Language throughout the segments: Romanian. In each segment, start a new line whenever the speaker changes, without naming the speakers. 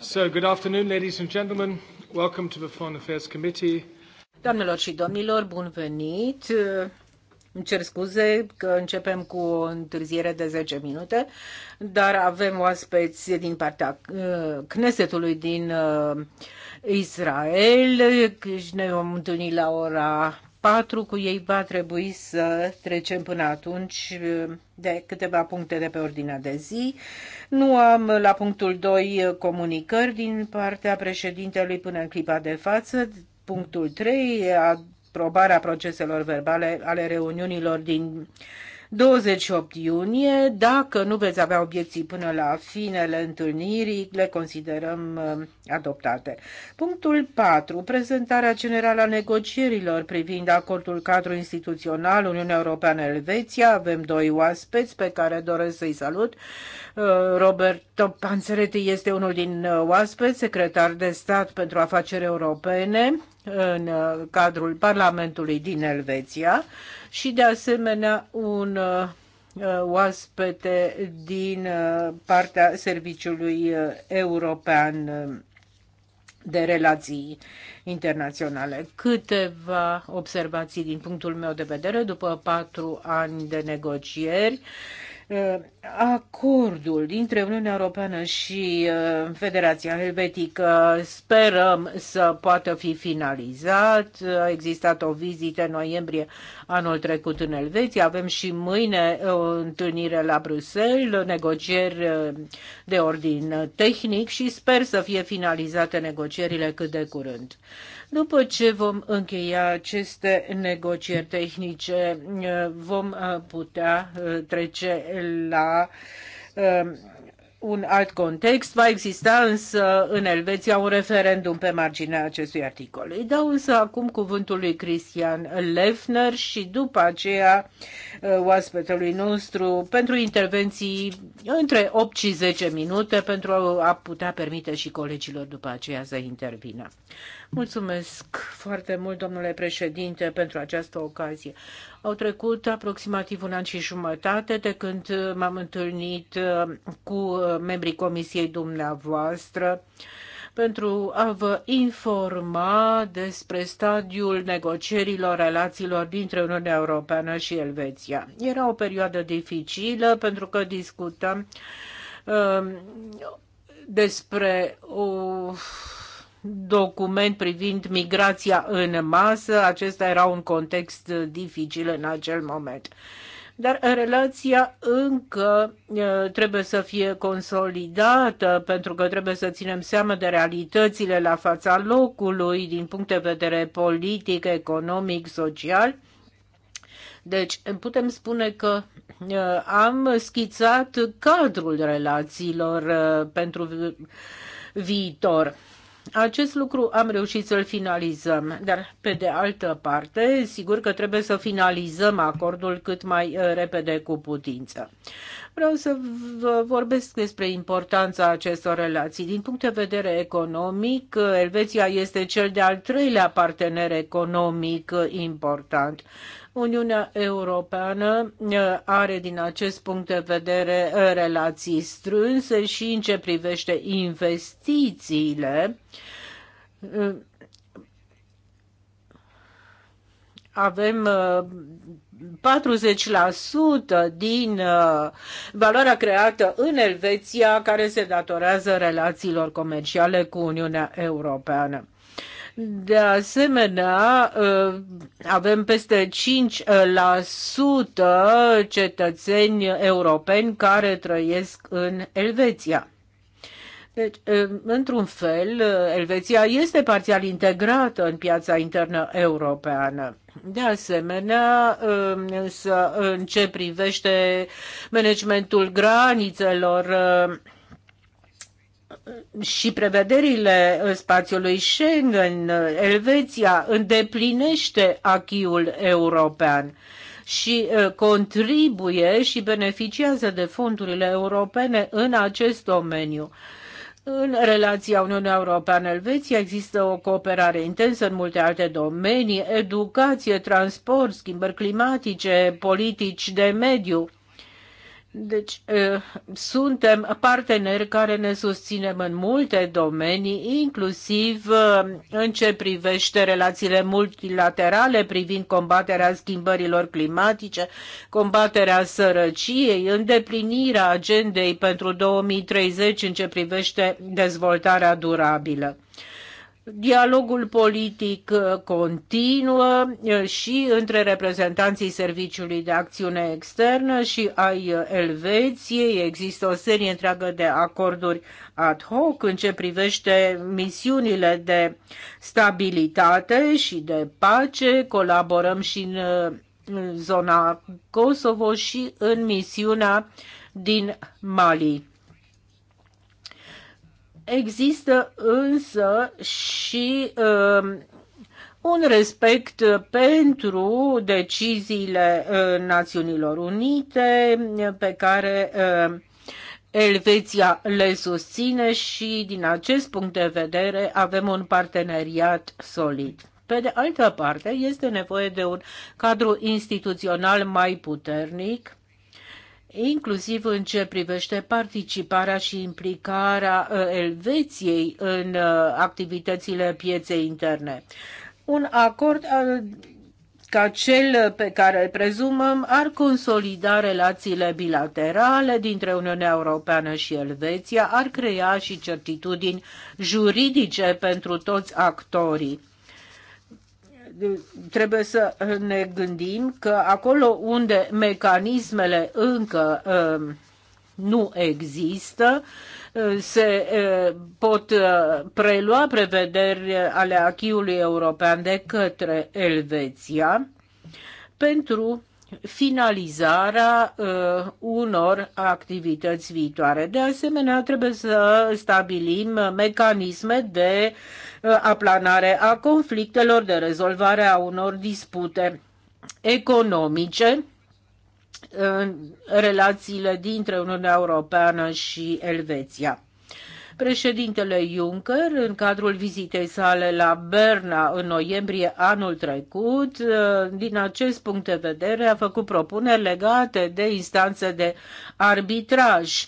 So, good afternoon, ladies and gentlemen. Welcome to the Foreign Affairs Committee. Doamnelor și domnilor, bun venit. Îmi cer scuze că începem cu o întârziere de 10 minute, dar avem oaspeți din partea uh, Knesetului din uh, Israel. Deci ne vom întâlni la ora Patru cu ei va trebui să trecem până atunci uh, de câteva puncte de pe ordinea de zi. Nu am uh, la punctul 2 uh, comunicări din partea președintelui până în clipa de față. Punctul 3, aprobarea proceselor verbale ale reuniunilor din 28 iunie. Dacă nu veți avea obiecții până la finele întâlnirii, le considerăm uh, adoptate. Punctul 4. Prezentarea generală a negocierilor privind acordul cadru instituțional Uniunea Europeană-Elveția. Avem doi oaspeți pe care doresc să-i salut. Uh, Roberto Panzeretti este unul din uh, oaspeți, secretar de stat pentru afaceri europene în cadrul Parlamentului din Elveția și de asemenea un uh, uh, oaspete din uh, partea Serviciului European de relații internaționale. Câteva observații din punctul meu de vedere după patru ani de negocieri. Uh, Uh, acordul dintre Uniunea Europeană și uh, Federația Helvetică sperăm să poată fi finalizat. A existat o vizită în noiembrie anul trecut în Elveția. Avem și mâine o uh, întâlnire la Bruxelles, negocieri de ordin tehnic și sper să fie finalizate negocierile cât de curând. După ce vom încheia aceste negocieri tehnice, vom uh, putea uh, trece la uh, un alt context. Va exista însă în Elveția un referendum pe marginea acestui articol. Îi dau însă acum cuvântul lui Cristian Lefner și după aceea Uh, oaspetelui nostru pentru intervenții între 8 și 10 minute pentru a putea permite și colegilor după aceea să intervină. Mulțumesc foarte mult, domnule președinte, pentru această ocazie. Au trecut aproximativ un an și jumătate de când m-am întâlnit uh, cu uh, membrii comisiei dumneavoastră pentru a vă informa despre stadiul negocierilor relațiilor dintre Uniunea Europeană și Elveția. Era o perioadă dificilă pentru că discutăm um, despre un document privind migrația în masă. Acesta era un context dificil în acel moment dar relația încă trebuie să fie consolidată pentru că trebuie să ținem seama de realitățile la fața locului din punct de vedere politic, economic, social. Deci putem spune că am schițat cadrul relațiilor pentru viitor. Acest lucru am reușit să-l finalizăm, dar pe de altă parte, sigur că trebuie să finalizăm acordul cât mai uh, repede cu putință. Vreau să vă vorbesc despre importanța acestor relații. Din punct de vedere economic, uh, Elveția este cel de-al treilea partener economic uh, important. Uniunea Europeană are din acest punct de vedere relații strânse și în ce privește investițiile avem 40% din valoarea creată în Elveția care se datorează relațiilor comerciale cu Uniunea Europeană. De asemenea, ă, avem peste 5% ă, cetățeni europeni care trăiesc în Elveția. Deci, ă, într-un fel, Elveția este parțial integrată în piața internă europeană. De asemenea, însă, în ce privește managementul granițelor, și prevederile spațiului Schengen, Elveția îndeplinește achiul european și uh, contribuie și beneficiază de fondurile europene în acest domeniu. În relația Uniunea Europeană-Elveția există o cooperare intensă în multe alte domenii, educație, transport, schimbări climatice, politici de mediu. Deci, suntem parteneri care ne susținem în multe domenii, inclusiv în ce privește relațiile multilaterale privind combaterea schimbărilor climatice, combaterea sărăciei, îndeplinirea agendei pentru 2030 în ce privește dezvoltarea durabilă. Dialogul politic uh, continuă uh, și între reprezentanții Serviciului de Acțiune Externă și ai uh, Elveției. Există o serie întreagă de acorduri ad hoc în ce privește misiunile de stabilitate și de pace. Colaborăm și în zona Kosovo și în misiunea din Mali. Există însă și uh, un respect pentru deciziile uh, Națiunilor Unite pe care uh, Elveția le susține și din acest punct de vedere avem un parteneriat solid. Pe de altă parte, este nevoie de un cadru instituțional mai puternic inclusiv în ce privește participarea și implicarea uh, Elveției în uh, activitățile pieței interne. Un acord uh, ca cel pe care îl prezumăm ar consolida relațiile bilaterale dintre Uniunea Europeană și Elveția, ar crea și certitudini juridice pentru toți actorii trebuie să ne gândim că acolo unde mecanismele încă um, nu există, uh, se uh, pot uh, prelua prevederi ale achiului european de către Elveția pentru finalizarea uh, unor activități viitoare. De asemenea, trebuie să stabilim mecanisme de aplanare a conflictelor, de rezolvare a unor dispute economice în relațiile dintre Uniunea Europeană și Elveția. Președintele Juncker, în cadrul vizitei sale la Berna în noiembrie anul trecut, din acest punct de vedere, a făcut propuneri legate de instanțe de arbitraj.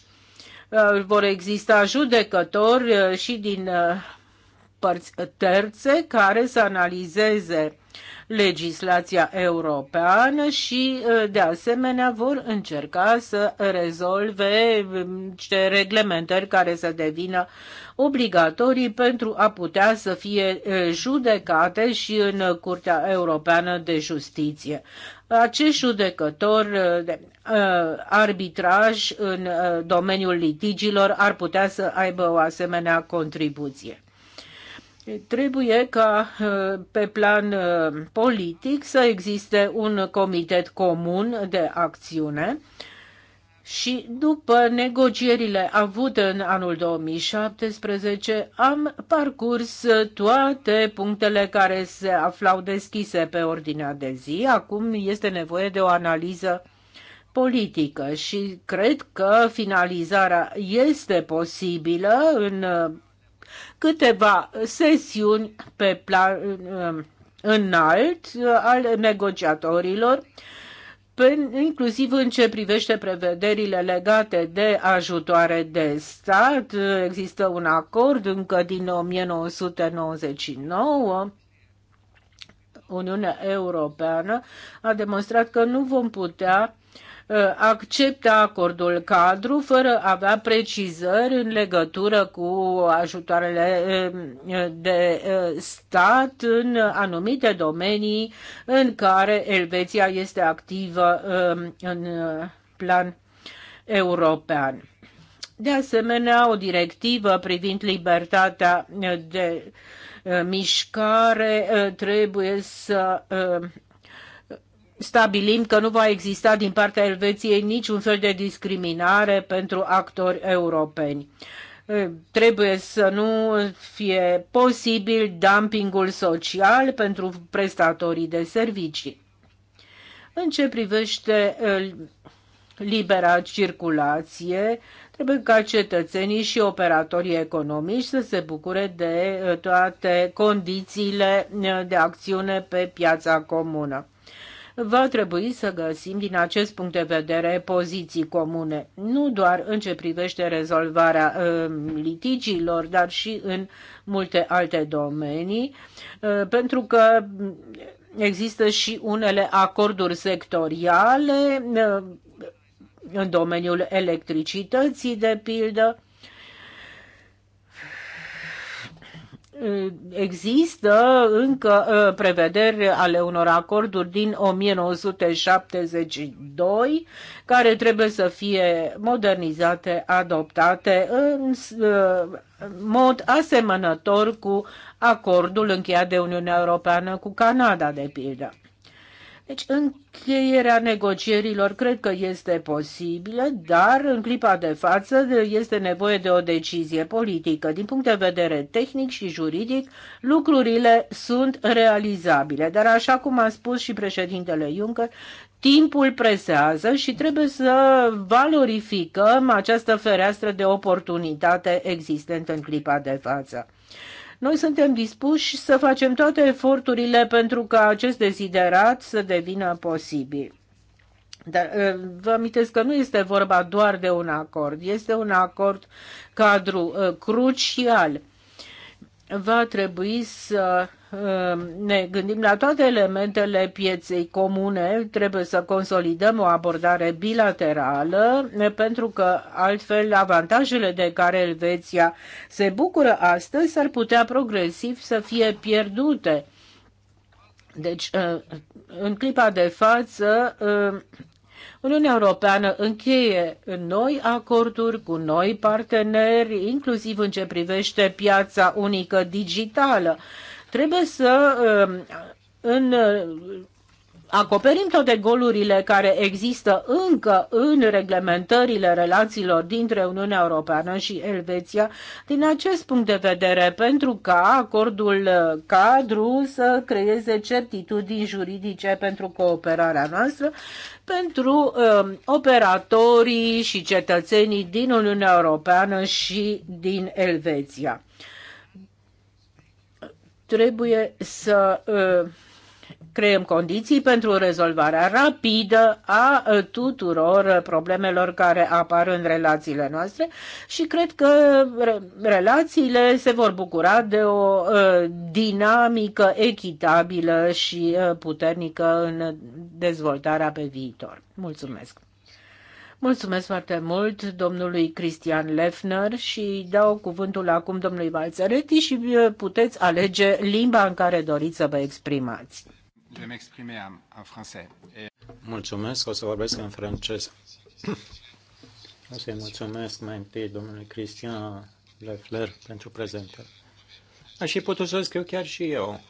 Vor exista judecători și din părți terțe care să analizeze legislația europeană și, ă, de asemenea, vor încerca să rezolve hm, niște reglementări care să devină obligatorii pentru a putea să fie ă, judecate și în Curtea Europeană de Justiție. Acești judecători ă, de arbitraj în domeniul litigilor ar putea să aibă o asemenea contribuție. Trebuie ca uh, pe plan uh, politic să existe un comitet comun de acțiune și după negocierile avute în anul 2017 am parcurs toate punctele care se aflau deschise pe ordinea de zi. Acum este nevoie de o analiză politică și cred că finalizarea este posibilă în uh, câteva sesiuni pe plan um, înalt uh, al negociatorilor, inclusiv în ce privește prevederile legate de ajutoare de stat. Uh, există un acord încă din 1999 Uniunea Europeană a demonstrat că nu vom putea Uh, acceptă acordul cadru fără a avea precizări în legătură cu ajutoarele uh, de uh, stat în anumite domenii în care Elveția este activă um, în plan european. De asemenea, o directivă privind libertatea de mișcare trebuie să stabilim că nu va exista din partea Elveției niciun fel de discriminare pentru actori europeni. Trebuie să nu fie posibil dumpingul social pentru prestatorii de servicii. În ce privește libera circulație, trebuie ca cetățenii și operatorii economici să se bucure de toate condițiile de acțiune pe piața comună va trebui să găsim din acest punct de vedere poziții comune, nu doar în ce privește rezolvarea uh, litigiilor, dar și în multe alte domenii, uh, pentru că există și unele acorduri sectoriale uh, în domeniul electricității, de pildă, există încă uh, prevederi ale unor acorduri din 1972 care trebuie să fie modernizate, adoptate uh, în mod asemănător cu acordul încheiat de Uniunea Europeană cu Canada, de pildă. Deci încheierea negocierilor cred că este posibilă, dar în clipa de față este nevoie de o decizie politică. Din punct de vedere tehnic și juridic, lucrurile sunt realizabile. Dar așa cum a spus și președintele Juncker, timpul presează și trebuie să valorificăm această fereastră de oportunitate existentă în clipa de față. Noi suntem dispuși să facem toate eforturile pentru ca acest deziderat să devină posibil. Dar ă, vă amintesc că nu este vorba doar de un acord, este un acord cadru ă, crucial. Va trebui să Ehm, ne gândim la toate elementele pieței comune, trebuie să consolidăm o abordare bilaterală, pentru că altfel avantajele de care Elveția se bucură astăzi ar putea progresiv să fie pierdute. Deci, eh, în clipa de față, ehm, Uniunea Europeană încheie noi acorduri cu noi parteneri, inclusiv în ce privește piața unică digitală. Trebuie să um, în, uh, acoperim toate golurile care există încă în reglementările relațiilor dintre Uniunea Europeană și Elveția din acest punct de vedere, pentru ca acordul uh, cadru să creeze certitudini juridice pentru cooperarea noastră, pentru um, operatorii și cetățenii din Uniunea Europeană și din Elveția. Trebuie să uh, creăm condiții pentru rezolvarea rapidă a uh, tuturor uh, problemelor care apar în relațiile noastre și cred că relațiile se vor bucura de o dinamică echitabilă și puternică în dezvoltarea pe viitor. Mulțumesc! Mulțumesc foarte mult domnului Cristian Lefner și dau cuvântul acum domnului Balțăretti și uh, puteți alege limba în care doriți să vă exprimați.
Mulțumesc, o să vorbesc în franceză. O să-i mulțumesc mai întâi domnului Cristian Lefler pentru prezentare. Aș fi putut să scriu chiar și eu,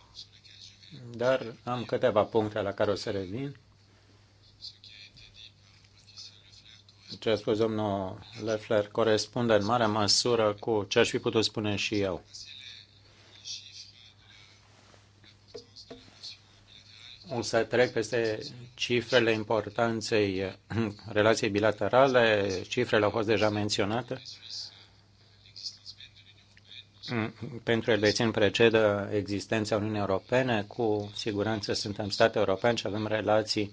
dar am câteva puncte la care o să revin ce a spus domnul Leffler corespunde în mare măsură cu ce aș fi putut spune și eu. O să trec peste cifrele importanței relației bilaterale, cifrele au fost deja menționate. Pentru dețin precedă existența Uniunii Europene, cu siguranță suntem state europene, și avem relații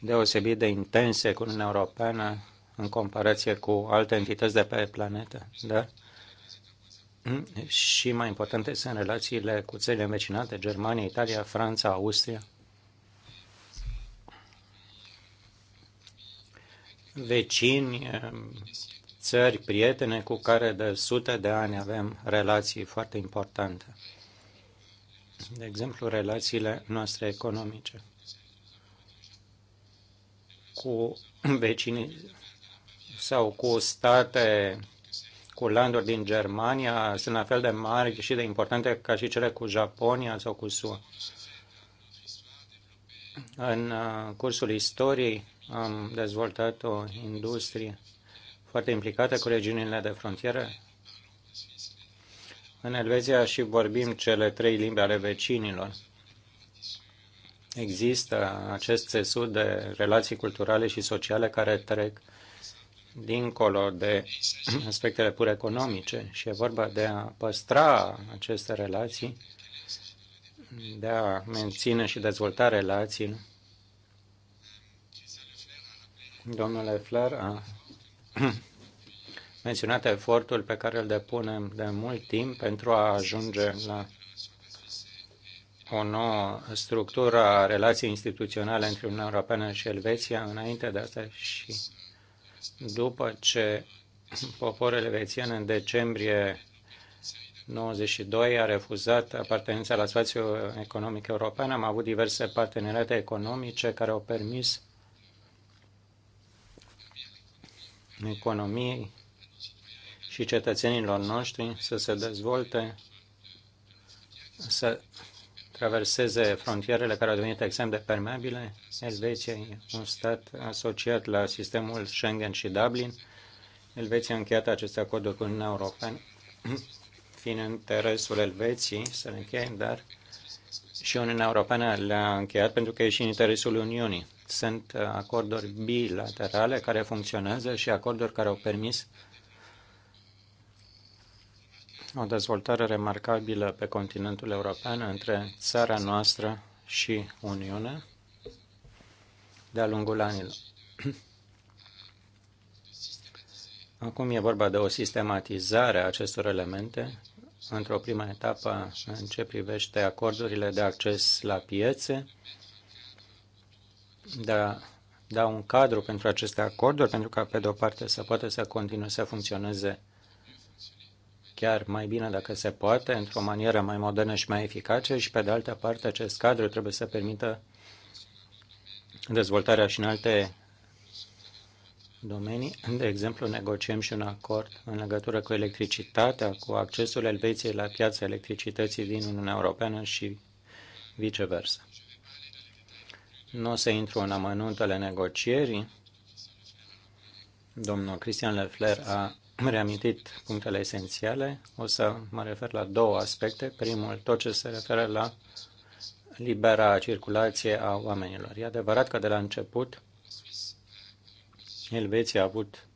deosebit de intense cu Uniunea Europeană în comparație cu alte entități de pe planetă, dar și mai importante sunt relațiile cu țările învecinate, Germania, Italia, Franța, Austria. Vecini, țări, prietene cu care de sute de ani avem relații foarte importante. De exemplu, relațiile noastre economice cu vecini sau cu state, cu landuri din Germania sunt la fel de mari și de importante ca și cele cu Japonia sau cu SUA. În uh, cursul istoriei am dezvoltat o industrie foarte implicată cu regiunile de frontieră. În Elveția și vorbim cele trei limbi ale vecinilor. Există acest țesut de relații culturale și sociale care trec dincolo de aspectele pur economice și e vorba de a păstra aceste relații, de a menține și dezvolta relațiile. Domnule Flair a menționat efortul pe care îl depunem de mult timp pentru a ajunge la o nouă structură a relației instituționale între Uniunea Europeană și Elveția înainte de asta și după ce poporul elvețian în decembrie 92 a refuzat apartenența la spațiul economic european. Am avut diverse parteneriate economice care au permis economiei și cetățenilor noștri să se dezvolte, să traverseze frontierele care au devenit extrem de permeabile. Elveția e un stat asociat la sistemul Schengen și Dublin. Elveția a încheiat aceste acorduri cu Uniunea Europeană, fiind interesul Elveției să le încheie, dar și Uniunea Europeană le-a încheiat pentru că e și în interesul Uniunii. Sunt acorduri bilaterale care funcționează și acorduri care au permis uh, o dezvoltare remarcabilă pe continentul european între țara noastră și Uniune de-a lungul anilor. Acum e vorba de o sistematizare a acestor elemente într-o primă etapă în ce privește acordurile de acces la piețe, de a da un cadru pentru aceste acorduri, pentru ca, pe de-o parte, să poată să continue să funcționeze chiar mai bine dacă se poate, într-o manieră mai modernă și mai eficace și, pe de altă parte, acest cadru trebuie să permită dezvoltarea și în alte domenii. De exemplu, negociem și un acord în legătură cu electricitatea, cu accesul Elveției la piața electricității din Uniunea Europeană și viceversa. Nu o să intru în amănuntele negocierii. Domnul Cristian Lefler a reamintit punctele esențiale. O să mă refer la două aspecte. Primul, tot ce se referă la libera circulație a oamenilor. E adevărat că de la început Elveția a avut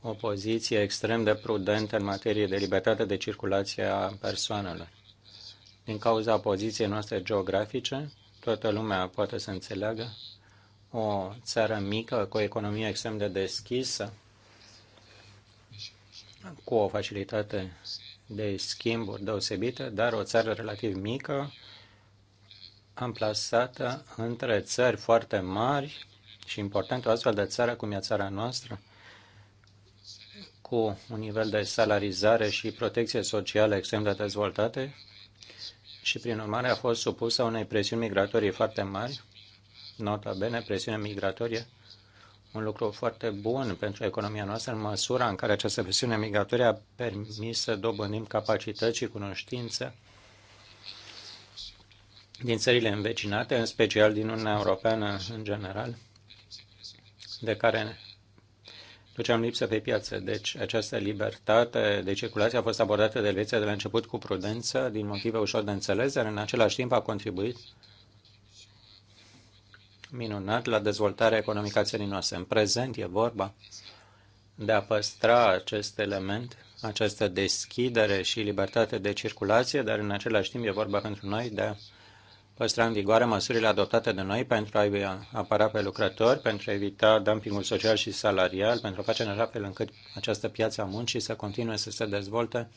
o poziție extrem de prudentă în materie de libertate de circulație a persoanelor. Din cauza poziției noastre geografice, toată lumea poate să înțeleagă o țară mică cu o economie extrem de deschisă, cu o facilitate de schimburi deosebită, dar o țară relativ mică, amplasată între țări foarte mari și importante, o astfel de țară cum e țara noastră, cu un nivel de salarizare și protecție socială extrem de dezvoltate și, prin urmare, a fost supusă unei presiuni migratorii foarte mari, nota bene, presiune migratorie un lucru foarte bun pentru economia noastră în măsura în care această presiune migratorie a permis să dobândim capacități și cunoștință din țările învecinate, în special din Uniunea Europeană în general, de care duceam lipsă pe piață. Deci această libertate de circulație a fost abordată de Elveția de la început cu prudență, din motive ușor de înțeles, dar în același timp a contribuit minunat la dezvoltarea economică a țării noastre. În prezent e vorba de a păstra acest element, această deschidere și libertate de circulație, dar în același timp e vorba pentru noi de a păstra în vigoare măsurile adoptate de noi pentru a apăra pe lucrători, pentru a evita dumpingul social și salarial, pentru a face în așa fel încât această piață a muncii să continue să se dezvolte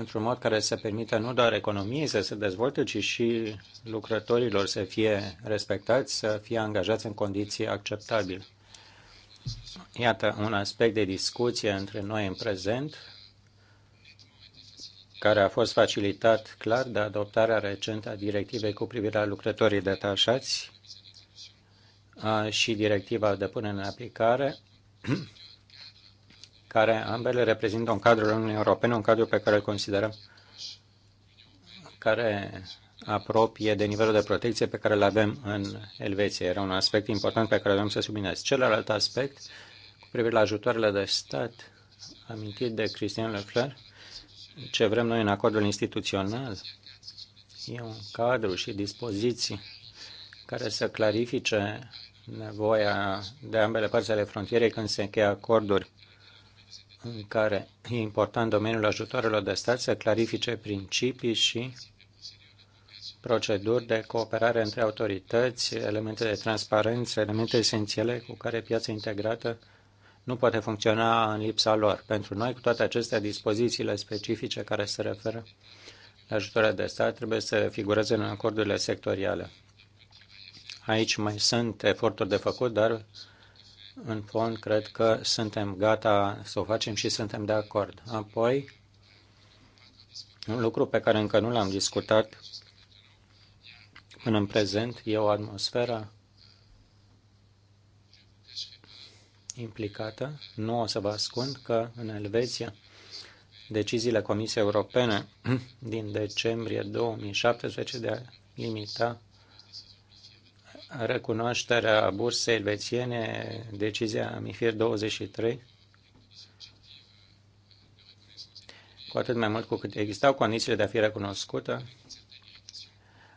într-un mod care să permită nu doar economiei să se dezvolte, ci și lucrătorilor să fie respectați, să fie angajați în condiții acceptabile. Iată un aspect de discuție între noi în prezent, care a fost facilitat clar de adoptarea recentă a directivei cu privire la lucrătorii detașați și directiva de punere în aplicare care ambele reprezintă un cadru al Uniunii Europene, un cadru pe care îl considerăm care apropie de nivelul de protecție pe care îl avem în Elveția. Era un aspect important pe care vreau să subliniez. Celălalt aspect, cu privire la ajutoarele de stat, amintit de Cristian Leclerc, ce vrem noi în acordul instituțional, e un cadru și dispoziții care să clarifice nevoia de ambele părți ale frontierei când se încheie acorduri în care e important domeniul ajutoarelor de stat să clarifice principii și proceduri de cooperare între autorități, elemente de transparență, elemente esențiale cu care piața integrată nu poate funcționa în lipsa lor. Pentru noi, cu toate acestea, dispozițiile specifice care se referă la ajutoarea de stat trebuie să figureze în acordurile sectoriale. Aici mai sunt eforturi de făcut, dar în fond, cred că suntem gata să o facem și suntem de acord. Apoi, un lucru pe care încă nu l-am discutat până în prezent e o atmosferă implicată. Nu o să vă ascund că în Elveția deciziile Comisiei Europene din decembrie 2017 de a limita recunoașterea bursei elvețiene, decizia MIFIR 23, cu atât mai mult cu cât existau condițiile de a fi recunoscută,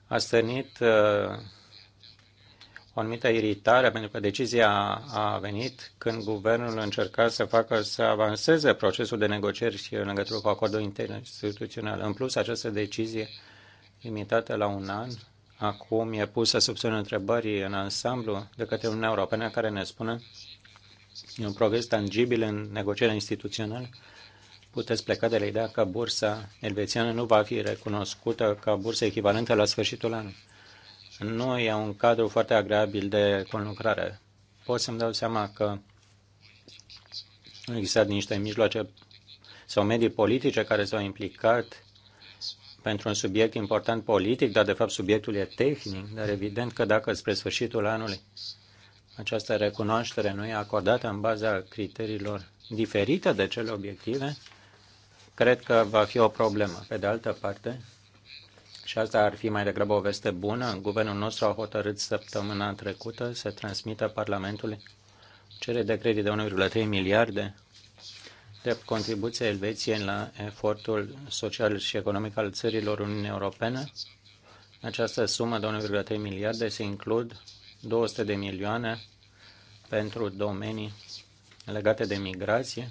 a stănit uh, o anumită iritare, pentru că decizia a venit când guvernul încerca să facă să avanseze procesul de negocieri și în legătură cu acordul interinstituțional. În plus, această decizie limitată la un an acum e pusă sub semnul întrebării în ansamblu de către Uniunea Europeană care ne spune e un progres tangibil în negocierea instituțională. Puteți pleca de la ideea că bursa elvețiană nu va fi recunoscută ca bursă echivalentă la sfârșitul anului. Nu e un cadru foarte agreabil de conlucrare. Pot să-mi dau seama că există niște mijloace sau medii politice care s-au implicat pentru un subiect important politic, dar de fapt subiectul e tehnic, dar evident că dacă spre sfârșitul anului această recunoaștere nu e acordată în baza criteriilor diferite de cele obiective, cred că va fi o problemă. Pe de altă parte, și asta ar fi mai degrabă o veste bună, guvernul nostru a hotărât săptămâna trecută să transmită Parlamentului cerere de credit de 1,3 miliarde drept contribuția Elveției la efortul social și economic al țărilor Uniunii Europene. Această sumă de 1,3 miliarde se includ 200 de milioane pentru domenii legate de migrație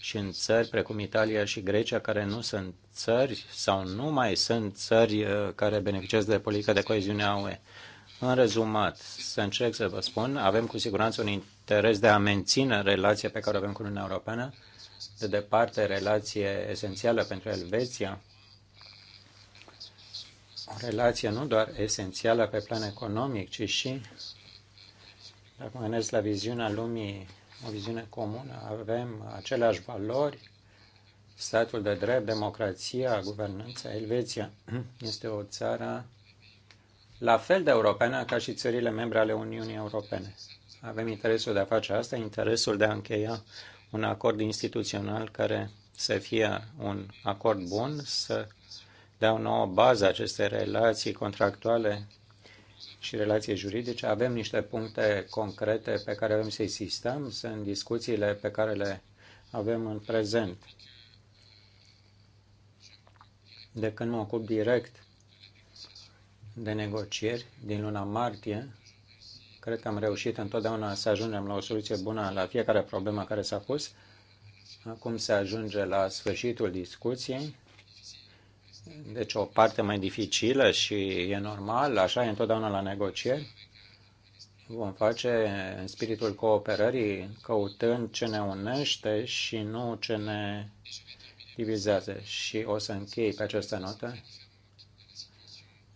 și în țări precum Italia și Grecia, care nu sunt țări sau nu mai sunt țări uh, care beneficiază de politica de coeziune a UE. În rezumat, să încerc să vă spun, avem cu siguranță un interes de a menține relația pe care o avem cu Uniunea Europeană, de departe relație esențială pentru Elveția, o relație nu doar esențială pe plan economic, ci și, dacă mă gândesc la viziunea lumii, o viziune comună, avem aceleași valori, statul de drept, democrația, guvernanța. Elveția este o țară la fel de europeană ca și țările membre ale Uniunii Europene. Avem interesul de a face asta, interesul de a încheia un acord instituțional care să fie un acord bun, să dea o nouă bază aceste relații contractuale și relații juridice. Avem niște puncte concrete pe care avem să insistăm, sunt discuțiile pe care le avem în prezent. De când mă ocup direct de negocieri din luna martie, Cred că am reușit întotdeauna să ajungem la o soluție bună la fiecare problemă care s-a pus. Acum se ajunge la sfârșitul discuției. Deci o parte mai dificilă și e normal, așa e întotdeauna la negocieri. Vom face în spiritul cooperării, căutând ce ne unește și nu ce ne divizează. Și o să închei pe această notă.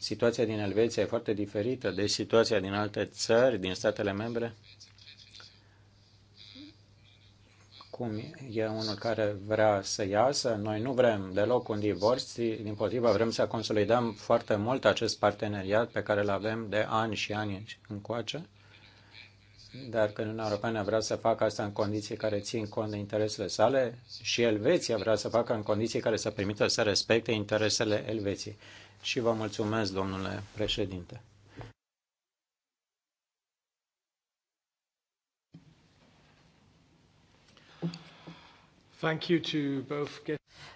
Situația din Elveția e foarte diferită de situația din alte țări, din statele membre. Cum e unul care vrea să iasă? Noi nu vrem deloc un divorț, din potriva vrem să consolidăm foarte mult acest parteneriat pe care îl avem de ani și ani încoace dar că Uniunea Europeană vrea să facă asta în condiții care țin cont de interesele sale și Elveția vrea să facă în condiții care să permită să respecte interesele Elveției și vă mulțumesc, domnule președinte.
Thank you to both...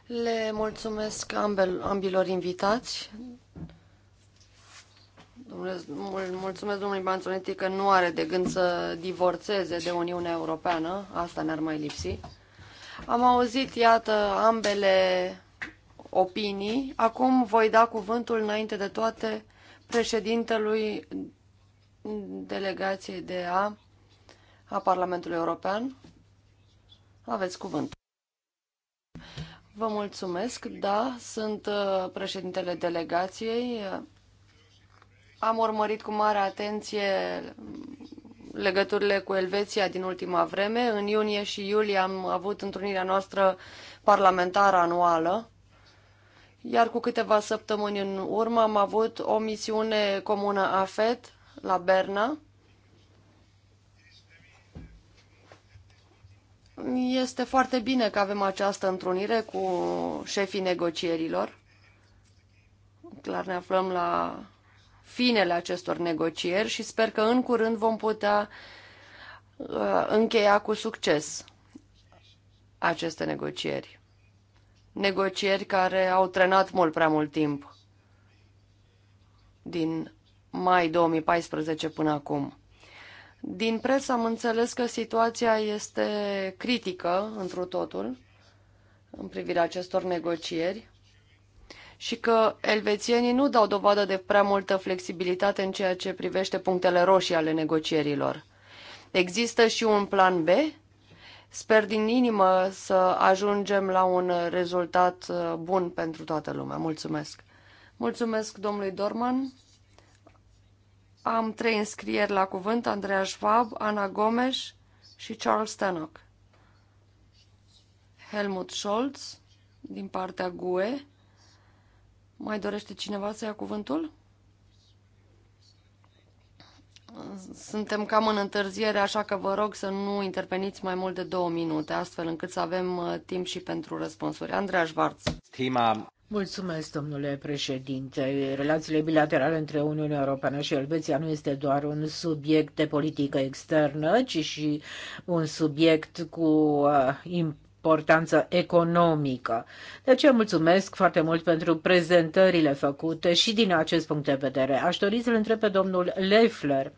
Le mulțumesc ambel, ambilor invitați. Domnule, mulțumesc domnului Banțonetti că nu are de gând să divorțeze de Uniunea Europeană. Asta ne-ar mai lipsi. Am auzit, iată, ambele opinii. Acum voi da cuvântul înainte de toate președintelui delegației de a, a Parlamentului European. Aveți cuvânt. Vă mulțumesc, da, sunt uh, președintele delegației. Am urmărit cu mare atenție legăturile cu Elveția din ultima vreme. În iunie și iulie am avut întrunirea noastră parlamentară anuală iar cu câteva săptămâni în urmă am avut o misiune comună AFET la Berna. Este foarte bine că avem această întrunire cu șefii negocierilor. Clar ne aflăm la finele acestor negocieri și sper că în curând vom putea uh, încheia cu succes aceste negocieri negocieri care au trenat mult prea mult timp din mai 2014 până acum. Din presă am înțeles că situația este critică întru totul în privirea acestor negocieri și că elvețienii nu dau dovadă de prea multă flexibilitate în ceea ce privește punctele roșii ale negocierilor. Există și un plan B Sper din inimă să ajungem la un rezultat uh, bun pentru toată lumea. Mulțumesc! Mulțumesc domnului Dorman. Am trei înscrieri la cuvânt, Andreea Schwab, Ana Gomes și Charles Stanock. Helmut Scholz, din partea GUE. Mai dorește cineva să ia cuvântul? suntem cam în întârziere, așa că vă rog să nu interveniți mai mult de două minute, astfel încât să avem uh, timp și pentru răspunsuri. Andreea
Șvarț. Stima. Mulțumesc, domnule președinte. Relațiile bilaterale între Uniunea Europeană și Elveția nu este doar un subiect de politică externă, ci și un subiect cu uh, imp importanță economică. Deci eu mulțumesc foarte mult pentru prezentările făcute și din acest punct de vedere. Aș dori să-l întreb pe domnul Leffler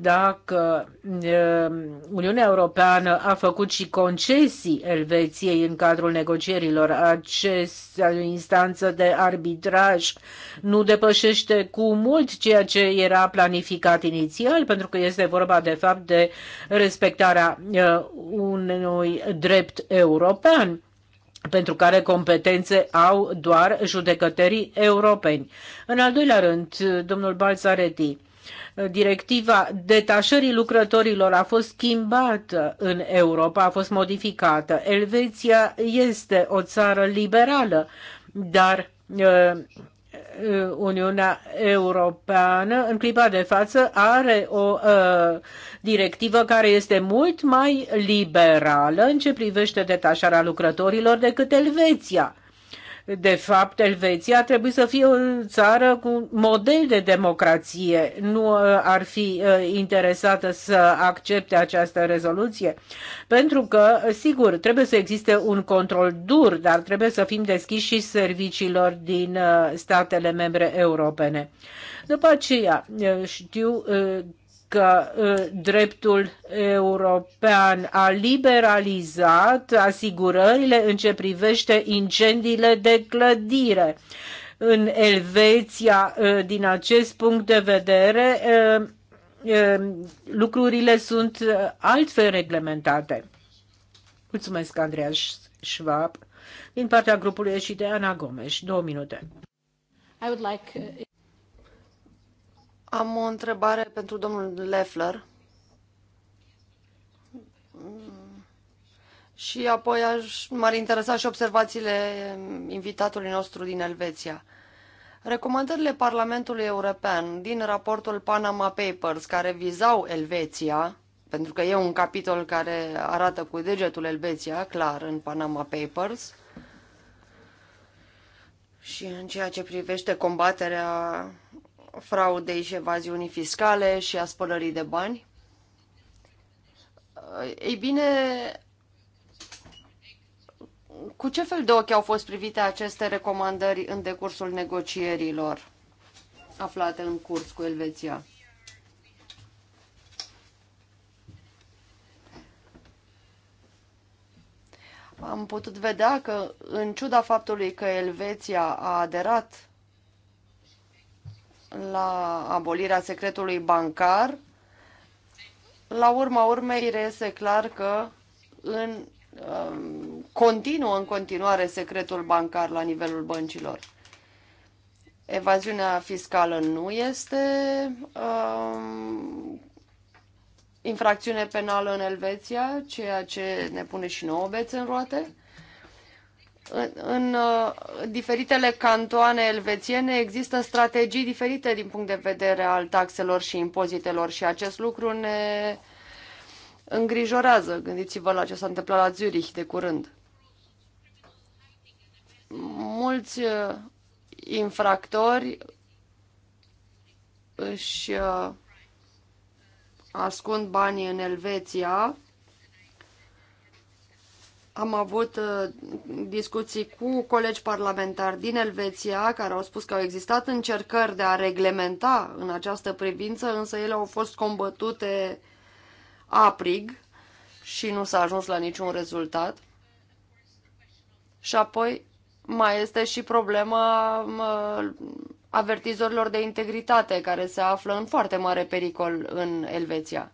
dacă ehm, Uniunea Europeană a făcut și concesii Elveției în cadrul negocierilor. Această instanță de arbitraj nu depășește cu mult ceea ce era planificat inițial, pentru că este vorba de fapt de respectarea eh, unui drept european pentru care competențe au doar judecătorii europeni. În al doilea rând, domnul Balzaretti, Directiva detașării lucrătorilor a fost schimbată în Europa, a fost modificată. Elveția este o țară liberală, dar uh, uh, Uniunea Europeană în clipa de față are o uh, directivă care este mult mai liberală în ce privește detașarea lucrătorilor decât Elveția. De fapt, Elveția trebuie să fie o țară cu model de democrație. Nu uh, ar fi uh, interesată să accepte această rezoluție, pentru că, sigur, trebuie să existe un control dur, dar trebuie să fim deschiși și serviciilor din uh, statele membre europene. După aceea, știu că ă, dreptul european a liberalizat asigurările în ce privește incendiile de clădire. În Elveția, ă, din acest punct de vedere, ă, lucrurile sunt altfel reglementate. Mulțumesc, Andreea Schwab. Din partea grupului și de Ana Gomes, două minute. I would like... Uh,
am o întrebare pentru domnul Leffler. Și apoi aș, m-ar interesa și observațiile invitatului nostru din Elveția. Recomandările Parlamentului European din raportul Panama Papers, care vizau Elveția, pentru că e un capitol care arată cu degetul Elveția, clar, în Panama Papers, și în ceea ce privește combaterea fraudei și evaziunii fiscale și a spălării de bani? Ei bine, cu ce fel de ochi au fost privite aceste recomandări în decursul negocierilor aflate în curs cu Elveția? Am putut vedea că, în ciuda faptului că Elveția a aderat la abolirea secretului bancar, la urma urmei reiese clar că în, um, continuă în continuare secretul bancar la nivelul băncilor. Evaziunea fiscală nu este um, infracțiune penală în Elveția, ceea ce ne pune și nouă bețe în roate în, uh, diferitele cantoane elvețiene există strategii diferite din punct de vedere al taxelor și impozitelor și acest lucru ne îngrijorează. Gândiți-vă la ce s-a întâmplat la Zurich de curând. Mulți uh, infractori își uh, ascund banii în Elveția am avut uh, discuții cu colegi parlamentari din Elveția care au spus că au existat încercări de a reglementa în această privință, însă ele au fost combătute aprig și nu s-a ajuns la niciun rezultat. Și apoi mai este și problema avertizorilor de integritate care se află în foarte mare pericol în Elveția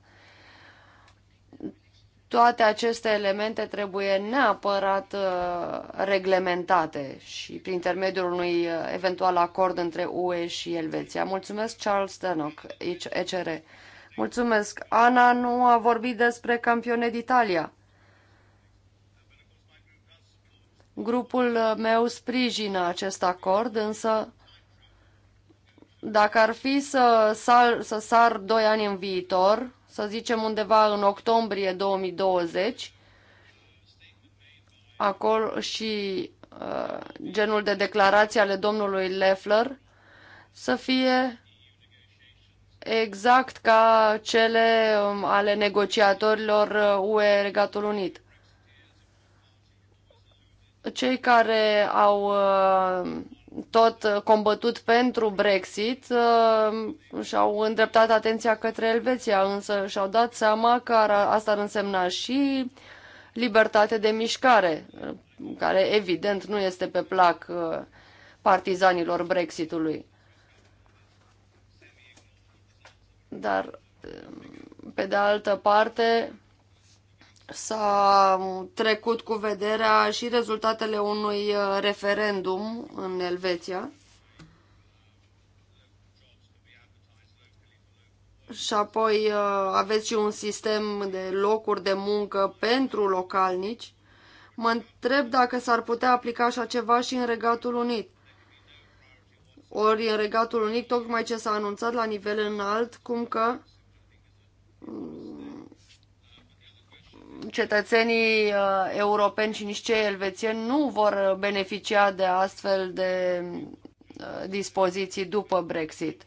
toate aceste elemente trebuie neapărat uh, reglementate și prin intermediul unui uh, eventual acord între UE și Elveția. Mulțumesc, Charles Stenock, ECR. Mulțumesc. Ana nu a vorbit despre campione d'Italia. Grupul uh, meu sprijină acest acord, însă dacă ar fi să sar, să sar doi ani în viitor, să zicem undeva în octombrie 2020, acolo și uh, genul de declarații ale domnului Leffler să fie exact ca cele um, ale negociatorilor UE uh, Regatul Unit. Cei care au uh, tot uh, combătut pentru Brexit uh, și-au îndreptat atenția către Elveția, însă și-au dat seama că asta ar însemna și libertate de mișcare, uh, care evident nu este pe plac partizanilor Brexitului. Dar, pe de altă parte, s-a trecut cu vederea și rezultatele unui uh, referendum în Elveția. Și apoi uh, aveți și un sistem de locuri de muncă pentru localnici. Mă întreb dacă s-ar putea aplica așa ceva și în Regatul Unit. Ori în Regatul Unit, tocmai ce s-a anunțat la nivel înalt, cum că cetățenii uh, europeni și nici cei elvețieni nu vor beneficia de astfel de uh, dispoziții după Brexit.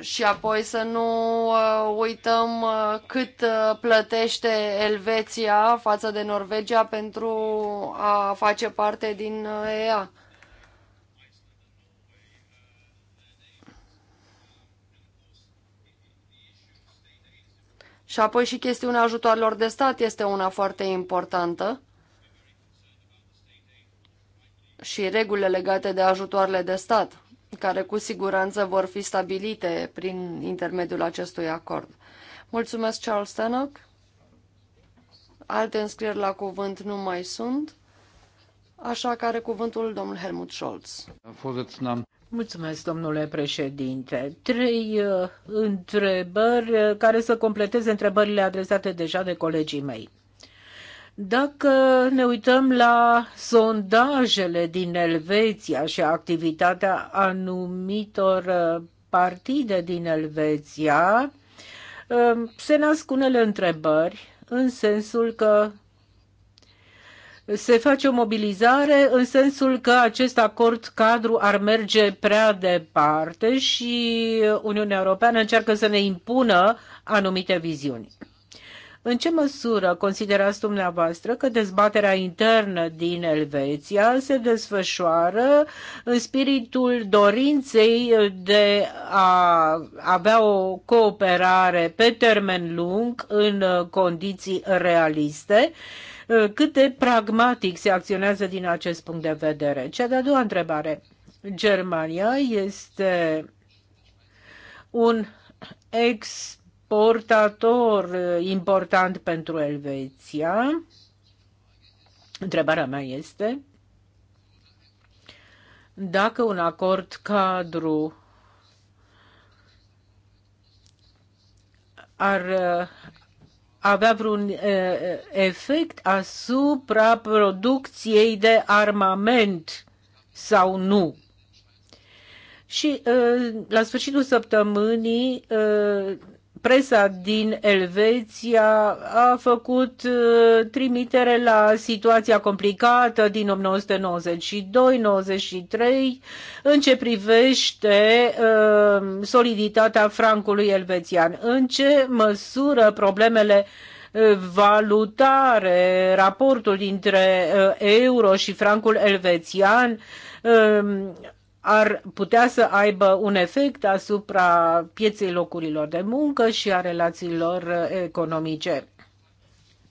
Și apoi să nu uh, uităm cât plătește Elveția față de Norvegia pentru a face parte din EA. Și apoi și chestiunea ajutoarelor de stat este una foarte importantă și regulile legate de ajutoarele de stat, care cu siguranță vor fi stabilite prin intermediul acestui acord. Mulțumesc, Charles Stanock. Alte înscrieri la cuvânt nu mai sunt, așa că are cuvântul domnul
Helmut Scholz. Mulțumesc, domnule președinte. Trei uh, întrebări uh, care să completeze întrebările adresate deja de colegii mei. Dacă ne uităm la sondajele din Elveția și activitatea anumitor uh, partide din Elveția, se nasc unele întrebări în sensul că se face o mobilizare în sensul că acest acord cadru ar merge prea departe și Uniunea Europeană încearcă să ne impună anumite viziuni. În ce măsură considerați dumneavoastră că dezbaterea internă din Elveția se desfășoară în spiritul dorinței de a avea o cooperare pe termen lung în condiții realiste? Uh, Uh, cât de pragmatic se acționează din acest punct de vedere. Cea de-a doua întrebare. Germania este un exportator uh, important pentru Elveția. Întrebarea mea este dacă un acord cadru ar uh, avea vreun efect asupra producției de armament sau nu. Și la sfârșitul săptămânii presa din Elveția a făcut uh, trimitere la situația complicată din 1992-93 în ce privește uh, soliditatea francului elvețian, în ce măsură problemele uh, valutare, raportul dintre euro și francul elvețian ar putea să aibă un efect asupra pieței locurilor de muncă și a relațiilor economice.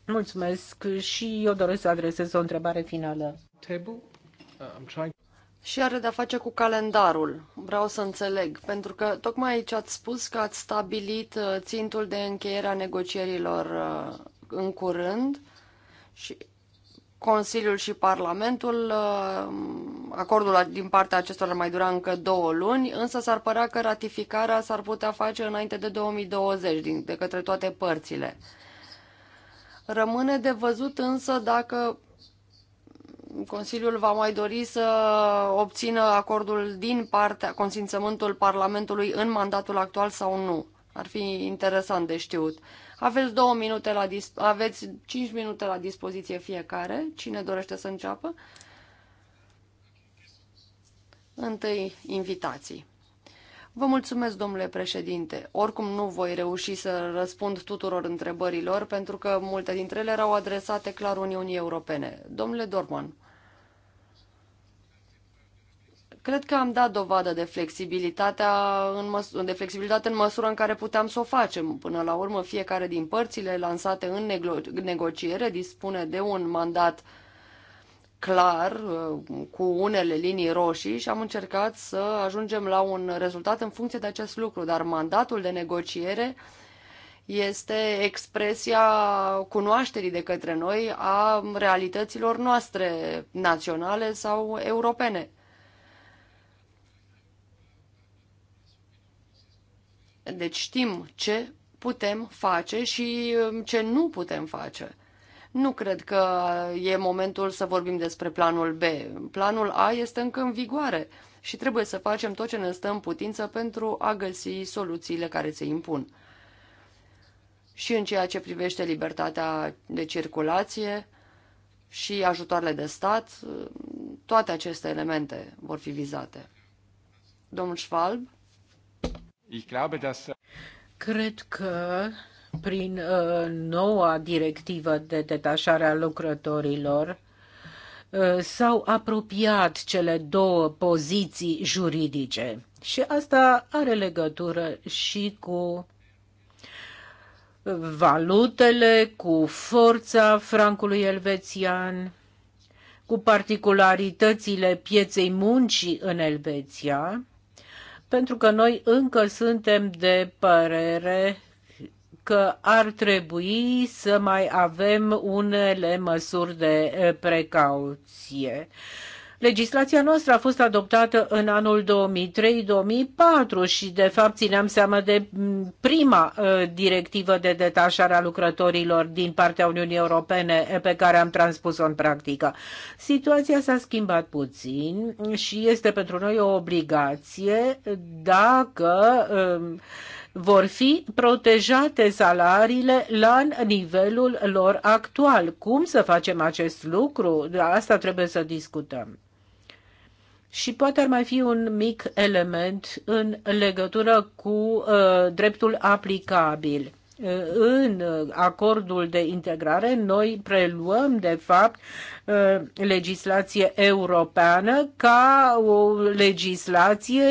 Mulțumesc și eu doresc să adresez o întrebare finală. Uh,
și are de-a face cu calendarul. Vreau să înțeleg, pentru că tocmai aici ați spus că ați stabilit uh, țintul de încheiere a negocierilor uh, în curând și Consiliul și Parlamentul, uh, acordul din partea acestor ar mai dura încă două luni, însă s-ar părea că ratificarea s-ar putea face înainte de 2020 din, de către toate părțile. Rămâne de văzut însă dacă Consiliul va mai dori să obțină acordul din partea, consimțământul Parlamentului în mandatul actual sau nu. Ar fi interesant de știut. Aveți, două minute la dis- aveți 5 minute la dispoziție fiecare, cine dorește să înceapă. Întâi, invitații. Vă mulțumesc, domnule președinte. Oricum nu voi reuși să răspund tuturor întrebărilor, pentru că multe dintre ele erau adresate clar Uniunii Europene. Domnule Dorman, Cred că am dat dovadă de, flexibilitatea în măs- de flexibilitate în măsura în care puteam să o facem. Până la urmă, fiecare din părțile lansate în nego- negociere dispune de un mandat clar, uh, cu unele linii roșii și am încercat să ajungem la un rezultat în funcție de acest lucru, dar mandatul de negociere este expresia cunoașterii de către noi a realităților noastre naționale sau europene. Deci știm ce putem face și um, ce nu putem face. Nu cred că e momentul să vorbim despre planul B. Planul A este încă în vigoare și trebuie să facem tot ce ne stă în putință pentru a găsi soluțiile care se impun. Și în ceea ce privește libertatea de circulație și ajutoarele de stat, toate aceste
elemente vor fi vizate. Domnul
Schwalb?
Äh,
Cred că prin uh, noua directivă de detașare a lucrătorilor uh, s-au apropiat cele două poziții juridice. Și asta are legătură și cu valutele, cu forța francului elvețian, cu particularitățile pieței muncii în Elveția, pentru că noi încă suntem de părere că ar trebui să mai avem unele măsuri de precauție. Legislația noastră a fost adoptată în anul 2003-2004 și, de fapt, țineam seama de mm, prima ă, directivă de detașare a lucrătorilor din partea Uniunii Europene pe care am transpus-o în practică. Situația s-a schimbat puțin și este pentru noi o obligație dacă ă, vor fi protejate salariile la nivelul lor actual. Cum să facem acest lucru? asta trebuie să discutăm. Și poate ar mai fi un mic element în legătură cu uh, dreptul aplicabil. Uh, în uh, acordul de integrare, noi preluăm, de fapt, uh, legislație europeană ca o legislație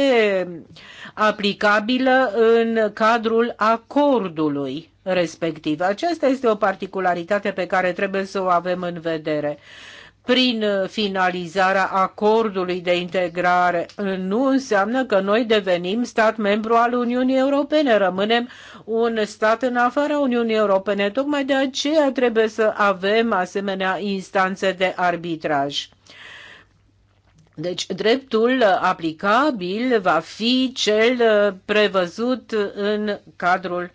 aplicabilă în cadrul acordului respectiv. Aceasta este o particularitate pe care trebuie să o avem în vedere. Uh, prin uh, finalizarea acordului de integrare nu înseamnă că noi devenim stat membru al Uniunii Europene, rămânem un stat în afara Uniunii Europene. Tocmai de aceea trebuie să avem asemenea instanțe de arbitraj. Deci dreptul uh, aplicabil va fi cel uh, prevăzut în cadrul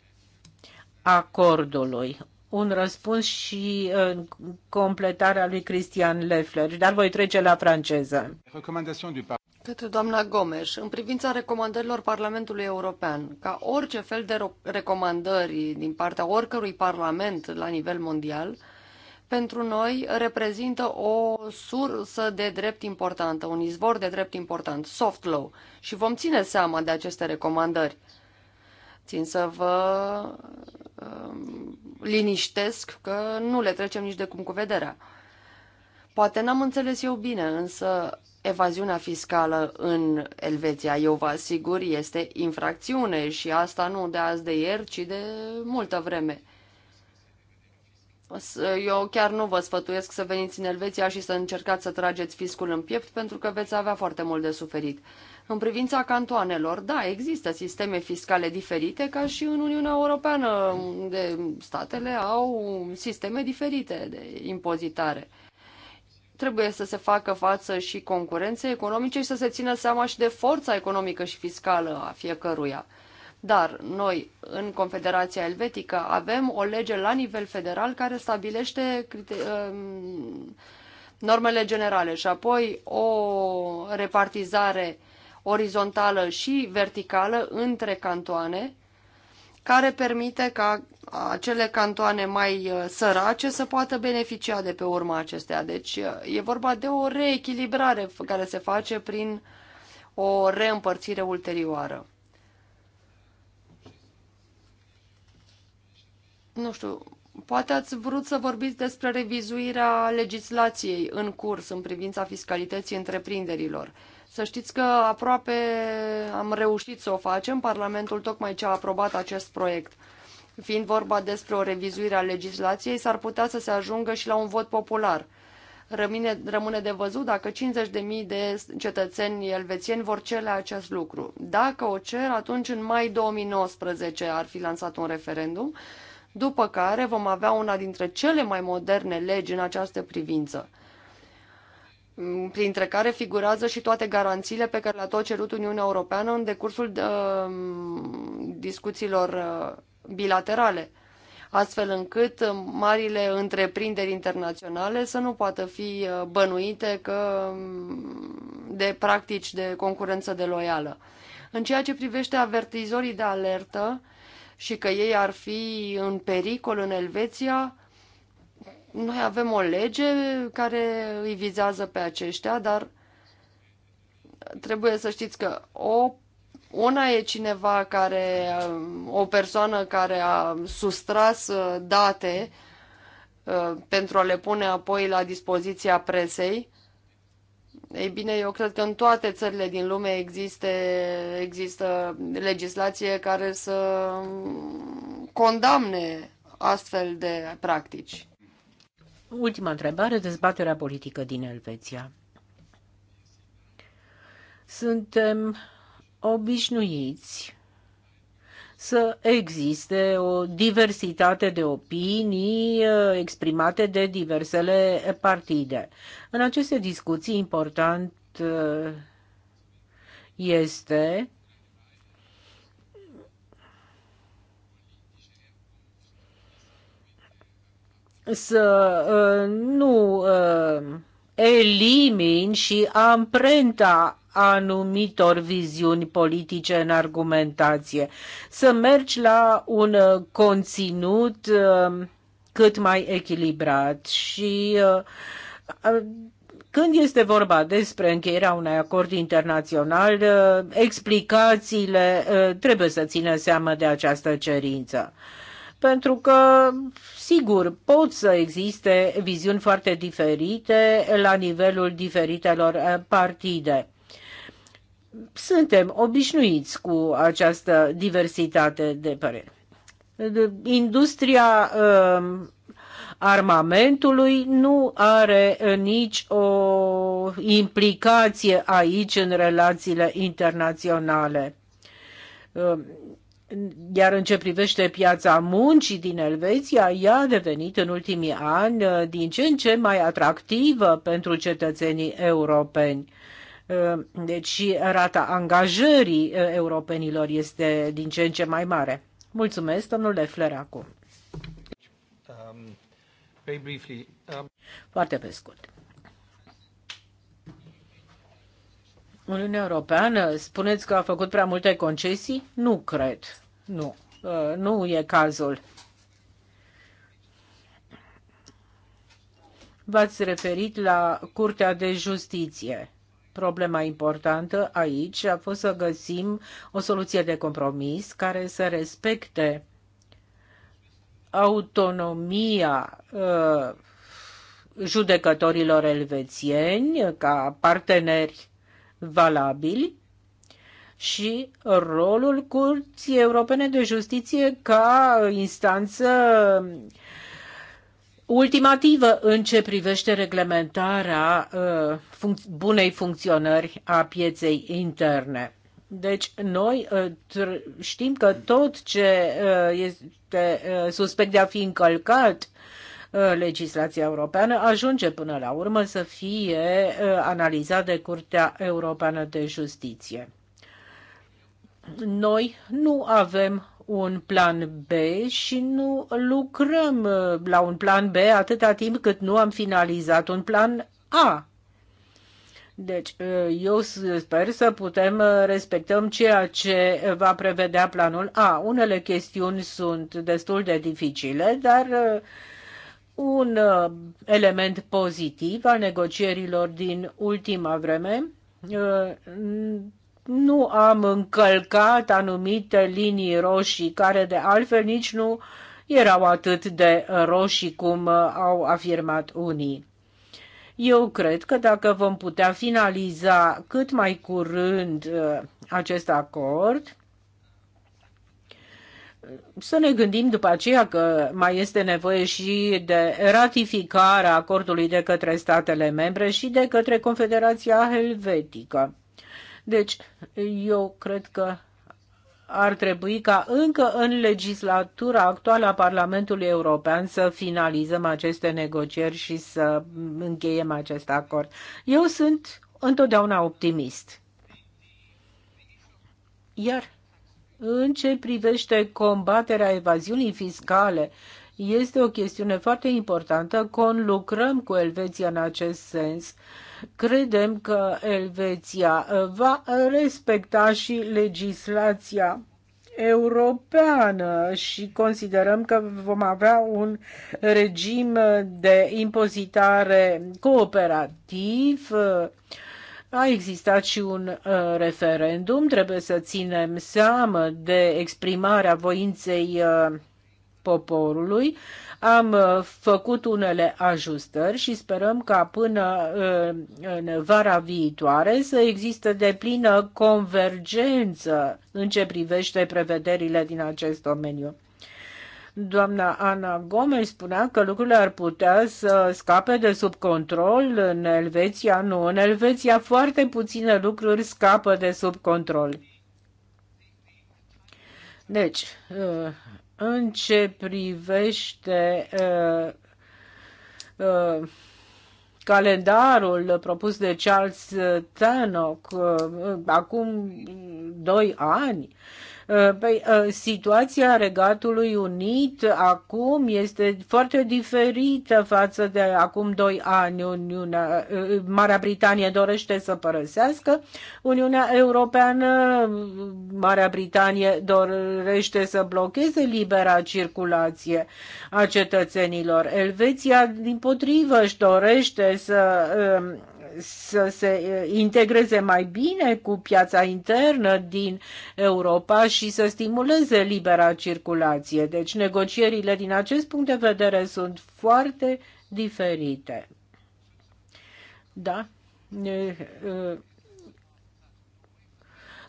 acordului un răspuns și uh, în completarea lui Cristian Leffler, dar voi trece la franceză.
Către doamna Gomes, în privința recomandărilor Parlamentului European, ca orice fel de recomandări din partea oricărui parlament la nivel mondial, pentru noi reprezintă o sursă de drept importantă, un izvor de drept important, soft law, și vom ține seama de aceste recomandări. Țin să vă um, liniștesc că nu le trecem nici de cum cu vederea. Poate n-am înțeles eu bine, însă evaziunea fiscală în Elveția, eu vă asigur, este infracțiune și asta nu de azi de ieri, ci de multă vreme. Eu chiar nu vă sfătuiesc să veniți în Elveția și să încercați să trageți fiscul în piept, pentru că veți avea foarte mult de suferit. În privința cantoanelor, da, există sisteme fiscale diferite ca și în Uniunea Europeană, unde statele au sisteme diferite de impozitare. Trebuie să se facă față și concurenței economice și să se țină seama și de forța economică și fiscală a fiecăruia. Dar noi, în Confederația Elvetică, avem o lege la nivel federal care stabilește um, normele generale și apoi o repartizare orizontală și verticală între cantoane, care permite ca acele cantoane mai uh, sărace să poată beneficia de pe urma acestea. Deci uh, e vorba de o reechilibrare care se face prin o reîmpărțire ulterioară. Nu știu, poate ați vrut să vorbiți despre revizuirea legislației în curs în privința fiscalității întreprinderilor. Să știți că aproape am reușit să o facem. Parlamentul tocmai ce a aprobat acest proiect. Fiind vorba despre o revizuire a legislației, s-ar putea să se ajungă și la un vot popular. Rămine rămâne de văzut dacă 50.000 de cetățeni elvețieni vor cere acest lucru. Dacă o cer, atunci în mai 2019 ar fi lansat un referendum, după care vom avea una dintre cele mai moderne legi în această privință. Mm, printre care figurează și toate garanțiile pe care le-a tot cerut Uniunea Europeană în decursul de, uh, discuțiilor uh, bilaterale, astfel încât marile întreprinderi internaționale să nu poată fi uh, bănuite că, mm, de practici de concurență de loială. În ceea ce privește avertizorii de alertă și că ei ar fi în pericol în Elveția, noi avem o lege care îi vizează pe aceștia, dar trebuie să știți că o una e cineva care, o persoană care a sustras uh, date uh, pentru a le pune apoi la dispoziția presei. Ei bine, eu cred că în toate țările din lume existe, există legislație care să condamne astfel de practici.
Ultima întrebare, dezbaterea politică din Elveția. Suntem obișnuiți să existe o diversitate de opinii uh, exprimate de diversele partide. În aceste discuții important uh, este să uh, nu uh, elimini și amprenta anumitor viziuni politice în argumentație, să mergi la un uh, conținut cât mai echilibrat și când este vorba despre încheierea unui acord internațional, explicațiile trebuie să țină seama de această cerință pentru că, sigur, pot să existe viziuni foarte diferite la nivelul diferitelor eh, partide. Suntem obișnuiți cu această diversitate de păreri. Industria eh, armamentului nu are eh, nici o implicație aici în relațiile internaționale iar în ce privește piața muncii din Elveția, ea a devenit în ultimii ani uh, din ce în ce mai atractivă pentru cetățenii europeni. Uh, deci rata angajării uh, europenilor este din ce în ce mai mare. Mulțumesc, domnul Leffler, acum.
Um, very briefly,
um... Foarte pe scurt. Uniunea Europeană, spuneți că a făcut prea multe concesii? Nu cred. Nu. Uh, nu e cazul. V-ați referit la Curtea de Justiție. Problema importantă aici a fost să găsim o soluție de compromis care să respecte autonomia uh, judecătorilor elvețieni ca parteneri valabili și rolul Curții Europene de Justiție ca instanță ultimativă în ce privește reglementarea uh, bunei funcționări a pieței interne. Deci noi uh, știm că tot ce uh, este suspect de a fi încălcat Uh, legislația europeană ajunge până la urmă să fie uh, analizat de Curtea Europeană de Justiție. Noi nu avem un plan B și nu lucrăm uh, la un plan B atâta timp cât nu am finalizat un plan A. Deci, eu sper să putem respectăm ceea ce va prevedea planul A. Unele chestiuni sunt destul de dificile, dar un uh, element pozitiv al negocierilor din ultima vreme. Uh, nu am încălcat anumite linii roșii, care de altfel nici nu erau atât de roșii cum uh, au afirmat unii. Eu cred că dacă vom putea finaliza cât mai curând acest acord, să ne gândim după aceea că mai este nevoie și de ratificarea acordului de către statele membre și de către Confederația Helvetică. Deci, eu cred că ar trebui ca încă în legislatura actuală a Parlamentului European să finalizăm aceste negocieri și să încheiem acest acord. Eu sunt întotdeauna optimist. Iar în ce privește combaterea evaziunii fiscale, este o chestiune foarte importantă. Conlucrăm cu Elveția în acest sens. Credem că Elveția uh, va respecta și legislația europeană și considerăm că vom avea un regim de impozitare cooperativ uh, a existat și un uh, referendum, trebuie să ținem seamă de exprimarea voinței uh, poporului. Am uh, făcut unele ajustări și sperăm ca până uh, în vara viitoare să existe deplină convergență în ce privește prevederile din acest domeniu. Doamna Ana Gomes spunea că lucrurile ar putea să scape de sub control în Elveția. Nu, în Elveția foarte puține lucruri scapă de sub control. Deci, uh, în ce privește uh, uh, calendarul propus de Charles Tannock acum doi ani, Uh, păi, uh, situația Regatului Unit acum este foarte diferită față de acum doi ani. Uniunea, uh, Marea Britanie dorește să părăsească Uniunea Europeană, Marea Britanie dorește să blocheze libera circulație a cetățenilor. Elveția, din potrivă, își dorește să um, să se integreze mai bine cu piața internă din Europa și să stimuleze libera circulație. Deci negocierile din acest punct de vedere sunt foarte diferite. Da?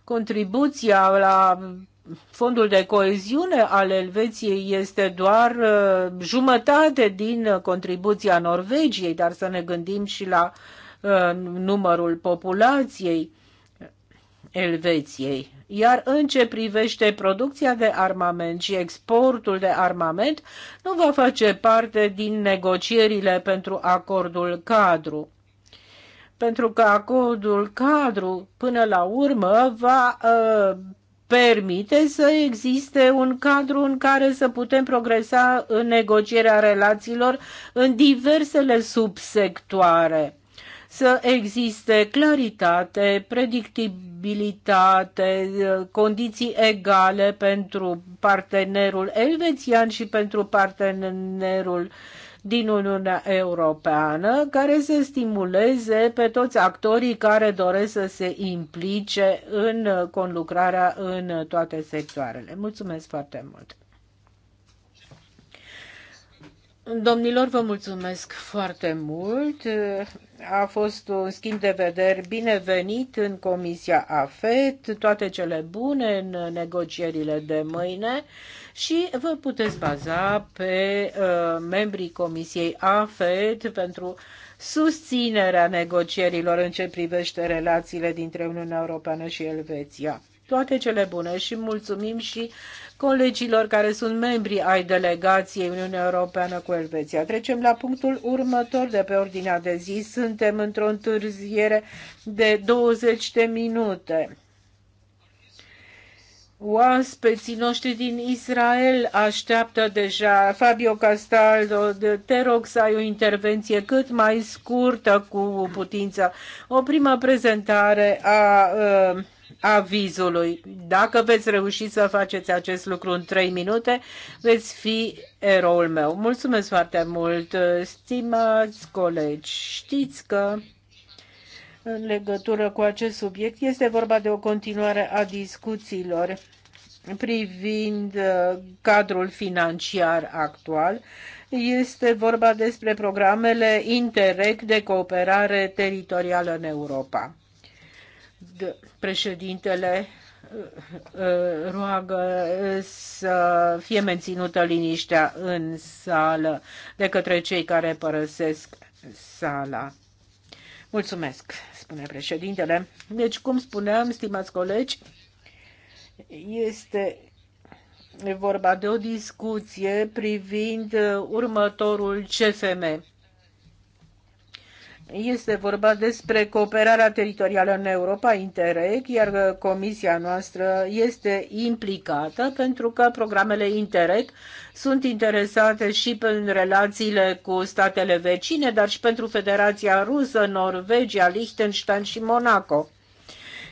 Contribuția la fondul de coeziune al Elveției este doar jumătate din contribuția Norvegiei, dar să ne gândim și la uh, Uh, numărul populației Elveției. Iar în ce privește producția de armament și exportul de armament, nu va face parte din negocierile pentru acordul cadru. Pentru că acordul cadru, până la urmă, va uh, permite să existe un cadru în care să putem progresa în negocierea relațiilor în diversele subsectoare să existe claritate, predictibilitate, condiții egale pentru partenerul elvețian și pentru partenerul din Uniunea Europeană, care să stimuleze pe toți actorii care doresc să se implice în conlucrarea în toate sectoarele. Mulțumesc foarte mult! Domnilor, vă mulțumesc foarte mult. A fost un schimb de vederi binevenit în Comisia AFET, toate cele bune în negocierile de mâine și vă puteți baza pe uh, membrii Comisiei AFET pentru susținerea negocierilor în ce privește relațiile dintre Uniunea Europeană și Elveția toate cele bune și mulțumim și colegilor care sunt membri ai delegației Uniunii Europeană cu Elveția. Trecem la punctul următor de pe ordinea de zi. Suntem într-o întârziere de 20 de minute. Oaspeții noștri din Israel așteaptă deja. Fabio Castaldo, te rog să ai o intervenție cât mai scurtă cu putință. O primă prezentare a uh, avizului. Dacă veți reuși să faceți acest lucru în 3 minute, veți fi eroul meu. Mulțumesc foarte mult, stimați colegi. Știți că în legătură cu acest subiect este vorba de o continuare a discuțiilor privind uh, cadrul financiar actual. Este vorba despre programele Interreg de cooperare teritorială în Europa președintele uh, uh, roagă uh, să fie menținută liniștea în sală de către cei care părăsesc sala. Mulțumesc, spune președintele. Deci, cum spuneam, stimați colegi, este vorba de o discuție privind următorul CFM este vorba despre cooperarea teritorială în Europa, Interreg, iar uh, comisia noastră este implicată pentru că programele Interreg sunt interesate și în relațiile cu statele vecine, dar și pentru Federația Rusă, Norvegia, Liechtenstein și Monaco.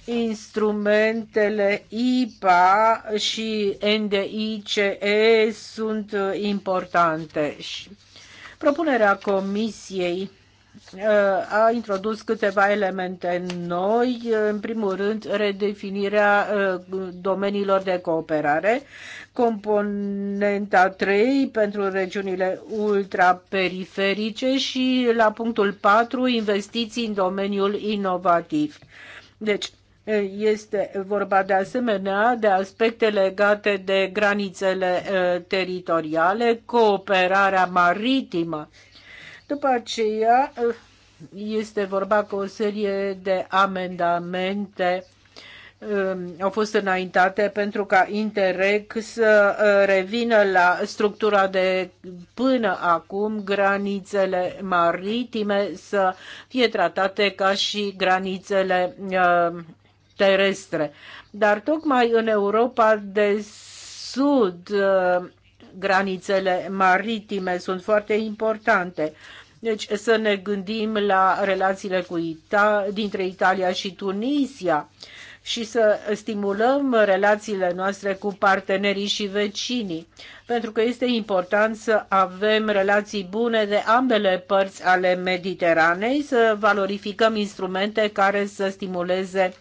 Instrumentele IPA și NDICE sunt uh, importante. Propunerea comisiei a introdus câteva elemente noi, în primul rând redefinirea uh, domeniilor de cooperare, componenta 3 pentru regiunile ultraperiferice și la punctul 4 investiții în domeniul inovativ. Deci, uh, este vorba de asemenea de aspecte legate de granițele uh, teritoriale, cooperarea maritimă după aceea este vorba că o serie de amendamente um, au fost înaintate pentru ca Interreg să uh, revină la structura de până acum granițele maritime să fie tratate ca și granițele uh, terestre. Dar tocmai în Europa de Sud uh, granițele maritime sunt foarte importante. Deci să ne gândim la relațiile cu Ita- dintre Italia și Tunisia și să stimulăm relațiile noastre cu partenerii și vecinii, pentru că este important să avem relații bune de ambele părți ale Mediteranei, să valorificăm instrumente care să stimuleze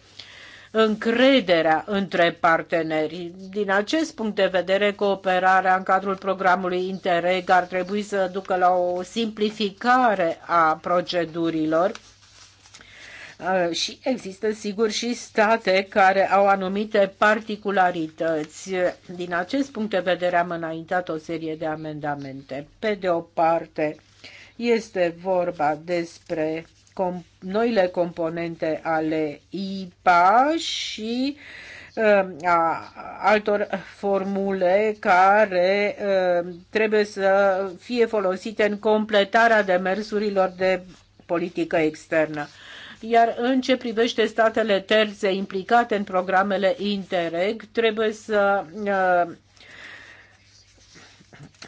încrederea între parteneri. Din acest punct de vedere, cooperarea în cadrul programului Interreg ar trebui să ducă la o simplificare a procedurilor uh, și există sigur și state care au anumite particularități. Din acest punct de vedere am înaintat o serie de amendamente. Pe de o parte, este vorba despre com, noile componente ale IPA și um, a altor formule care um, trebuie să fie folosite în completarea demersurilor de politică externă iar în ce privește statele terțe implicate în programele Interreg, trebuie să uh,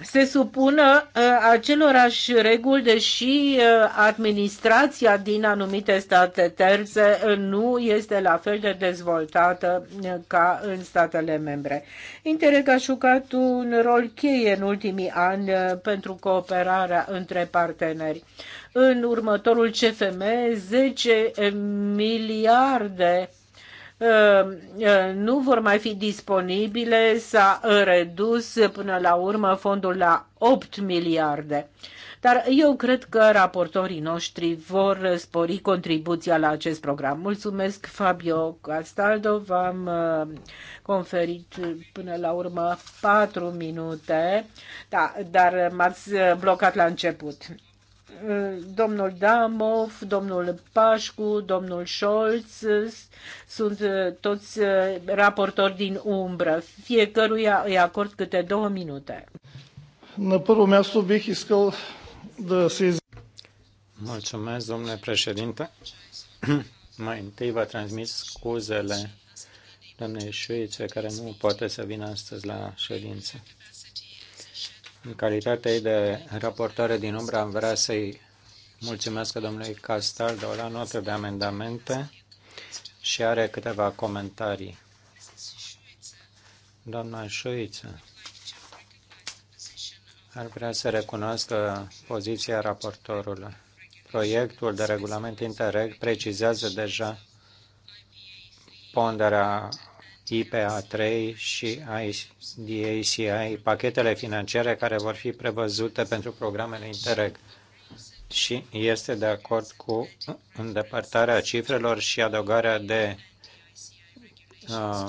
se supună uh, acelorași reguli, deși uh, administrația din anumite state terțe uh, nu este la fel de dezvoltată uh, ca în statele membre. Interreg a jucat un rol cheie în ultimii ani uh, pentru cooperarea între parteneri. În următorul CFM, 10 miliarde Uh, uh, nu vor mai fi disponibile, s-a redus până la urmă fondul la 8 miliarde. Dar eu cred că raportorii noștri vor spori contribuția la acest program. Mulțumesc, Fabio Castaldo, v-am uh, conferit până la urmă 4 minute, da, dar m-ați blocat la început domnul Damov, domnul Pașcu, domnul Scholz, sunt eh, toți eh, raportori din umbră. Fiecăruia îi acord câte două minute. Da
Mulțumesc, domnule președinte. Mai întâi vă transmit scuzele doamnei Șuițe, care nu poate să vină astăzi la ședință. În calitatea ei de raportoare din umbră, am vrea să-i mulțumesc domnului de la notă de amendamente și are câteva comentarii. Doamna Șuiță ar vrea să recunoască poziția raportorului. Proiectul de regulament interreg precizează deja ponderea IPA3 și DACI, pachetele financiare care vor fi prevăzute pentru programele Interreg și este de acord cu îndepărtarea cifrelor și adăugarea de uh,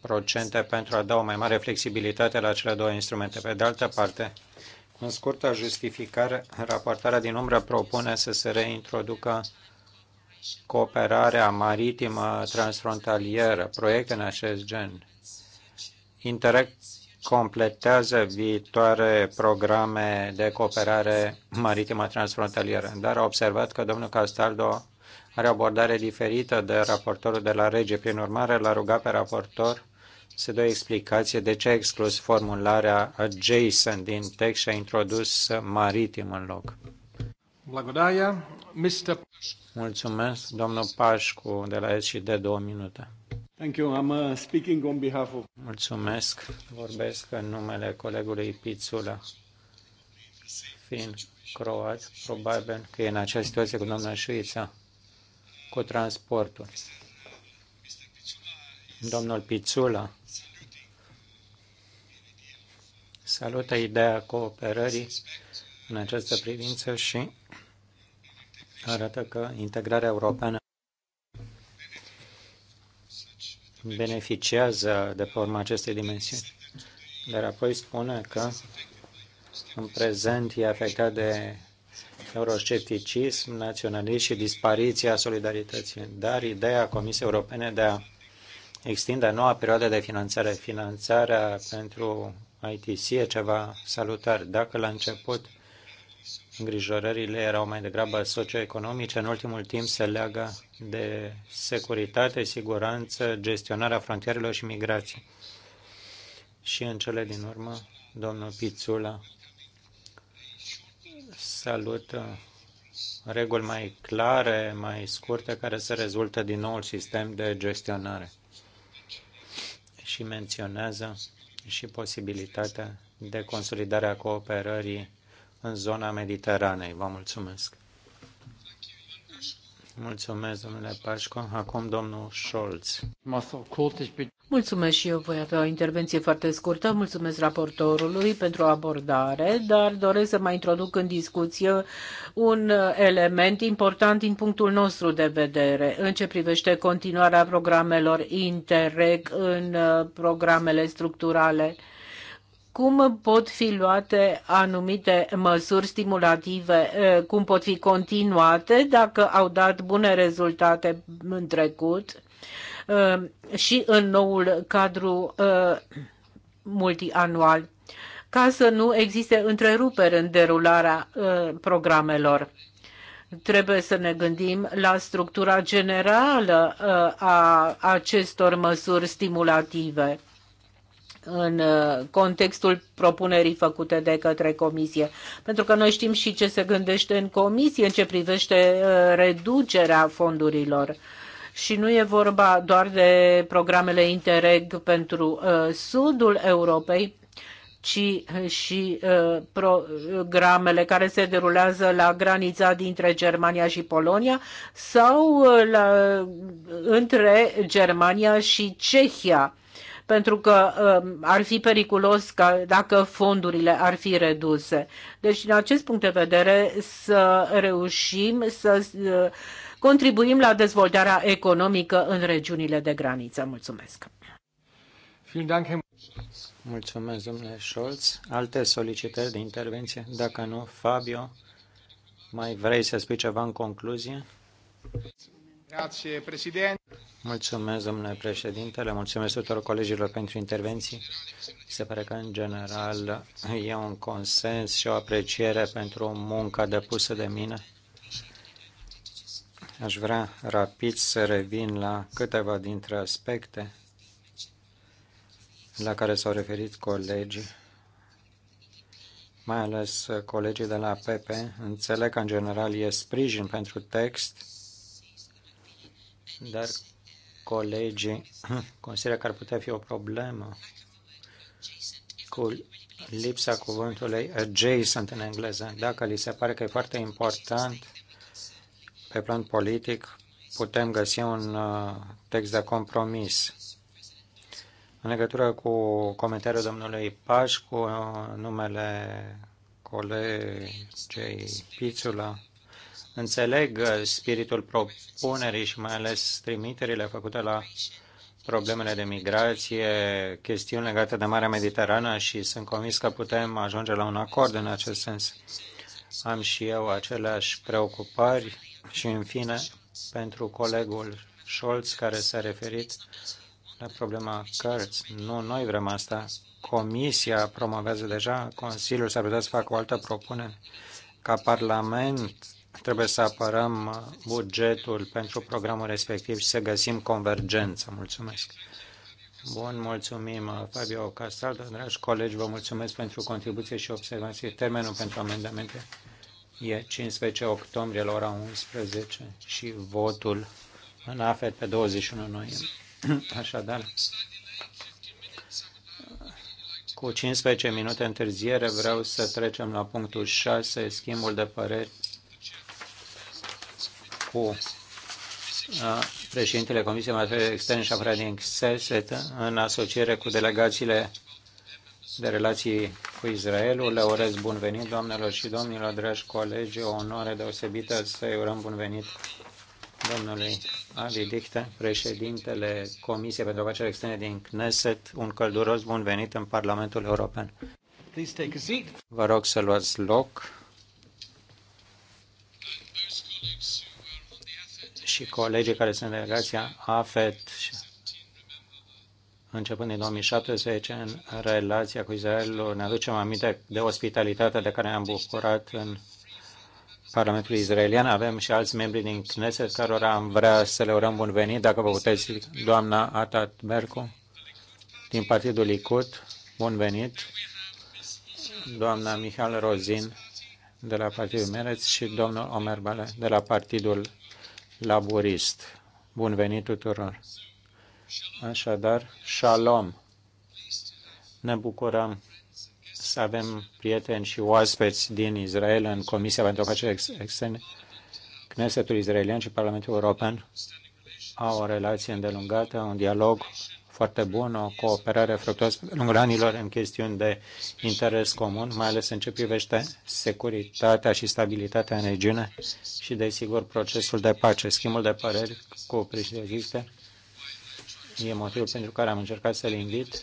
procente pentru a da o mai mare flexibilitate la cele două instrumente. Pe de altă parte, în scurtă justificare, raportarea din umbră propune să se reintroducă cooperarea maritimă transfrontalieră, proiecte în acest gen. Interact completează viitoare programe de cooperare maritimă transfrontalieră, dar a observat că domnul Castaldo are o abordare diferită de raportorul de la rege. Prin urmare, l-a rugat pe raportor să dă o explicație de ce a exclus formularea adjacent din text și a introdus maritim în loc. Mulțumesc. Mulțumesc, domnul Pașcu, de la SCD, două minute. Thank you. I'm uh, speaking on behalf of... Mulțumesc. Vorbesc în numele colegului Pițula, fiind croat, probabil că e în această situație cu domnul Șuița, cu transportul. Domnul Pițula salută ideea cooperării în această privință și arată că integrarea europeană beneficiază de pe urma acestei dimensiuni. Dar apoi spune că în prezent e afectat de euroscepticism, naționalism și dispariția solidarității. Dar ideea Comisiei Europene de a extinde noua perioadă de finanțare, finanțarea pentru ITC e ceva salutar. Dacă la început îngrijorările erau mai degrabă socioeconomice, în ultimul timp se leagă de securitate, siguranță, gestionarea frontierelor și migrație. Și în cele din urmă, domnul Pițula salută reguli mai clare, mai scurte, care se rezultă din noul sistem de gestionare. Și menționează și posibilitatea de consolidare a cooperării în zona Mediteranei. Vă mulțumesc. Mulțumesc, domnule Pașco. Acum domnul Scholz.
Mulțumesc și eu. Voi avea o intervenție foarte scurtă. Mulțumesc raportorului pentru abordare, dar doresc să mai introduc în discuție un element important din punctul nostru de vedere în ce privește continuarea programelor Interreg în uh, programele structurale cum pot fi luate anumite măsuri stimulative, cum pot fi continuate dacă au dat bune rezultate în trecut și în noul cadru multianual, ca să nu existe întrerupere în derularea programelor trebuie să ne gândim la structura generală a acestor măsuri stimulative în uh, contextul propunerii făcute de către comisie. Pentru că noi știm și ce se gândește în comisie în ce privește uh, reducerea fondurilor. Și nu e vorba doar de programele Interreg pentru uh, sudul Europei, ci și programele care se derulează la granița dintre Germania și Polonia sau la, între Germania și Cehia pentru că um, ar fi periculos ca dacă fondurile ar fi reduse. Deci, din acest punct de vedere, să reușim să uh, contribuim la dezvoltarea economică în regiunile de graniță. Mulțumesc!
Mulțumesc, domnule Scholz. Alte solicitări de intervenție? Dacă nu, Fabio, mai vrei să spui ceva în concluzie? Mulțumesc, domnule președinte, le mulțumesc tuturor colegilor pentru intervenții. Se pare că, în general, e un consens și o apreciere pentru munca depusă de mine. Aș vrea rapid să revin la câteva dintre aspecte la care s-au referit colegii, mai ales colegii de la PP. Înțeleg că, în general, e sprijin pentru text dar colegii consideră că ar putea fi o problemă cu lipsa cuvântului adjacent în engleză. Dacă li se pare că e foarte important pe plan politic, putem găsi un uh, text de compromis. În legătură cu comentariul domnului Pașcu, uh, numele colegei Pițula, Înțeleg uh, spiritul propunerii și mai ales trimiterile făcute la problemele de migrație, chestiuni legate de Marea Mediterană și sunt convins că putem ajunge la un acord în acest sens. Am și eu aceleași preocupări și, în fine, pentru colegul Scholz care s-a referit la problema cărți. Nu noi vrem asta. Comisia promovează deja, Consiliul s-ar putea să facă o altă propunere ca Parlament trebuie să apărăm bugetul pentru programul respectiv și să găsim convergență. Mulțumesc! Bun, mulțumim, Fabio Castaldo. Dragi colegi, vă mulțumesc pentru contribuție și observații. Termenul pentru amendamente e 15 octombrie la ora 11 și votul în AFET pe 21 noiembrie. Așadar, cu 15 minute întârziere vreau să trecem la punctul 6, schimbul de păreri cu președintele Comisiei Materiale Externe și Apărare din Xelset în asociere cu delegațiile de relații cu Israelul. Le urez bun venit, doamnelor și domnilor, dragi colegi, o onoare deosebită să-i urăm bun venit domnului Ali Dichter, președintele Comisiei pentru Afaceri Externe din Knesset, un călduros bun venit în Parlamentul European. Vă rog să luați loc. și colegii care sunt în delegația AFET începând din 2017 în relația cu Israelul. Ne aducem aminte de ospitalitatea de care ne-am bucurat în Parlamentul Israelian. Avem și alți membri din Knesset cărora am vrea să le urăm bun venit, dacă vă puteți, doamna Atat Merco din Partidul Likud. Bun venit! Doamna Mihal Rozin, de la Partidul Mereț și domnul Omer Bale, de la Partidul laborist. Bun venit tuturor! Așadar, shalom! Ne bucurăm să avem prieteni și oaspeți din Israel în Comisia pentru Afaceri Externe. Knessetul Israelian și Parlamentul European au o relație îndelungată, un dialog foarte bună, o cooperare fructuoasă în lungul anilor în chestiuni de interes comun, mai ales în ce privește securitatea și stabilitatea în regiune și, desigur, procesul de pace. Schimbul de păreri cu președintele Egipte e motivul pentru care am încercat să-l invit.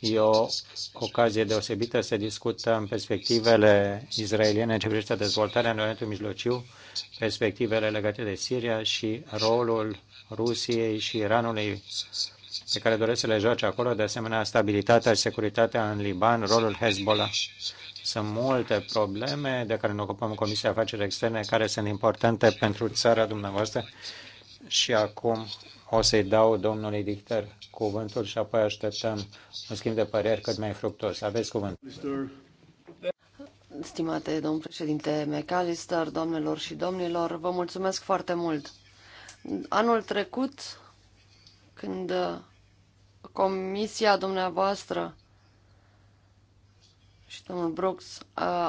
E o ocazie deosebită să discutăm perspectivele izraeliene în ce privește dezvoltarea în Orientul Mijlociu, perspectivele legate de Siria și rolul Rusiei și Iranului pe care doresc să le joace acolo, de asemenea stabilitatea și securitatea în Liban, rolul Hezbollah. Sunt multe probleme de care ne ocupăm în Comisia Afaceri Externe care sunt importante pentru țara dumneavoastră și acum o să-i dau domnului Dichter cuvântul și apoi așteptăm un schimb de păreri cât mai fructos. Aveți
cuvântul. Stimate domn președinte McAllister, doamnelor și domnilor, vă mulțumesc foarte mult. Anul trecut, când comisia dumneavoastră și domnul Brooks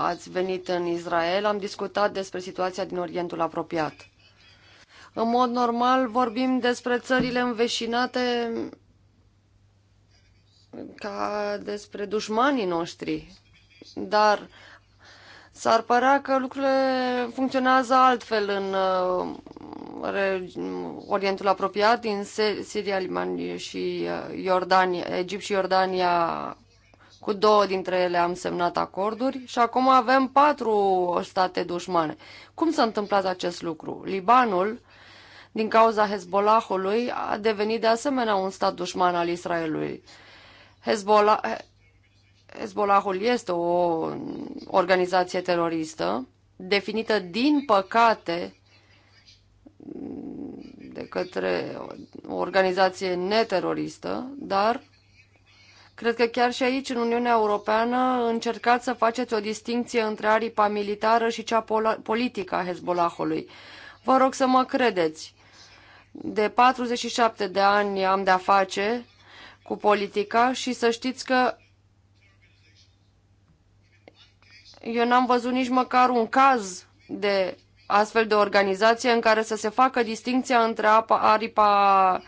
ați venit în Israel, am discutat despre situația din Orientul apropiat. În mod normal vorbim despre țările înveșinate ca despre dușmanii noștri, dar s-ar părea că lucrurile funcționează altfel în Orientul apropiat, din Siria, Liman și uh, Iordania, Egipt și Iordania, cu două dintre ele am semnat acorduri și acum avem patru state dușmane. Cum s-a întâmplat acest lucru? Libanul, din cauza Hezbollahului, a devenit de asemenea un stat dușman al Israelului. Hezbollah, Hezbollahul este o organizație teroristă definită, din păcate, de către o organizație neteroristă, dar cred că chiar și aici, în Uniunea Europeană, încercați să faceți o distinție între aripa militară și cea politică a Hezbollahului. Vă rog să mă credeți. De 47 de ani am de-a face cu politica și să știți că eu n-am văzut nici măcar un caz de astfel de organizație în care să se facă distinția între apa, aripa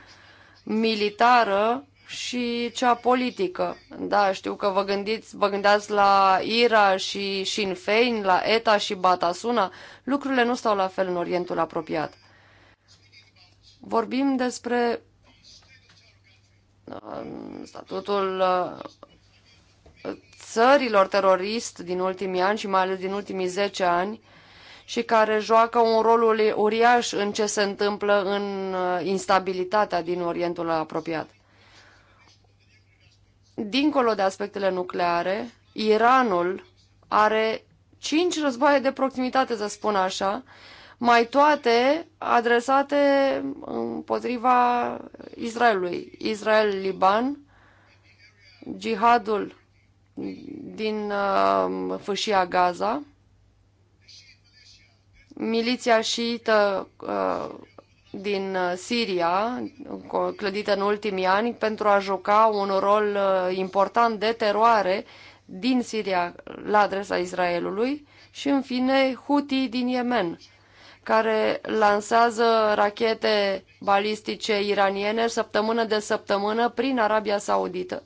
militară și cea politică. Da, știu că vă gândiți, vă gândeați la IRA și Sinn Fein, la ETA și Batasuna. Lucrurile nu stau la fel în Orientul apropiat. Vorbim despre um, statutul uh, țărilor terorist din ultimii ani și mai ales din ultimii 10 ani, și care joacă un rol uriaș în ce se întâmplă în uh, instabilitatea din Orientul apropiat. Dincolo de aspectele nucleare, Iranul are cinci războaie de proximitate, să spun așa, mai toate adresate împotriva Israelului. Israel-Liban, jihadul din uh, fâșia Gaza, miliția șiită uh, din uh, Siria, clădită în ultimii ani, pentru a juca un rol uh, important de teroare din Siria la adresa Israelului și, în fine, Houthi din Yemen, care lansează rachete balistice iraniene săptămână de săptămână prin Arabia Saudită.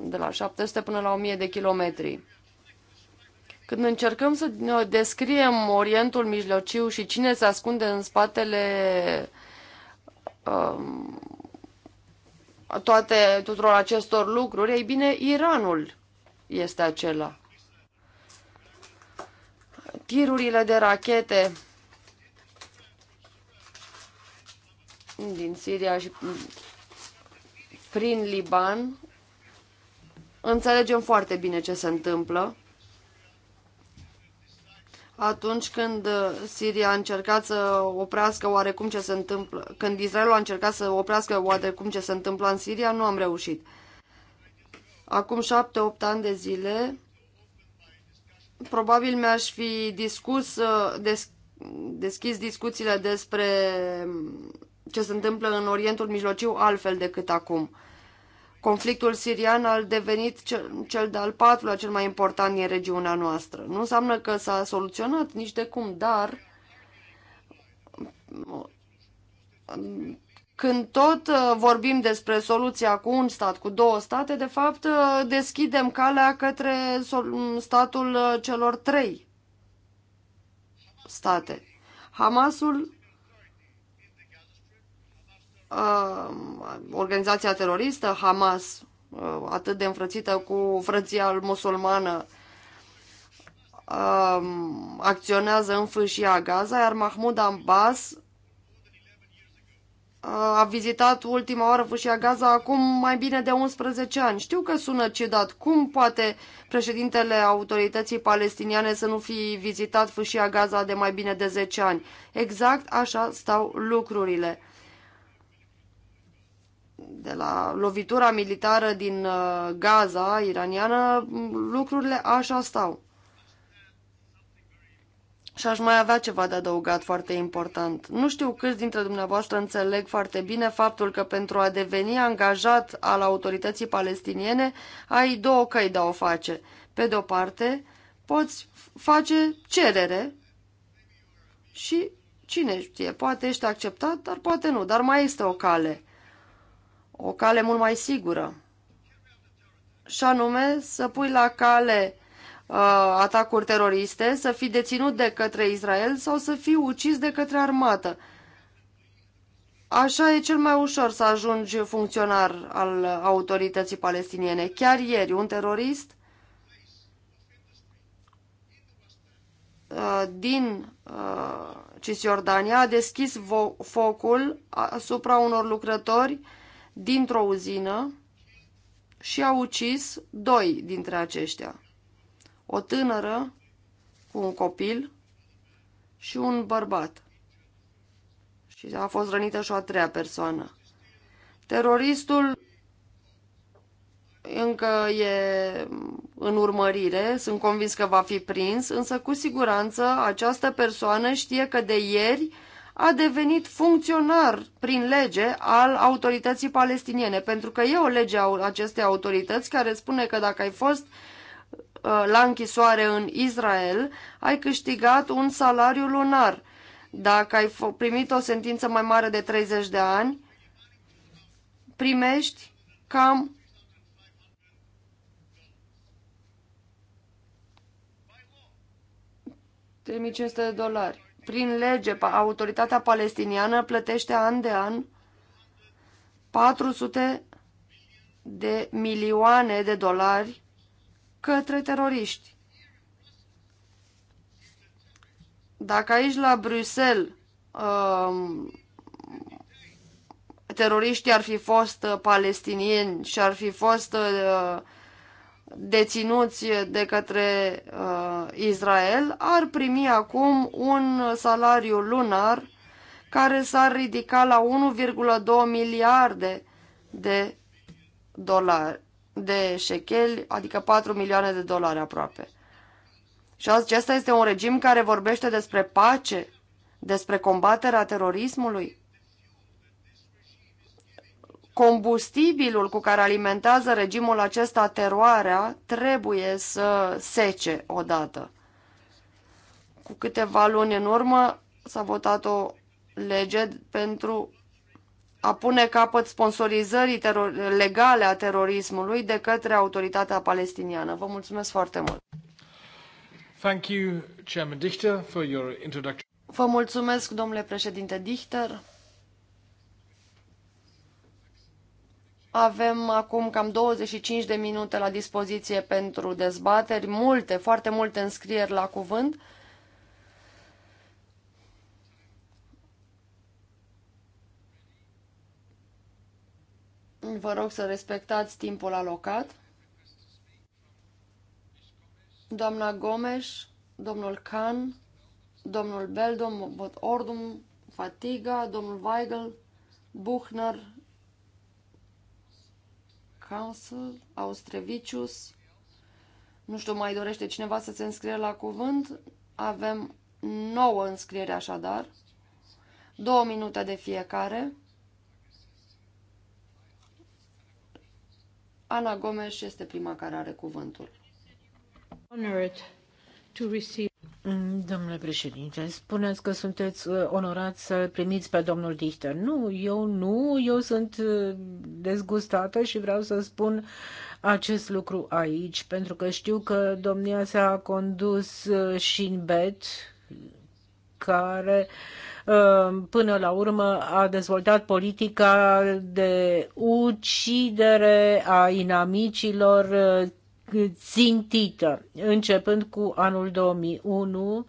De la 700 până la 1000 de kilometri. Când încercăm să descriem Orientul Mijlociu și cine se ascunde în spatele um, toate tuturor acestor lucruri, ei bine, Iranul este acela. Tirurile de rachete din Siria și prin Liban, înțelegem foarte bine ce se întâmplă atunci când uh, Siria a încercat să oprească oarecum ce se întâmplă, când Israelul a încercat să oprească oarecum ce se întâmplă în Siria, nu am reușit. Acum șapte-opt ani de zile, probabil mi-aș fi discus, uh, des, deschis discuțiile despre ce se întâmplă în Orientul Mijlociu altfel decât acum. Conflictul sirian a devenit cel, cel de-al patrulea cel mai important din regiunea noastră. Nu înseamnă că s-a soluționat nici de cum, dar când tot uh, vorbim despre soluția cu un stat, cu două state, de fapt uh, deschidem calea către statul uh, celor trei state. Hamasul uh, organizația teroristă Hamas, uh, atât de înfrățită cu frăția musulmană, uh, acționează în fâșia Gaza, iar Mahmoud Abbas uh, a vizitat ultima oară fâșia Gaza acum mai bine de 11 ani. Știu că sună ciudat. Cum poate președintele autorității palestiniane să nu fi vizitat fâșia Gaza de mai bine de 10 ani? Exact așa stau lucrurile de la lovitura militară din uh, Gaza iraniană, lucrurile așa stau. Și aș mai avea ceva de adăugat foarte important. Nu știu câți dintre dumneavoastră înțeleg foarte bine faptul că pentru a deveni angajat al autorității palestiniene ai două căi de a o face. Pe de o parte, poți face cerere și cine știe, poate ești acceptat, dar poate nu, dar mai este o cale o cale mult mai sigură. Și anume să pui la cale uh, atacuri teroriste, să fii deținut de către Israel sau să fii ucis de către armată. Așa e cel mai ușor să ajungi funcționar al autorității palestiniene. Chiar ieri, un terorist uh, din uh, Cisjordania a deschis focul asupra unor lucrători uh, dintr-o uzină și a ucis doi dintre aceștia. O tânără cu un copil și un bărbat. Și a fost rănită și o a treia persoană. Teroristul încă e în urmărire, sunt convins că va fi prins, însă cu siguranță această persoană știe că de ieri a devenit funcționar prin lege al autorității palestiniene, pentru că e o lege a acestei autorități care spune că dacă ai fost uh, la închisoare în Israel, ai câștigat un salariu lunar. Dacă ai primit o sentință mai mare de 30 de ani, primești cam de dolari prin lege, autoritatea palestiniană plătește an de an 400 de milioane de dolari către teroriști. Dacă aici la Bruxelles um, teroriștii ar fi fost uh, palestinieni și ar fi fost uh, deținuți de către uh, Israel ar primi acum un salariu lunar care s-ar ridica la 1,2 miliarde de dolari, de șecheli, adică 4 milioane de dolari aproape. Și acesta este un regim care vorbește despre pace, despre combaterea terorismului combustibilul cu care alimentează regimul acesta teroarea trebuie să sece odată. Cu câteva luni în urmă s-a votat o lege pentru a pune capăt sponsorizării legale a terorismului de către autoritatea palestiniană. Vă mulțumesc foarte mult!
Thank you, Chairman Dichter, for your introduction.
Vă mulțumesc, domnule președinte Dichter, Avem acum cam 25 de minute la dispoziție pentru dezbateri, multe, foarte multe înscrieri la cuvânt. Vă rog să respectați timpul alocat. Doamna Gomes, domnul Khan, domnul Beldom, Bot Ordum, Fatiga, domnul Weigel, Buchner, Council, Austrevicius. Nu știu, mai dorește cineva să se înscrie la cuvânt? Avem nouă înscriere așadar. Două minute de fiecare. Ana Gomes este prima care are cuvântul.
Honored to receive Domnule președinte, spuneți că sunteți uh, onorat să primiți pe domnul Dichter. Nu, eu nu, eu sunt uh, dezgustată și vreau să spun acest lucru aici, pentru că știu că domnia s-a condus și uh, bet care până la urmă a dezvoltat politica de ucidere a inamicilor țintită. Începând cu anul 2001,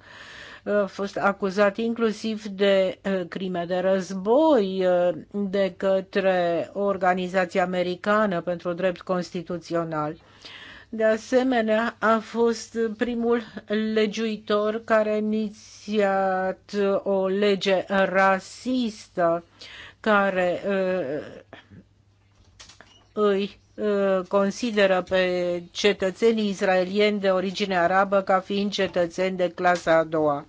a fost acuzat inclusiv de crime de război de către organizația americană pentru drept constituțional. De asemenea, a fost primul legiuitor care a inițiat o lege rasistă care îi Uh, consideră pe cetățenii israelieni de origine arabă ca fiind cetățeni de clasa a doua.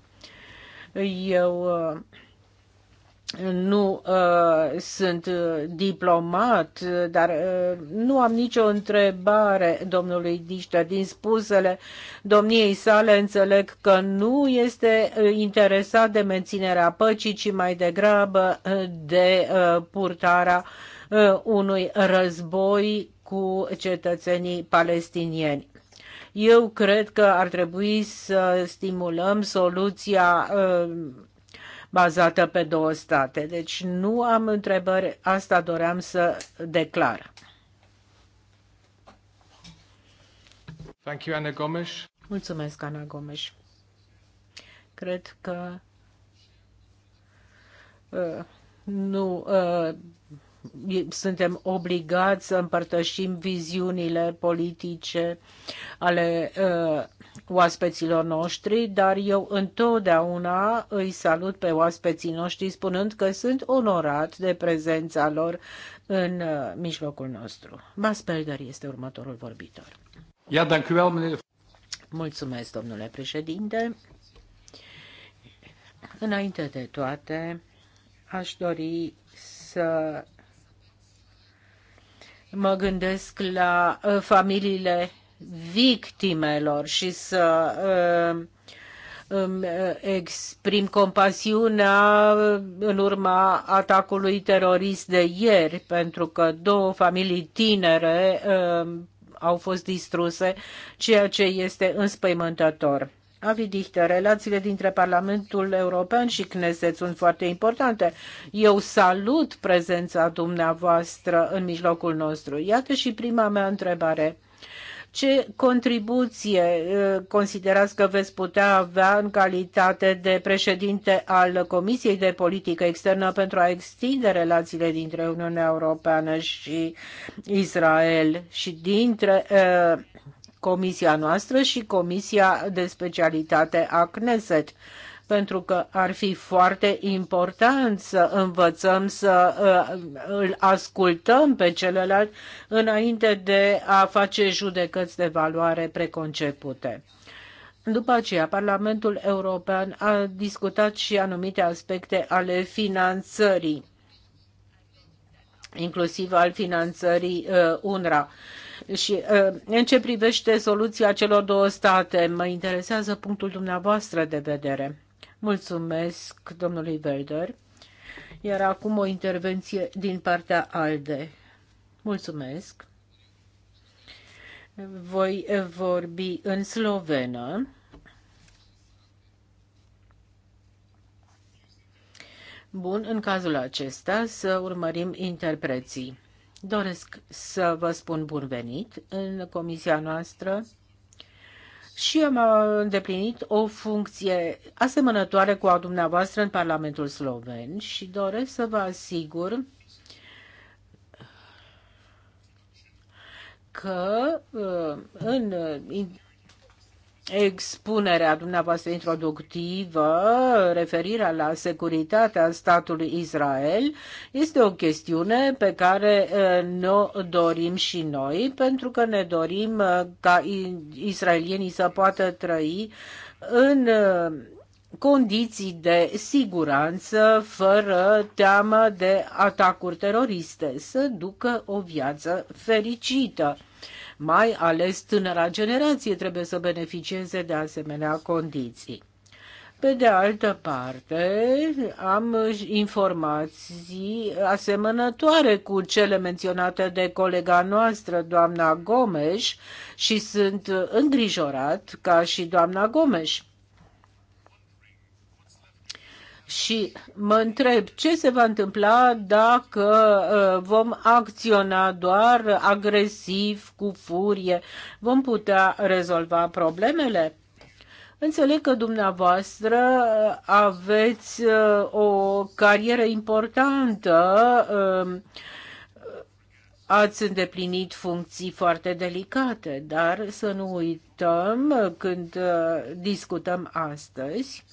Eu uh, nu uh, sunt uh, diplomat, dar uh, nu am nicio întrebare domnului Diște. Din spusele domniei sale înțeleg că nu este interesat de menținerea păcii, ci mai degrabă de uh, purtarea unui război cu cetățenii palestinieni. Eu cred că ar trebui să stimulăm soluția uh, bazată pe două state. Deci nu am întrebări, asta doream să declar. Thank you, Ana Gomes. Mulțumesc, Ana Gomes. Cred că uh, nu uh, suntem obligați să împărtășim viziunile politice ale uh, oaspeților noștri, dar eu întotdeauna îi salut pe oaspeții noștri spunând că sunt onorat de prezența lor în uh, mijlocul nostru. Bas este următorul vorbitor. Ja, dank u wel, meneer. Mulțumesc, domnule președinte. Înainte de toate, aș dori să Mă gândesc la uh, familiile victimelor și să uh, îmi uh, exprim compasiunea în urma atacului terorist de ieri, pentru că două familii tinere au fost distruse, ceea ce este înspăimântător. Avi Dichter, relațiile dintre Parlamentul European și Knesset sunt foarte importante. Eu salut prezența dumneavoastră în mijlocul nostru. Iată și prima mea întrebare. Ce contribuție uh, considerați că veți putea avea în calitate de președinte al Comisiei de Politică Externă pentru a extinde relațiile dintre Uniunea Europeană și Israel și dintre uh, comisia noastră și comisia de specialitate a Knesset pentru că ar fi foarte important să învățăm să uh, îl ascultăm pe celălalt înainte de a face judecăți de valoare preconcepute. După aceea, Parlamentul European a discutat și anumite aspecte ale finanțării inclusiv al finanțării uh, UNRWA. Și uh, în ce privește soluția celor două state, mă interesează punctul dumneavoastră de vedere. Mulțumesc domnului Belder. Iar acum o intervenție din partea ALDE. Mulțumesc. Voi vorbi în slovenă. Bun, în cazul acesta să urmărim interpreții. Doresc să vă spun bun venit în comisia noastră și am îndeplinit o funcție asemănătoare cu a dumneavoastră în Parlamentul Sloven și doresc să vă asigur că uh, în expunerea dumneavoastră introductivă, referirea la securitatea statului Israel, este o chestiune pe care ne dorim și noi, pentru că ne dorim ca israelienii să poată trăi în condiții de siguranță, fără teamă de atacuri teroriste, să ducă o viață fericită mai ales tânăra generație trebuie să beneficieze de asemenea condiții. Pe de altă parte, am informații asemănătoare cu cele menționate de colega noastră, doamna Gomes, și sunt îngrijorat ca și doamna Gomes și mă întreb ce se va întâmpla dacă uh, vom acționa doar agresiv, cu furie. Vom putea rezolva problemele? Înțeleg că dumneavoastră uh, aveți uh, o carieră importantă, um, ați îndeplinit funcții foarte delicate, dar să nu uităm când discutăm astăzi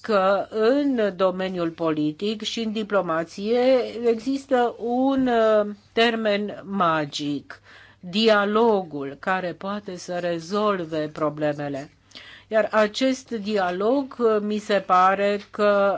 că în domeniul politic și în diplomație există un uh, termen magic, dialogul care poate să rezolve problemele. Iar acest dialog uh, mi se pare că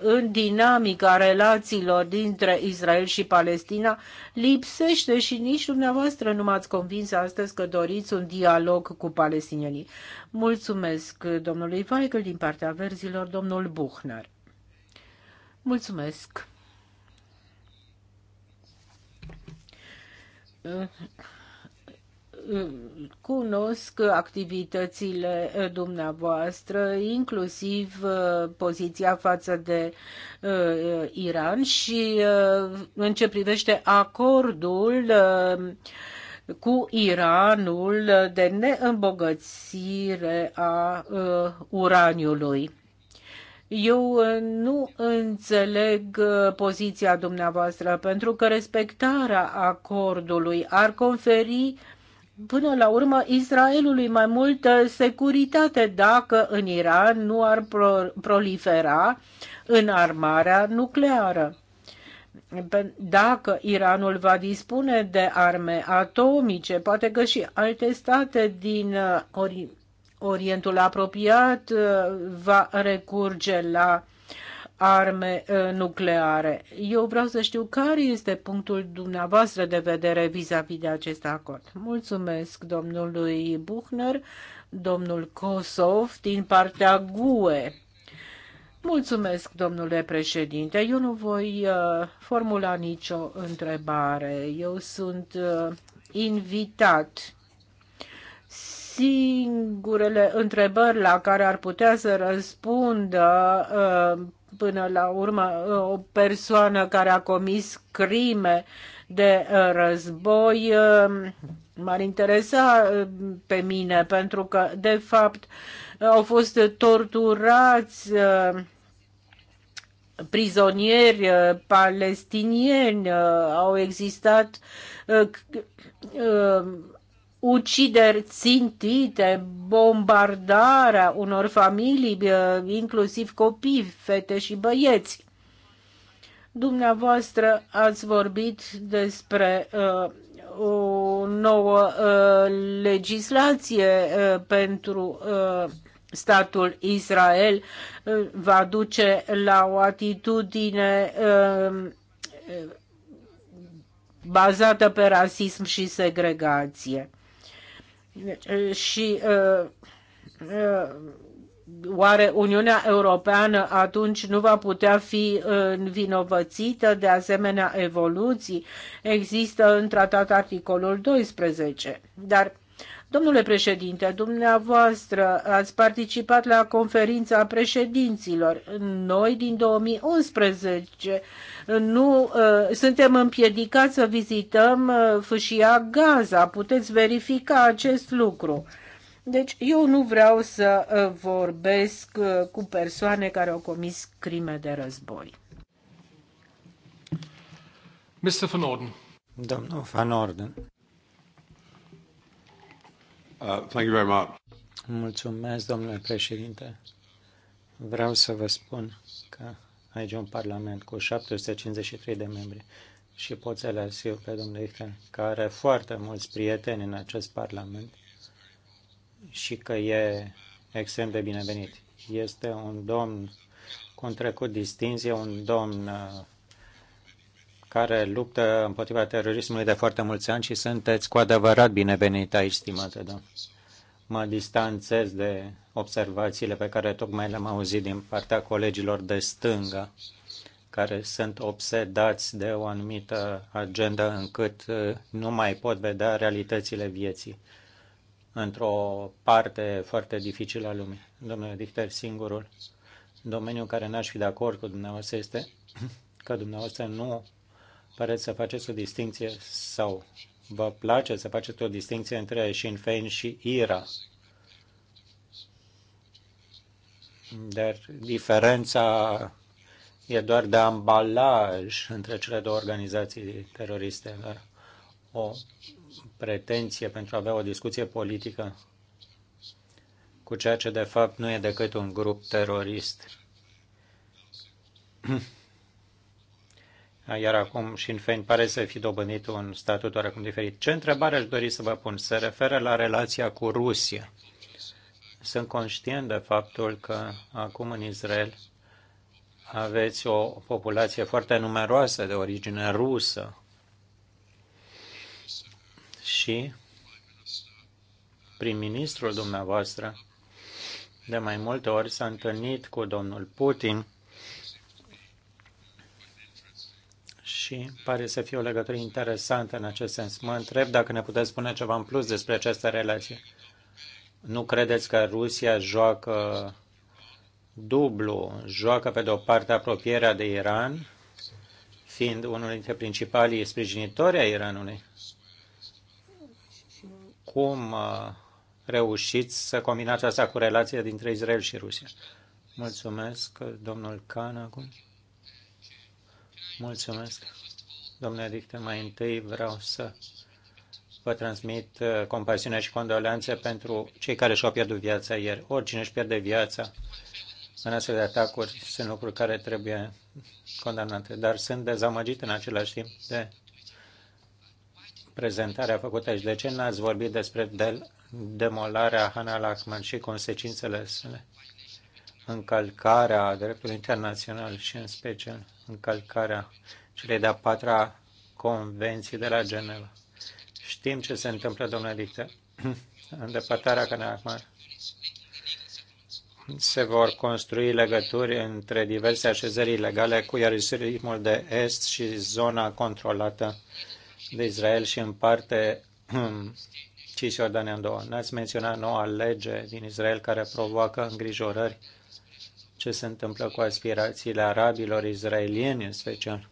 uh, în dinamica relațiilor dintre Israel și Palestina lipsește și nici dumneavoastră nu m-ați convins astăzi că doriți un dialog cu palestinienii. Mulțumesc uh, domnului Weigel din partea verzilor, domnul Buchner. Mulțumesc cunosc activitățile eh, dumneavoastră, inclusiv eh, poziția față de eh, Iran și în ce privește acordul cu Iranul de neîmbogățire a uraniului. Eu nu înțeleg poziția dumneavoastră, pentru că respectarea acordului ar conferi până la urmă Israelului mai multă securitate dacă în Iran nu ar pro- prolifera în armarea nucleară. Dacă Iranul va dispune de arme atomice, poate că și alte state din uh, Ori- Orientul apropiat uh, va recurge la arme uh, nucleare. Eu vreau să știu care este punctul dumneavoastră de vedere vis-a-vis -vis de acest acord. Mulțumesc domnului Buchner, domnul Kosov din partea GUE. Mulțumesc, domnule președinte. Eu nu voi uh, formula nicio întrebare. Eu sunt uh, invitat singurele întrebări la care ar putea să răspundă uh, până la urmă uh, o persoană care a comis crime de uh, război uh, m-ar interesa pe mine pentru că de fapt au fost torturați prizonieri palestinieni, au existat ucideri țintite, bombardarea unor familii, inclusiv copii, fete și băieți. Dumneavoastră ați vorbit despre uh, o nouă uh, legislație uh, pentru uh, statul Israel, uh, va duce la o atitudine uh, bazată pe rasism și segregație. Deci, uh, și uh, uh, oare Uniunea Europeană atunci nu va putea fi învinovățită de asemenea evoluții? Există în tratat articolul 12, dar Domnule președinte, dumneavoastră ați participat la conferința președinților. Noi din 2011 nu uh, suntem împiedicați să vizităm uh, fâșia Gaza. Puteți verifica acest lucru. Deci eu nu vreau să uh, vorbesc cu persoane care au comis crime de război.
Mr. Van Orden. Domnul Van Orden. Uh,
thank you very much.
Mulțumesc, domnule președinte. Vreau să vă spun că Aici un parlament cu 753 de membri și pot să le asigur pe domnul Ichten, că are foarte mulți prieteni în acest parlament și că e extrem de binevenit. Este un domn cu un trecut distinție, un domn uh, care luptă împotriva terorismului de foarte mulți ani și sunteți cu adevărat binevenit aici, stimate domn mă distanțez de observațiile pe care tocmai le-am auzit din partea colegilor de stânga, care sunt obsedați de o anumită agendă încât uh, nu mai pot vedea realitățile vieții într-o parte foarte dificilă a lumii. Domnule Richter, singurul domeniu care n-aș fi de acord cu dumneavoastră este că dumneavoastră nu pare să faceți o distinție sau Vă place să faceți o distinție între Sinn Féin și IRA. Dar diferența e doar de ambalaj între cele două organizații teroriste. Dar o pretenție pentru a avea o discuție politică cu ceea ce de fapt nu e decât un grup terorist. iar acum și în Fein pare să fi dobândit un statut oarecum diferit. Ce întrebare aș dori să vă pun? Se referă la relația cu Rusia. Sunt conștient de faptul că acum în Israel aveți o populație foarte numeroasă de origine rusă și prim-ministrul dumneavoastră de mai multe ori s-a întâlnit cu domnul Putin și pare să fie o legătură interesantă în acest sens. Mă întreb dacă ne puteți spune ceva în plus despre această relație. Nu credeți că Rusia joacă dublu, joacă pe de-o parte apropierea de Iran, fiind unul dintre principalii sprijinitori ai Iranului? Cum uh, reușiți să combinați asta cu relația dintre Israel și Rusia? Mulțumesc, domnul Can, acum. Mulțumesc. Domnule Richter, mai întâi vreau să vă transmit uh, compasiunea și condolențe pentru cei care și-au pierdut viața ieri. Oricine își pierde viața în astfel de atacuri sunt lucruri care trebuie condamnate, dar sunt dezamăgit în același timp de prezentarea făcută aici. De ce n-ați vorbit despre demolarea Hanalakman și consecințele sale? încălcarea dreptului internațional și în special încălcarea celei de-a patra convenții de la Geneva. Știm ce se întâmplă, domnule Dictă. Îndepărtarea acum se vor construi legături între diverse așezări ilegale cu Ierusalimul de Est și zona controlată de Israel și în parte Cisjordania în două. N-ați menționat noua lege din Israel care provoacă îngrijorări ce se întâmplă cu aspirațiile arabilor izraelieni în special.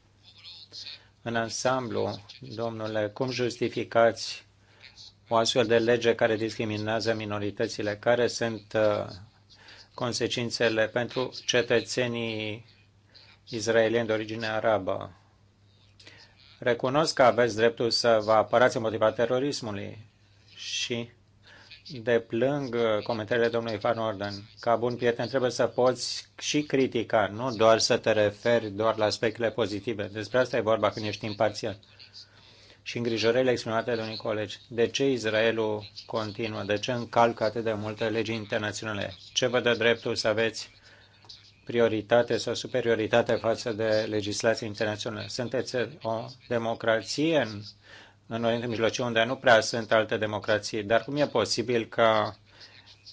În ansamblu, domnule, cum justificați o astfel de lege care discriminează minoritățile? Care sunt uh, consecințele pentru cetățenii izraelieni de origine arabă? Recunosc că aveți dreptul să vă apărați împotriva terorismului și deplâng uh, comentariile domnului Van Orden. Ca bun prieten trebuie să poți și critica, nu doar să te referi doar la aspectele pozitive. Despre asta e vorba când ești imparțial. Și îngrijorările exprimate de unii colegi. De ce Israelul continuă? De ce încalcă atât de multe legi internaționale? Ce vă dă dreptul să aveți prioritate sau superioritate față de legislații internaționale? Sunteți o democrație în în Orientul Mijlociu, unde nu prea sunt alte democrații. Dar cum e posibil ca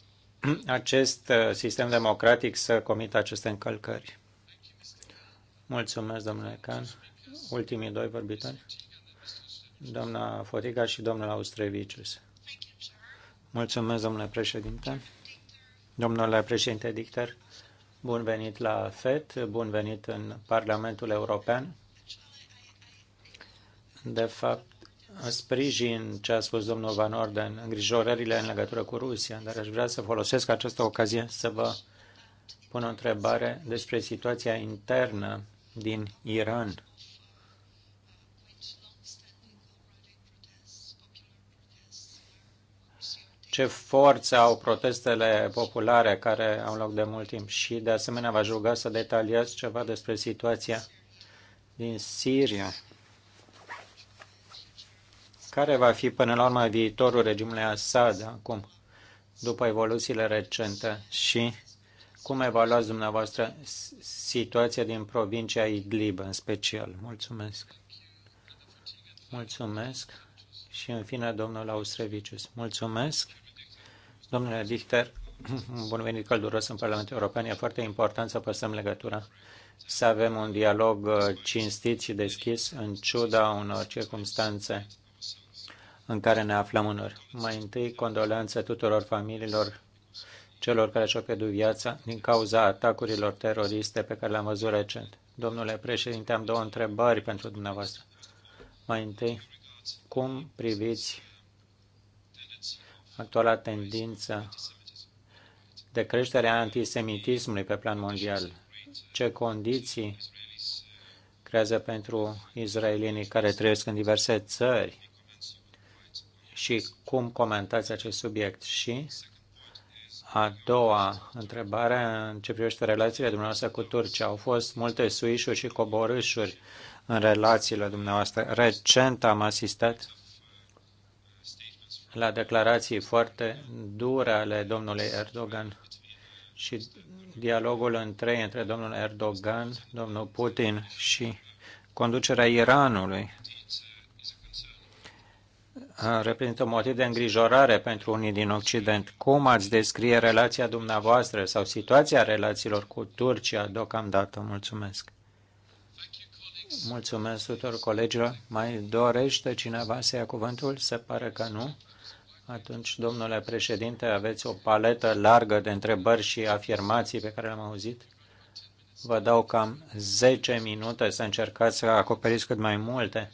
acest uh, sistem democratic să comită aceste încălcări? Mulțumesc, domnule Can. Ultimii doi vorbitori, doamna Foriga și domnul Austrevicius. Mulțumesc, domnule președinte. Domnule președinte Dicter, bun venit la FED, bun venit în Parlamentul European. De fapt, sprijin ce a spus domnul Van Orden, îngrijorările în legătură cu Rusia, dar aș vrea să folosesc această ocazie să vă pun o întrebare despre situația internă din Iran. Ce forță au protestele populare care au loc de mult timp și, de asemenea, v-aș ruga să detaliați ceva despre situația din Siria care va fi până la urmă viitorul regimului Assad acum, după evoluțiile recente și cum evaluați dumneavoastră situația din provincia Idlib în special? Mulțumesc. Mulțumesc. Și în fine, domnul Austrevicius. Mulțumesc. Domnule Dichter, bun venit călduros în Parlamentul European. E foarte important să păstrăm legătura, să avem un dialog uh, cinstit și deschis în ciuda unor circunstanțe în care ne aflăm unor. Mai întâi, condolențe tuturor familiilor celor care și-au pierdut viața din cauza atacurilor teroriste pe care le-am văzut recent. Domnule președinte, am două întrebări pentru dumneavoastră. Mai întâi, cum priviți actuala tendință de creștere a antisemitismului pe plan mondial? Ce condiții creează pentru izraelienii care trăiesc în diverse țări și cum comentați acest subiect. Și a doua întrebare în ce privește relațiile dumneavoastră cu Turcia. Au fost multe suișuri și coborâșuri în relațiile dumneavoastră. Recent am asistat la declarații foarte dure ale domnului Erdogan și dialogul între între domnul Erdogan, domnul Putin și conducerea Iranului Ah, reprezintă un motiv de îngrijorare pentru unii din Occident. Cum ați descrie relația dumneavoastră sau situația relațiilor cu Turcia deocamdată? Mulțumesc! Mulțumesc tuturor colegilor. Mai dorește cineva să ia cuvântul? Se pare că nu. Atunci, domnule președinte, aveți o paletă largă de întrebări și afirmații pe care le-am auzit. Vă dau cam 10 minute să încercați să acoperiți cât mai multe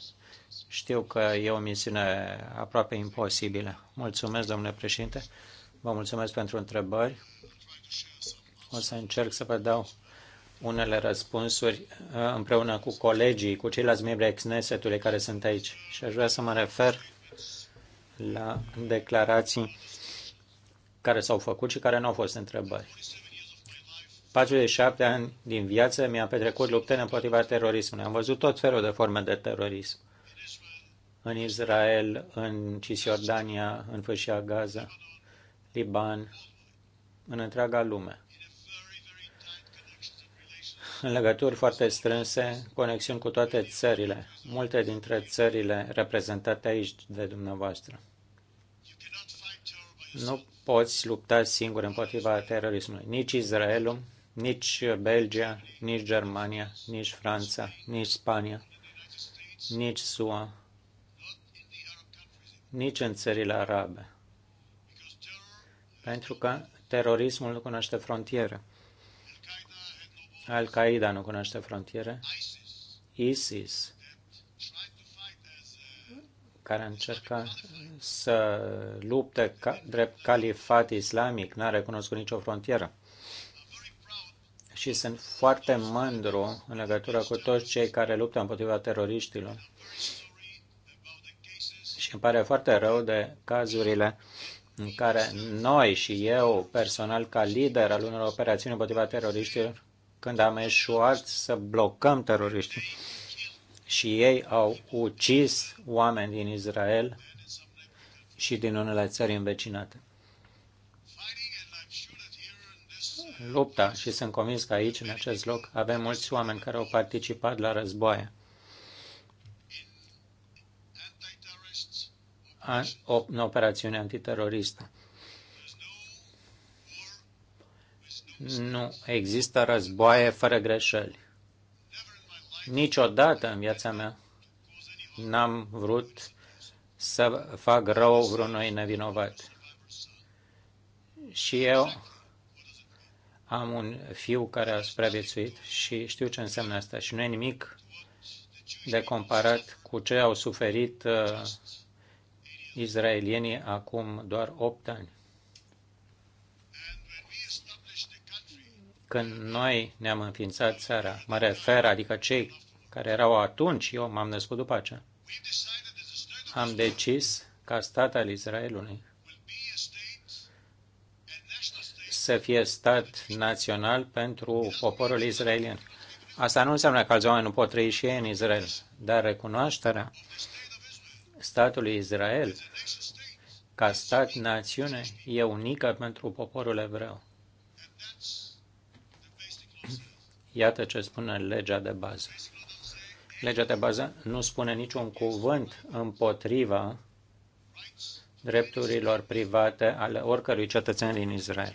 știu că e o misiune aproape imposibilă. Mulțumesc, domnule președinte. Vă mulțumesc pentru întrebări. O să încerc să vă dau unele răspunsuri uh, împreună cu colegii, cu ceilalți membri ai SNS-ului care sunt aici. Și aș vrea să mă refer la declarații care s-au făcut și care nu au fost întrebări. 47 ani din viață mi-am petrecut luptând împotriva terorismului. Am văzut tot felul de forme de terorism în Israel, în Cisjordania, în Fâșia Gaza, Liban, în întreaga lume. În legături foarte strânse, conexiuni cu toate țările, multe dintre țările reprezentate aici de dumneavoastră. Nu poți lupta singur împotriva terorismului. Nici Israelul, nici Belgia, nici Germania, nici Franța, nici Spania, nici SUA, nici în țările arabe. Pentru că terorismul nu cunoaște frontiere. Al-Qaeda nu cunoaște frontiere. ISIS, care încerca să lupte ca, drept califat islamic, n-a recunoscut nicio frontieră. Și sunt foarte mândru în legătură cu toți cei care luptă împotriva teroriștilor și îmi pare foarte rău de cazurile în care noi și eu personal ca lider al unor operațiuni împotriva teroriștilor, când am eșuat să blocăm teroriștii și ei au ucis oameni din Israel și din unele țări învecinate. Lupta, și sunt convins că aici, în acest loc, avem mulți oameni care au participat la războaie în operațiune antiteroristă. Nu există războaie fără greșeli. Niciodată în viața mea n-am vrut să fac rău vreunui nevinovat. Și eu am un fiu care a supraviețuit și știu ce înseamnă asta. Și nu e nimic de comparat cu ce au suferit uh, izraelienii acum doar 8 ani. Când noi ne-am înființat țara, mă refer, adică cei care erau atunci, eu m-am născut după aceea, am decis ca stat al Israelului să fie stat național pentru poporul israelian. Asta nu înseamnă că alți oameni nu pot trăi și ei în Israel, dar recunoașterea statului Israel ca stat-națiune e unică pentru poporul evreu. Iată ce spune legea de bază. Legea de bază nu spune niciun cuvânt împotriva drepturilor private ale oricărui cetățean din Israel.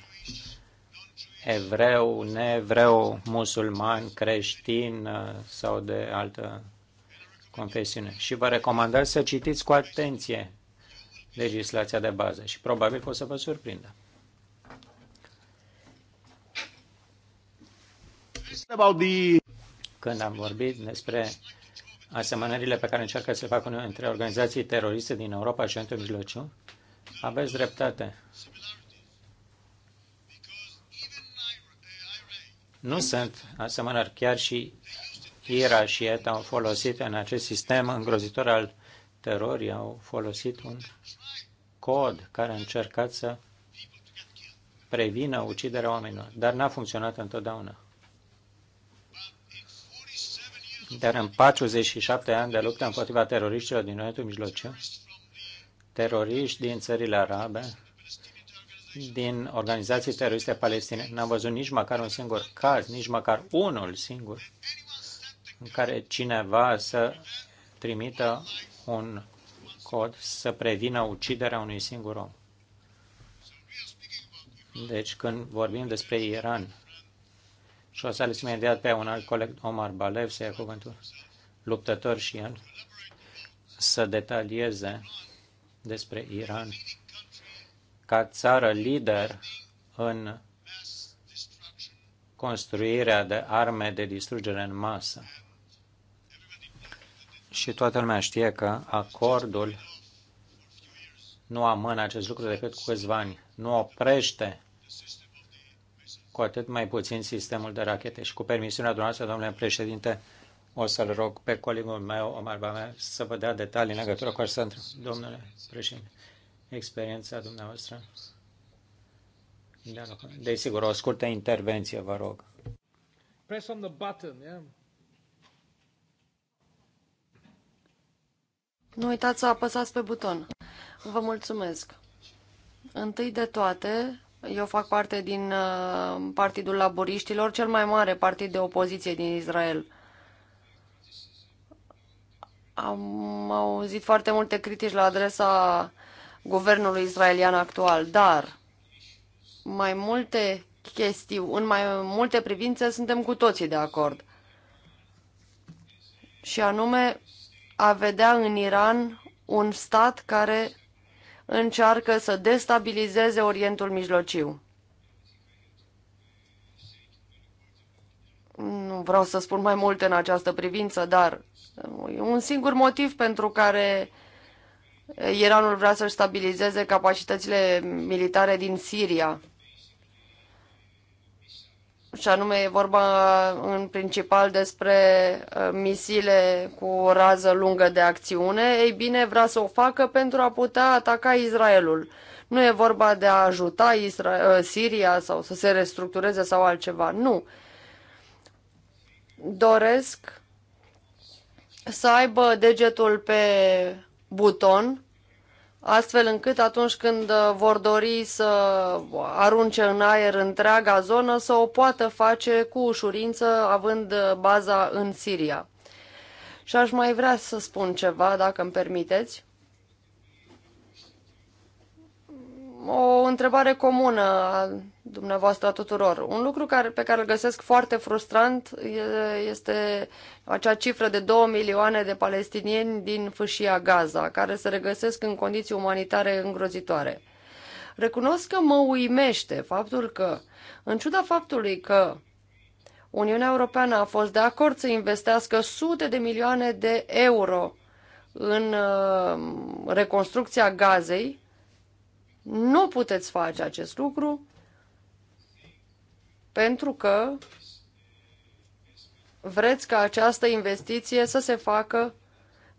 Evreu, neevreu, musulman, creștin uh, sau de altă confesiune. Și vă recomand să citiți cu atenție legislația de bază și probabil că o să vă surprindă. Când am vorbit despre asemănările pe care încearcă să le facă între organizații teroriste din Europa și între Mijlociu, aveți dreptate. Nu sunt asemănări chiar și IRA și ETA au folosit în acest sistem îngrozitor al terorii, au folosit un cod care a încercat să prevină uciderea oamenilor, dar n-a funcționat întotdeauna. Dar în 47 ani de luptă împotriva teroriștilor din Orientul Mijlociu, teroriști din țările arabe, din organizații teroriste palestine, n-am văzut nici măcar un singur caz, nici măcar unul singur în care cineva să trimită un cod să prevină uciderea unui singur om. Deci când vorbim despre Iran, și o să ales imediat pe un alt coleg, Omar Balev, să ia cuvântul, luptător și el, să detalieze despre Iran ca țară lider în construirea de arme de distrugere în masă și toată lumea știe că acordul nu amână acest lucru decât cu câțiva ani. Nu oprește cu atât mai puțin sistemul de rachete. Și cu permisiunea dumneavoastră, domnule președinte, o să-l rog pe colegul meu, Omar Bamea, să vă dea detalii în legătură cu așa Domnule președinte, experiența dumneavoastră? Desigur, o scurtă intervenție, vă rog. Press on the button, yeah?
Nu uitați să apăsați pe buton. Vă mulțumesc. Întâi de toate, eu fac parte din uh, Partidul Laboriștilor, cel mai mare partid de opoziție din Israel. Am auzit foarte multe critici la adresa guvernului israelian actual, dar mai multe chestii, în mai multe privințe suntem cu toții de acord. Și anume a vedea în Iran un stat care încearcă să destabilizeze Orientul Mijlociu. Nu vreau să spun mai multe în această privință, dar un singur motiv pentru care Iranul vrea să-și stabilizeze capacitățile militare din Siria și anume e vorba în principal despre uh, misile cu rază lungă de acțiune, ei bine, vrea să o facă pentru a putea ataca Israelul. Nu e vorba de a ajuta Isra- uh, Siria sau să se restructureze sau altceva. Nu. Doresc să aibă degetul pe buton astfel încât atunci când uh, vor dori să arunce în aer întreaga zonă, să o poată face cu ușurință, având uh, baza în Siria. Și aș mai vrea să spun ceva, dacă îmi permiteți. O întrebare comună dumneavoastră a tuturor. Un lucru care, pe care îl găsesc foarte frustrant este acea cifră de 2 milioane de palestinieni din fâșia Gaza, care se regăsesc în condiții umanitare îngrozitoare. Recunosc că mă uimește faptul că, în ciuda faptului că Uniunea Europeană a fost de acord să investească sute de milioane de euro în uh, reconstrucția Gazei, nu puteți face acest lucru pentru că vreți ca această investiție să se facă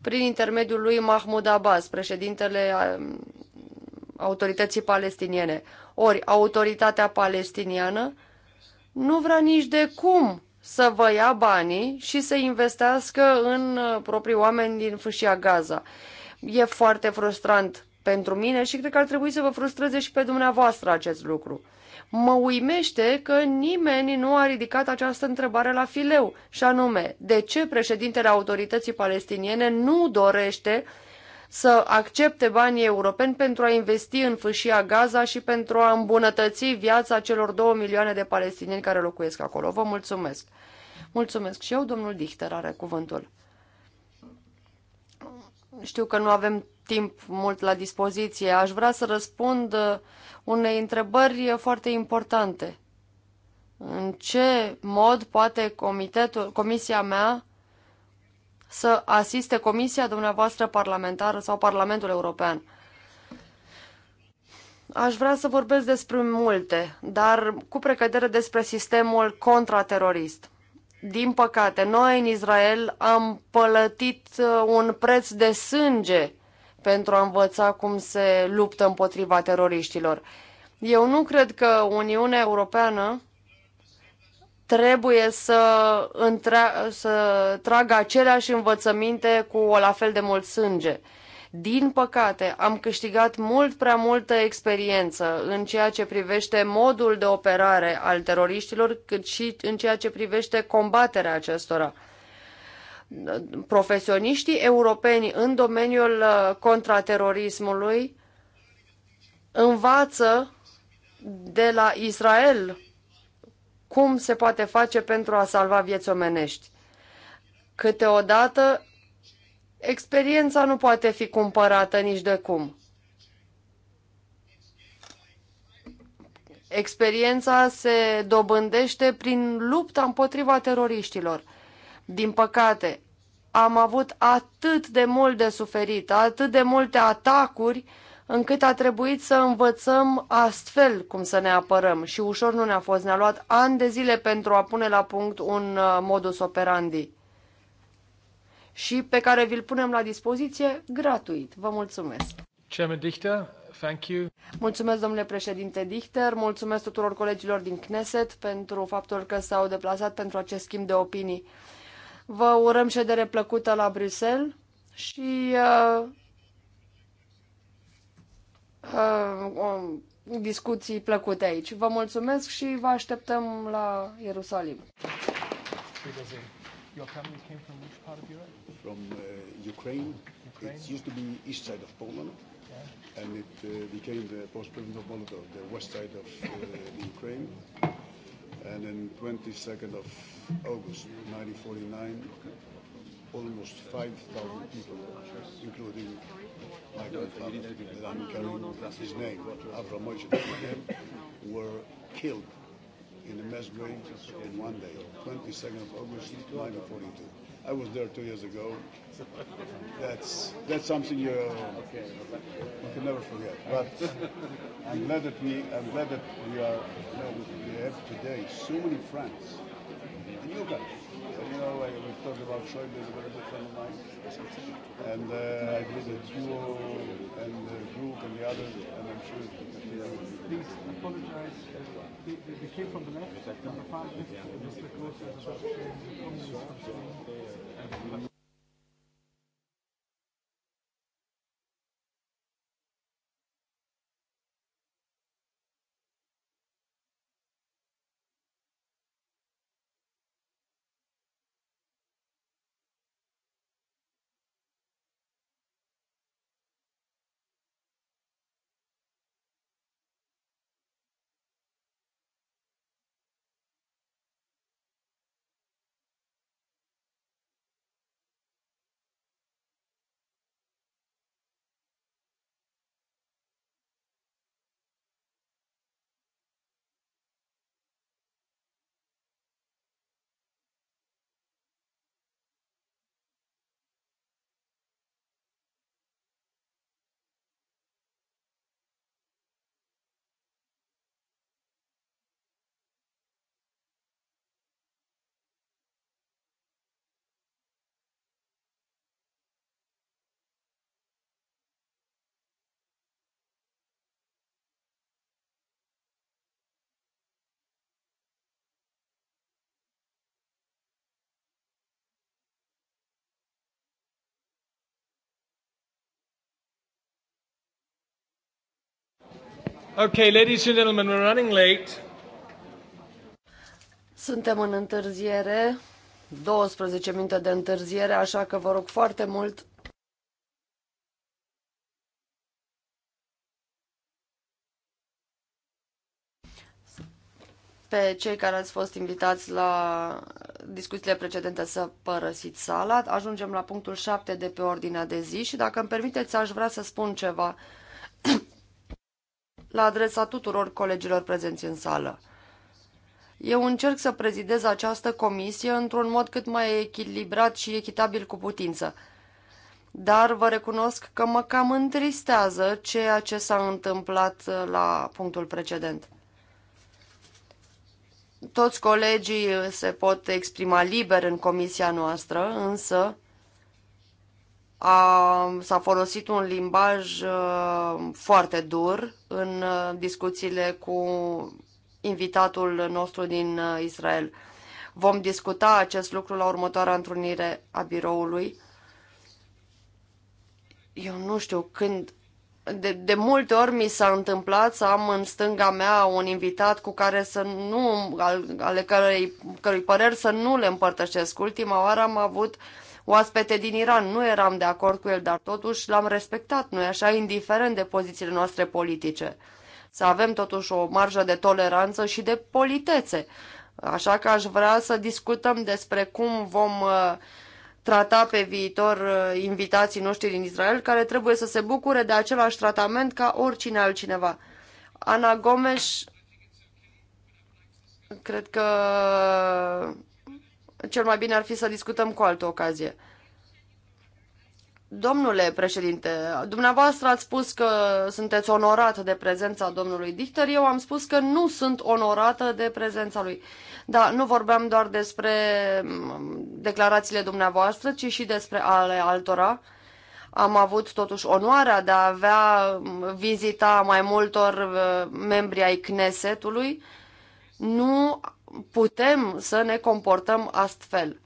prin intermediul lui Mahmoud Abbas, președintele um, autorității palestiniene. Ori autoritatea palestiniană nu vrea nici de cum să vă ia banii și să investească în uh, proprii oameni din fâșia Gaza. E foarte frustrant pentru mine și cred că ar trebui să vă frustreze și pe dumneavoastră acest lucru. Mă uimește că nimeni nu a ridicat această întrebare la fileu, și anume, de ce președintele autorității palestiniene nu dorește să accepte banii europeni pentru a investi în fâșia Gaza și pentru a îmbunătăți viața celor două milioane de palestinieni care locuiesc acolo. Vă mulțumesc! Mulțumesc și eu, domnul Dichter are cuvântul. Știu că nu avem timp mult la dispoziție. Aș vrea să răspund uh, unei întrebări foarte importante. În ce mod poate comitetul, comisia mea să asiste comisia dumneavoastră parlamentară sau Parlamentul European? Aș vrea să vorbesc despre multe, dar cu precădere despre sistemul contraterorist. Din păcate, noi în Israel am plătit uh, un preț de sânge pentru a învăța cum se luptă împotriva teroriștilor. Eu nu cred că Uniunea Europeană trebuie să, între- să tragă aceleași învățăminte cu o la fel de mult sânge. Din păcate, am câștigat mult prea multă experiență în ceea ce privește modul de operare al teroriștilor, cât și în ceea ce privește combaterea acestora profesioniștii europeni în domeniul uh, contraterorismului învață de la Israel cum se poate face pentru a salva vieți omenești. Câteodată, experiența nu poate fi cumpărată nici de cum. Experiența se dobândește prin lupta împotriva teroriștilor. Din păcate, am avut atât de mult de suferit, atât de multe atacuri, încât a trebuit să învățăm astfel cum să ne apărăm și ușor nu ne-a fost. Ne-a luat ani de zile pentru a pune la punct un uh, modus operandi și pe care vi-l punem la dispoziție gratuit. Vă mulțumesc!
Chairman Dichter, thank you.
Mulțumesc, domnule președinte Dichter, mulțumesc tuturor colegilor din Knesset pentru faptul că s-au deplasat pentru acest schimb de opinii. Vă urăm ședere plăcută la Bruxelles și uh, uh, um, discuții plăcute aici. Vă mulțumesc și vă așteptăm la Ierusalim.
Your family came from which part of Europe?
From uh, Ukraine. Ukraine. It used to be east side of Poland,
yeah.
and it uh, became the post-president of Molotov, the west side of uh, Ukraine and in 22nd of August 1949, almost 5,000 people, including my grandfather that I'm carrying his name, Avram were killed in a mass grave in one day, 22nd of August 1942. I was there two years
ago. That's that's something you, you can never forget. But I'm glad that we I'm glad that we are you know, we have today so many friends. And you guys, you know, like we talked about Troy, is a very good friend of mine, and uh, I believe that you and the uh, group and the others, and I'm sure. Please apologize. They, they, they came from the left, and the five, Mr. Mr. Gross, and the Okay, ladies and gentlemen, we're running late.
Suntem în întârziere, 12 minute de întârziere, așa că vă rog foarte mult pe cei care ați fost invitați la discuțiile precedente să părăsiți sala. Ajungem la punctul 7 de pe ordinea de zi și dacă îmi permiteți, aș vrea să spun ceva la adresa tuturor colegilor prezenți în sală. Eu încerc să prezidez această comisie într-un mod cât mai echilibrat și echitabil cu putință. Dar vă recunosc că mă cam întristează ceea ce s-a întâmplat la punctul precedent. Toți colegii se pot exprima liber în comisia noastră, însă s-a folosit un limbaj uh, foarte dur în uh, discuțiile cu invitatul nostru din uh, Israel. Vom discuta acest lucru la următoarea întrunire a biroului. Eu nu știu când. De, de multe ori mi s-a întâmplat să am în stânga mea un invitat cu care să nu, ale cărui, cărui păreri să nu le împărtășesc. Ultima oară am avut uh, oaspete din Iran. Nu eram de acord cu el, dar totuși l-am respectat, nu așa, indiferent de pozițiile noastre politice. Să avem totuși o marjă de toleranță și de politețe. Așa că aș vrea să discutăm despre cum vom uh, trata pe viitor uh, invitații noștri din Israel, care trebuie să se bucure de același tratament ca oricine altcineva. Ana Gomes, cred că cel mai bine ar fi să discutăm cu altă ocazie. Domnule președinte, dumneavoastră ați spus că sunteți onorat de prezența domnului Dichter, eu am spus că nu sunt onorată de prezența lui. Da, nu vorbeam doar despre mm, declarațiile dumneavoastră, ci și despre ale altora. Am avut totuși onoarea de a avea mm, vizita mai multor mm, membri ai Knesetului. Nu putem să ne comportăm astfel.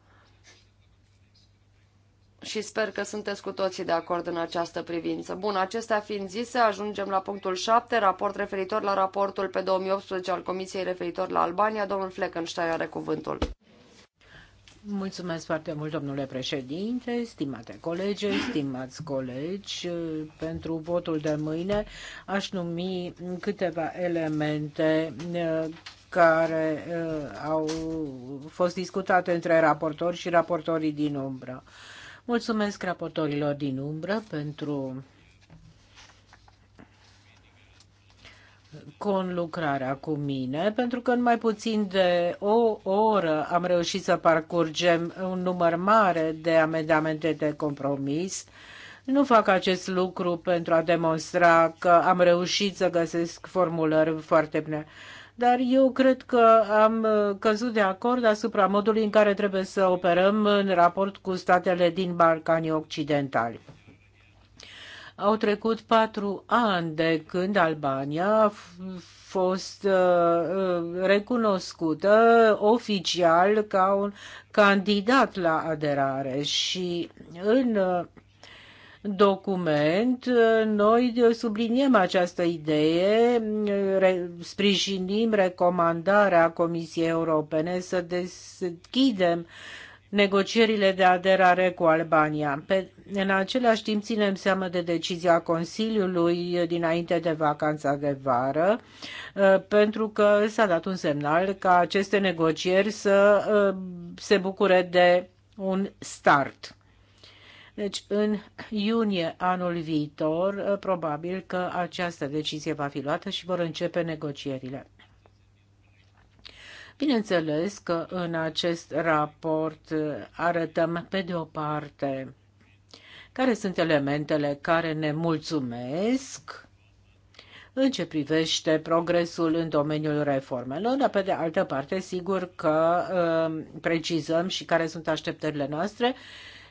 Și sper că sunteți cu toții de acord în această privință. Bun, acestea fiind zise, ajungem la punctul 7, raport referitor la raportul pe 2018 al Comisiei referitor la Albania. Domnul Fleckenstein are cuvântul.
Mulțumesc foarte mult, domnule președinte, stimate colege, stimați colegi. Pentru votul de mâine aș numi câteva elemente eh, care eh, au fost discutate între raportori și raportorii din umbră. Mulțumesc raportorilor din umbră pentru lucrarea cu mine, pentru că în mai puțin de o oră am reușit să parcurgem un număr mare de amendamente de compromis. Nu fac acest lucru pentru a demonstra că am reușit să găsesc formulări foarte bune, dar eu cred că am căzut de acord asupra modului în care trebuie să operăm în raport cu statele din Balcanii Occidentali. Au trecut patru ani de când Albania a fost uh, uh, recunoscută oficial ca un candidat la aderare și în uh, document, noi subliniem această idee, sprijinim recomandarea Comisiei Europene să deschidem negocierile de aderare cu Albania. Pe, în același timp ținem seama de decizia Consiliului dinainte de vacanța de vară, uh, pentru că s-a dat un semnal ca aceste negocieri să uh, se bucure de un start. Deci, în iunie anul viitor, uh, probabil că această decizie va fi luată și vor începe negocierile. Bineînțeles că în acest raport arătăm, pe de o parte, care sunt elementele care ne mulțumesc în ce privește progresul în domeniul reformelor, dar pe de altă parte, sigur că um, precizăm și care sunt așteptările noastre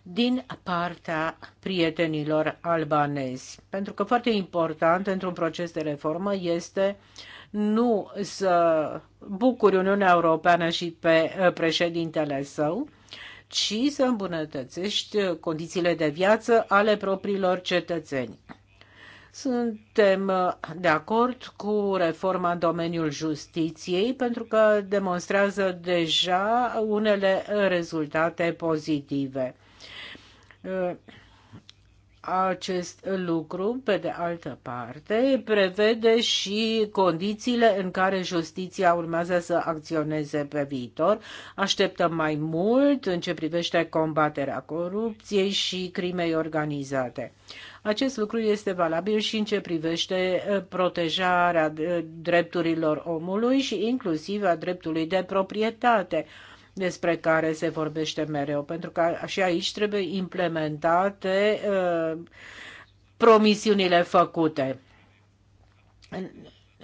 din partea prietenilor albanezi. Pentru că foarte important într-un proces de reformă este uh, nu să bucuri Uniunea Europeană și pe eh, președintele său, ci să îmbunătățești condițiile de viață ale propriilor cetățeni. Suntem eh, de acord cu reforma în domeniul justiției pentru că demonstrează deja unele rezultate pozitive. Eh, acest lucru, pe de altă parte, prevede și condițiile în care justiția urmează să acționeze pe viitor. Așteptăm mai mult în ce privește combaterea corupției și crimei organizate. Acest lucru este valabil și în ce privește eh, protejarea eh, drepturilor omului și inclusiv a dreptului de proprietate despre care se vorbește mereu, pentru că și aici trebuie implementate uh, promisiunile făcute.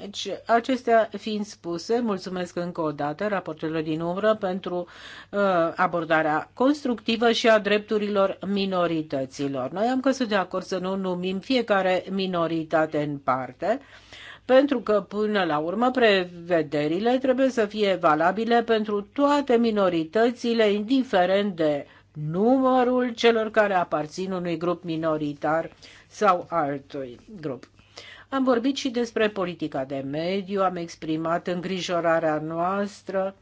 Deci, acestea fiind spuse, mulțumesc încă o dată raportelor din umbră pentru uh, abordarea constructivă și a drepturilor minorităților. Noi am căzut de acord să nu numim fiecare minoritate în parte, uh, pentru că până la urmă prevederile trebuie să fie valabile pentru toate minoritățile, indiferent de numărul celor care aparțin unui grup minoritar sau altui grup. Am vorbit și despre politica de mediu, am exprimat îngrijorarea noastră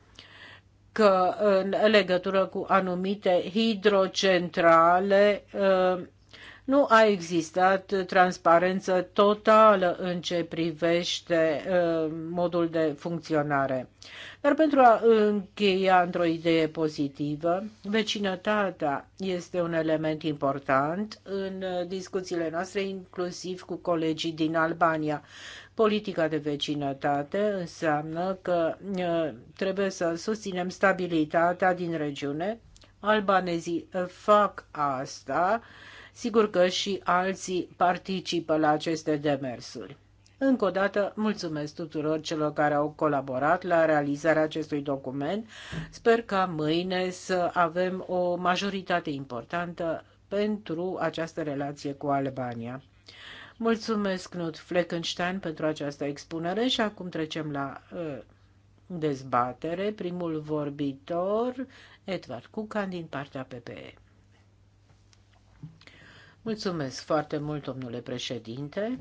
că în legătură cu anumite hidrocentrale uh, nu a existat transparență totală în ce privește uh, modul de funcționare. Dar pentru a încheia într-o idee pozitivă, vecinătatea este un element important în discuțiile noastre, inclusiv cu colegii din Albania. Politica de vecinătate înseamnă că uh, trebuie să susținem stabilitatea din regiune. Albanezii uh, fac asta Sigur că și alții participă la aceste demersuri. Încă o dată, mulțumesc tuturor celor care au colaborat la realizarea acestui document. Sper ca mâine să avem o majoritate importantă pentru această relație cu Albania. Mulțumesc, Knut Fleckenstein, pentru această expunere și acum trecem la uh, dezbatere. Primul vorbitor, Edward Cucan, din partea PPE. Mulțumesc foarte mult, domnule președinte.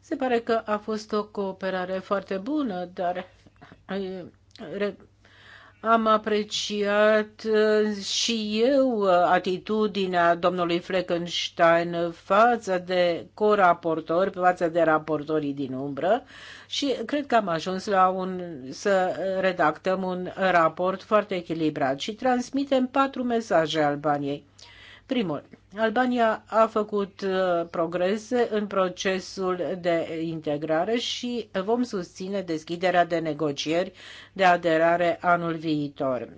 Se pare că a fost o cooperare foarte bună, dar am apreciat uh, și eu uh, atitudinea domnului Fleckenstein față de coraportori, față de raportorii din umbră și cred că am ajuns la un, să redactăm un raport foarte echilibrat și transmitem patru mesaje Albaniei. Primul, Albania a făcut uh, progrese în procesul de integrare și vom susține deschiderea de negocieri de aderare anul viitor.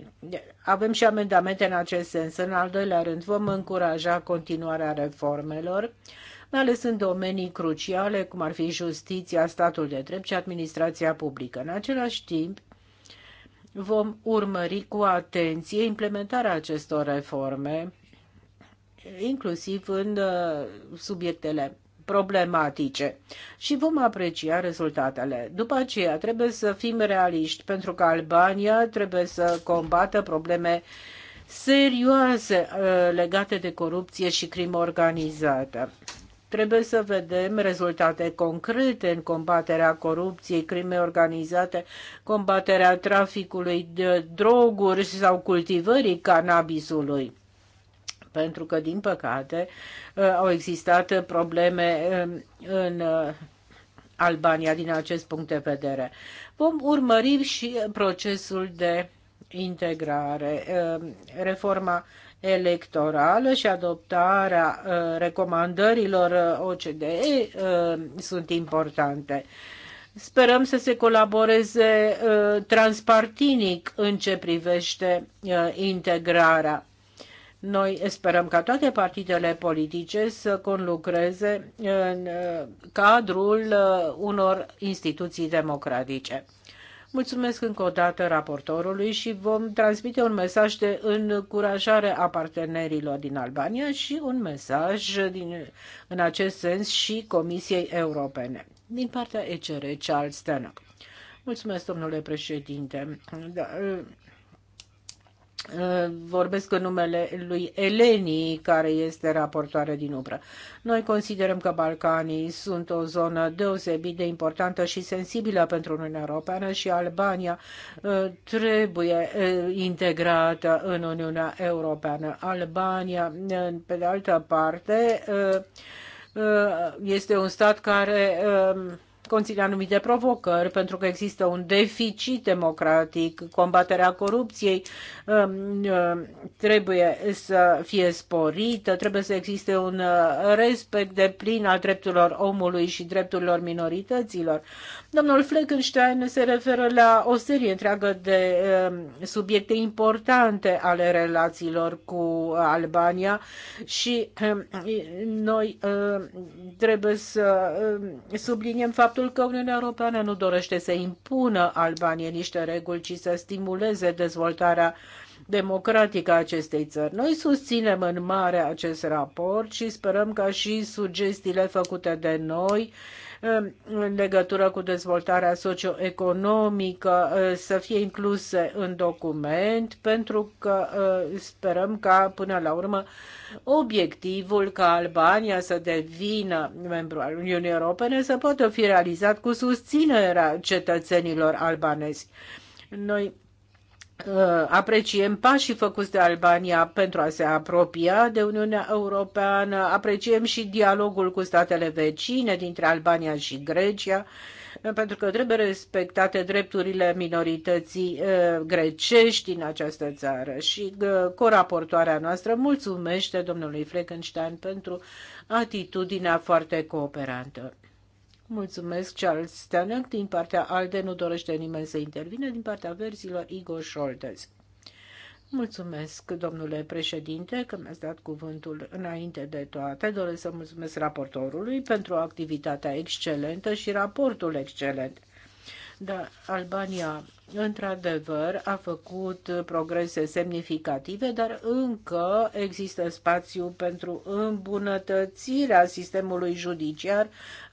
Avem și amendamente în acest sens. În al doilea rând, vom încuraja continuarea reformelor mai ales în domenii cruciale, cum ar fi justiția, statul de drept și administrația publică. În același timp, vom urmări cu atenție implementarea acestor reforme inclusiv în uh, subiectele problematice și vom aprecia rezultatele. După aceea, trebuie să fim realiști, pentru că Albania trebuie să combată probleme serioase uh, legate de corupție și crimă organizată. Trebuie să vedem rezultate concrete în combaterea corupției, crime organizate, combaterea traficului de droguri sau cultivării cannabisului pentru că, din păcate, uh, au existat probleme um, în uh, Albania din acest punct de vedere. Vom urmări și procesul de integrare, um, reforma electorală și adoptarea uh, recomandărilor OCDE sunt importante. Sperăm să se colaboreze transpartinic în ce privește integrarea noi sperăm ca toate partidele politice să conlucreze în uh, cadrul uh, unor instituții democratice. Mulțumesc încă o dată raportorului și vom transmite un mesaj de încurajare a partenerilor din Albania și un mesaj din, în acest sens și Comisiei Europene. Din partea ECR, Charles Tannock. Mulțumesc, domnule președinte. Da, uh, Eh, vorbesc în numele lui Eleni, care este raportoare din Ubră. Noi considerăm că Balcanii sunt o zonă deosebit de importantă și sensibilă pentru Uniunea Europeană și Albania eh, trebuie eh, integrată în Uniunea Europeană. Albania, pe de altă parte, este un stat care conține anumite provocări, pentru că există un deficit democratic, combaterea corupției um, um, trebuie să fie sporită, trebuie să existe un uh, respect de plin al drepturilor omului și drepturilor minorităților. Domnul Fleckenstein se referă la o serie întreagă de um, subiecte importante ale relațiilor cu Albania și um, noi um, trebuie să subliniem faptul că Uniunea Europeană nu dorește să impună Albaniei niște reguli, ci să stimuleze dezvoltarea democratică a acestei țări. Noi susținem în mare acest raport și sperăm ca și sugestiile făcute de noi în legătură cu dezvoltarea socioeconomică uh, să fie incluse în document, pentru că uh, sperăm ca până la urmă obiectivul ca Albania să devină membru al Uniunii Europene să poată fi realizat cu susținerea cetățenilor albanezi. Noi Uh, apreciem pașii făcuți de Albania pentru a se apropia de Uniunea Europeană, apreciem și dialogul cu statele vecine dintre Albania și Grecia, uh, pentru că trebuie respectate drepturile minorității uh, grecești din această țară. Și coraportoarea noastră mulțumește domnului Fleckenstein pentru atitudinea foarte cooperantă. Mulțumesc, Charles Stanek. Din partea ALDE nu dorește nimeni să intervine. Din partea verzilor, Igor Scholtes. Mulțumesc, domnule președinte, că mi-ați dat cuvântul înainte de toate. Doresc să mulțumesc raportorului pentru activitatea excelentă și raportul excelent. Da, Albania, într-adevăr, a făcut progrese semnificative, dar încă există spațiu pentru îmbunătățirea sistemului judiciar,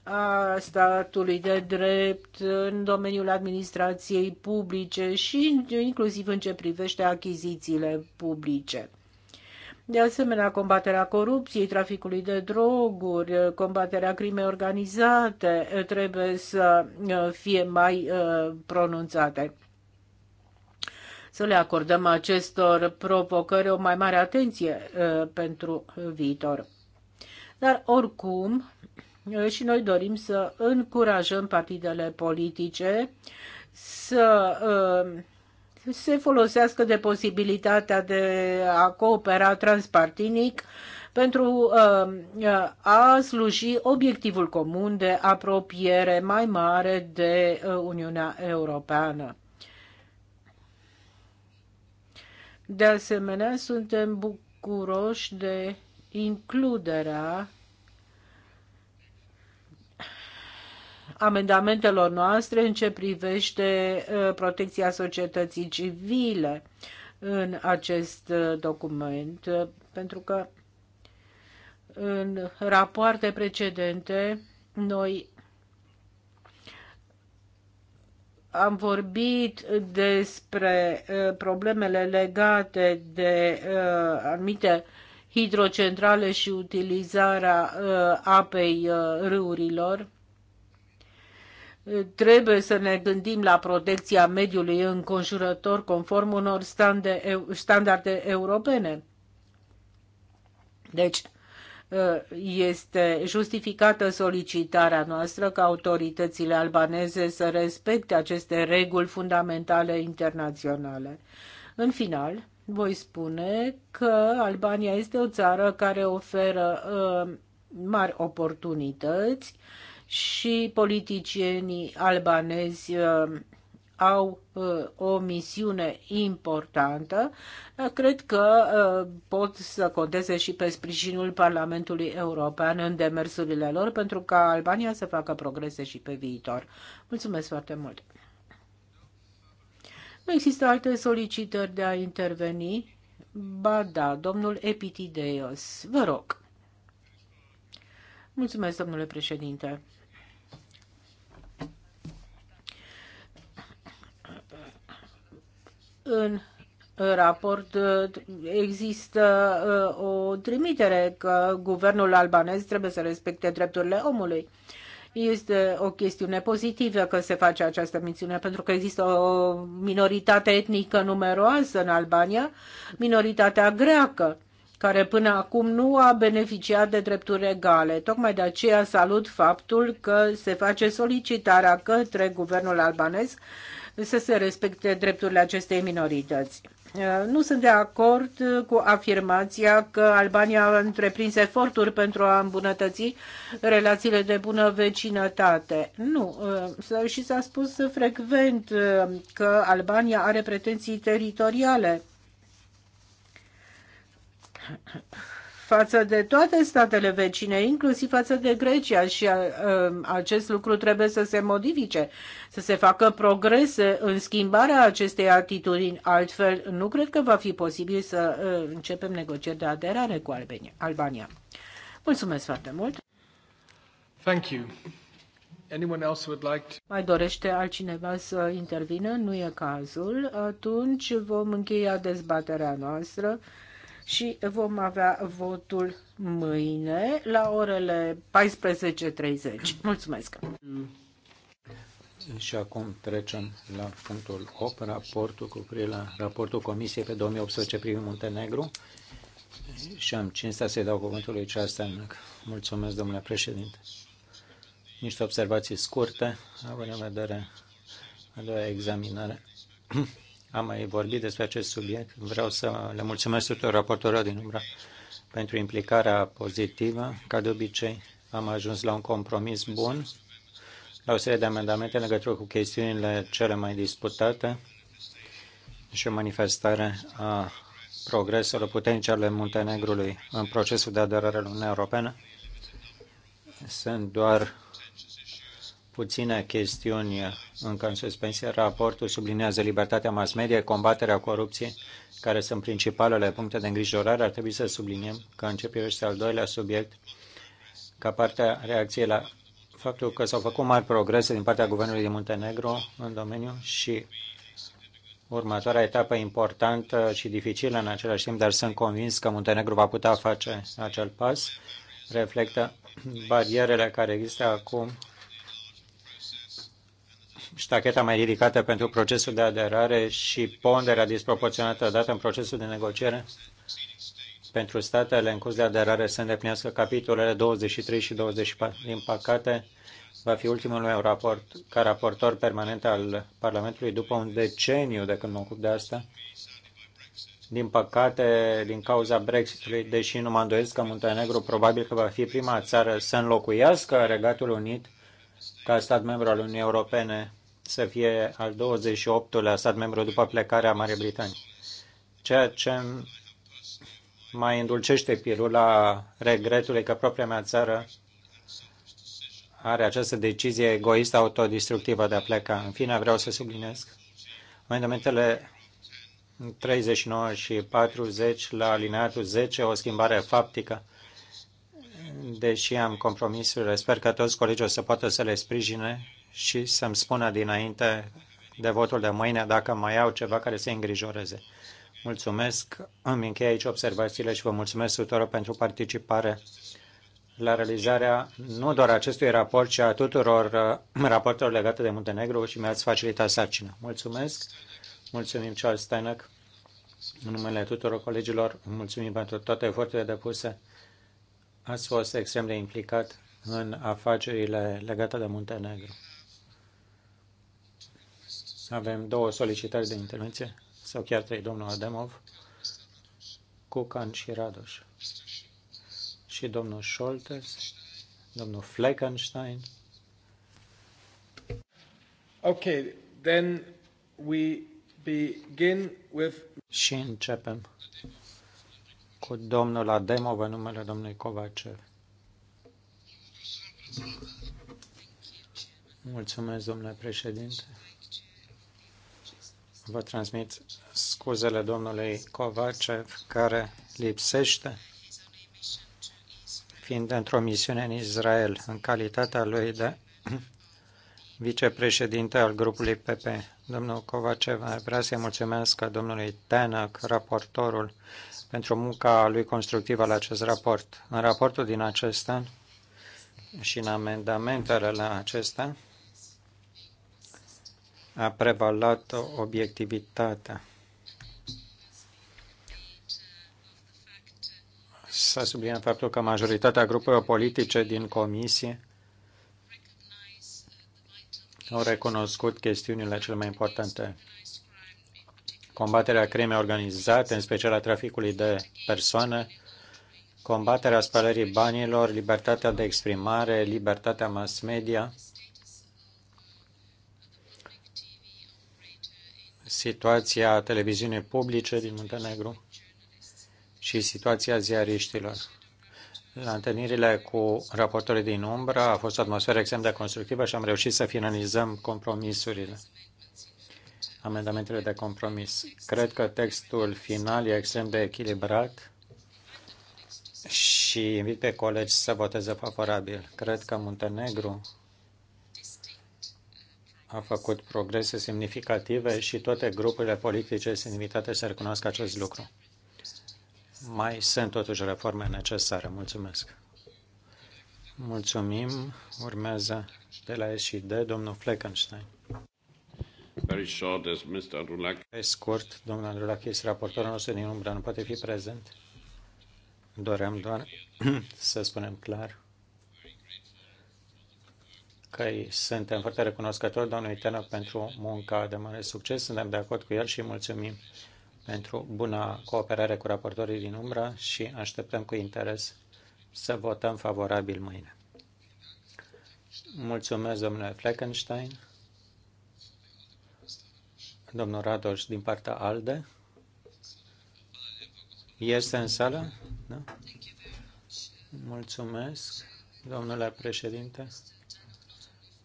a statului de drept, în domeniul administrației publice și inclusiv în ce privește achizițiile publice. De asemenea, combaterea corupției, traficului de droguri, combaterea crimei organizate trebuie să uh, fie mai uh, pronunțate. Să le acordăm acestor provocări o mai mare atenție uh, pentru viitor. Dar oricum, Eh, și noi dorim să încurajăm partidele politice să eh, se folosească de posibilitatea de a coopera transpartinic pentru eh, a sluji obiectivul comun de apropiere mai mare de Uniunea Europeană. De asemenea, suntem bucuroși de includerea amendamentelor noastre în ce privește uh, protecția societății civile în acest uh, document, uh, pentru că în rapoarte precedente noi am vorbit despre problemele legate de anumite hidrocentrale și utilizarea apei râurilor trebuie să ne gândim la protecția mediului înconjurător conform unor standarde europene. Deci, este justificată solicitarea noastră ca autoritățile albaneze să respecte aceste reguli fundamentale internaționale. În final, voi spune că Albania este o țară care oferă uh, mari oportunități uh, și politicienii albanezi uh, au uh, o misiune importantă, uh, cred că pot să conteze și pe sprijinul Parlamentului European în demersurile lor pentru ca Albania să facă progrese și pe viitor. Mulțumesc foarte mult! Nu există alte solicitări de a interveni? Ba da, domnul Epitideios, vă rog. Mulțumesc, domnule președinte. În raport uh, există uh, o trimitere că guvernul albanez trebuie să respecte drepturile omului. Este o chestiune pozitivă că se face această mențiune, pentru că există o minoritate etnică numeroasă în Albania, minoritatea greacă care până acum nu a beneficiat de drepturi egale. Tocmai de aceea salut faptul că se face solicitarea către guvernul albanez să se respecte drepturile acestei minorități. Uh, nu sunt de acord cu afirmația că Albania a întreprins eforturi pentru a îmbunătăți relațiile de bună vecinătate. Nu, uh, și s-a spus frecvent uh, că Albania are pretenții teritoriale față de toate statele vecine, inclusiv față de Grecia și uh, um, acest lucru trebuie să se modifice, să se facă progrese în schimbarea acestei atitudini. Altfel, nu cred că va fi posibil să uh, începem negocieri de aderare cu Albania. Mulțumesc foarte mult! Thank you. Anyone else would like to... Mai dorește altcineva să intervină? Nu e cazul. Atunci vom încheia dezbaterea noastră și vom avea votul mâine la orele 14.30. Mulțumesc!
Și acum trecem la punctul 8, raportul cu privire la raportul Comisiei pe 2018 privind Muntenegru. Și am cinstea să-i dau cuvântul lui Ceasternac. Mulțumesc, domnule președinte. Niște observații scurte, având în vedere a doua examinare am mai vorbit despre acest subiect. Vreau să le mulțumesc tuturor raportorilor din umbră pentru implicarea pozitivă. Ca de obicei, am ajuns la un compromis bun, la o serie de amendamente în legătură cu chestiunile cele mai disputate și o manifestare a progreselor puternice ale Muntenegrului în procesul de aderare la Uniunea Europeană. Sunt doar puține chestiuni încă în suspensie. Raportul sublinează libertatea mass media, combaterea corupției, care sunt principalele puncte de îngrijorare. Ar trebui să subliniem că în ce privește al doilea subiect, ca partea reacției la faptul că s-au făcut mari progrese din partea guvernului din Muntenegro în domeniu și următoarea etapă importantă și dificilă în același timp, dar sunt convins că Muntenegru va putea face acel pas, reflectă barierele care există acum ștacheta mai ridicată pentru procesul de aderare și ponderea disproporționată dată în procesul de negociere pentru statele în curs de aderare să îndeplinească capitolele 23 și 24. Din păcate, va fi ultimul meu raport ca raportor permanent al Parlamentului după un deceniu de când mă ocup de asta. Din păcate, din cauza Brexitului, deși nu mă îndoiesc că Muntenegru probabil că va fi prima țară să înlocuiască Regatul Unit ca stat membru al Uniunii Europene să fie al 28-lea stat membru după plecarea Marii Britanii, ceea ce mai îndulcește la regretului că propria mea țară are această decizie egoistă autodistructivă de a pleca. În fine, vreau să subliniez amendamentele 39 și 40 la alineatul 10, o schimbare faptică. Deși am compromisurile, sper că toți colegii o să poată să le sprijine și să-mi spună dinainte de votul de mâine dacă mai au ceva care să îngrijoreze. Mulțumesc, îmi închei aici observațiile și vă mulțumesc tuturor pentru participare la realizarea nu doar acestui raport, ci a tuturor uh, raportelor legate de Muntenegru și mi-ați facilitat sarcina. Mulțumesc, mulțumim Charles Steinăc, în numele tuturor colegilor, mulțumim pentru toate eforturile depuse. Ați fost extrem de implicat în afacerile legate de Muntenegru. Avem două solicitări de intervenție, sau chiar trei, domnul Ademov, Cucan și Radoș. Și domnul Scholtes, domnul Fleckenstein. Ok, then we begin with... Și începem cu domnul Ademov în numele domnului Covacev. Mulțumesc, domnule președinte. Vă transmit scuzele domnului Kovacev, care lipsește, fiind într-o misiune în Israel, în calitatea lui de vicepreședinte al grupului PP. Domnul Kovacev, vrea să-i mulțumesc domnului Tenac, raportorul, pentru munca lui constructivă la acest raport. În raportul din acesta și în amendamentele la acesta, a prevalat obiectivitatea. S-a subliniat faptul că majoritatea grupurilor politice din comisie au recunoscut chestiunile cele mai importante. Combaterea crimei organizate, în special a traficului de persoane, combaterea spălării banilor, libertatea de exprimare, libertatea mass media, situația televiziunii publice din Muntenegru și situația ziariștilor. La întâlnirile cu raportorii din umbră a fost o atmosferă extrem de constructivă și am reușit să finalizăm compromisurile, amendamentele de compromis. Cred că textul final e extrem de echilibrat și invit pe colegi să voteze favorabil. Cred că Muntenegru a făcut progrese semnificative și toate grupurile politice sunt invitate să recunoască acest lucru. Mai sunt totuși reforme necesare. Mulțumesc. Mulțumim. Urmează de la SID, domnul Fleckenstein. Very short as Mr. Andrulakis. Pe scurt, domnul Andrulakis, raportorul nostru din umbră, nu poate fi prezent. Doream doar să spunem clar că suntem foarte recunoscători domnului Tenă pentru munca de mare succes. Suntem de acord cu el și mulțumim pentru buna cooperare cu raportorii din umbră și așteptăm cu interes să votăm favorabil mâine. Mulțumesc, domnule Fleckenstein. Domnul Radoș din partea ALDE. Este în sală? Da? Mulțumesc, domnule președinte.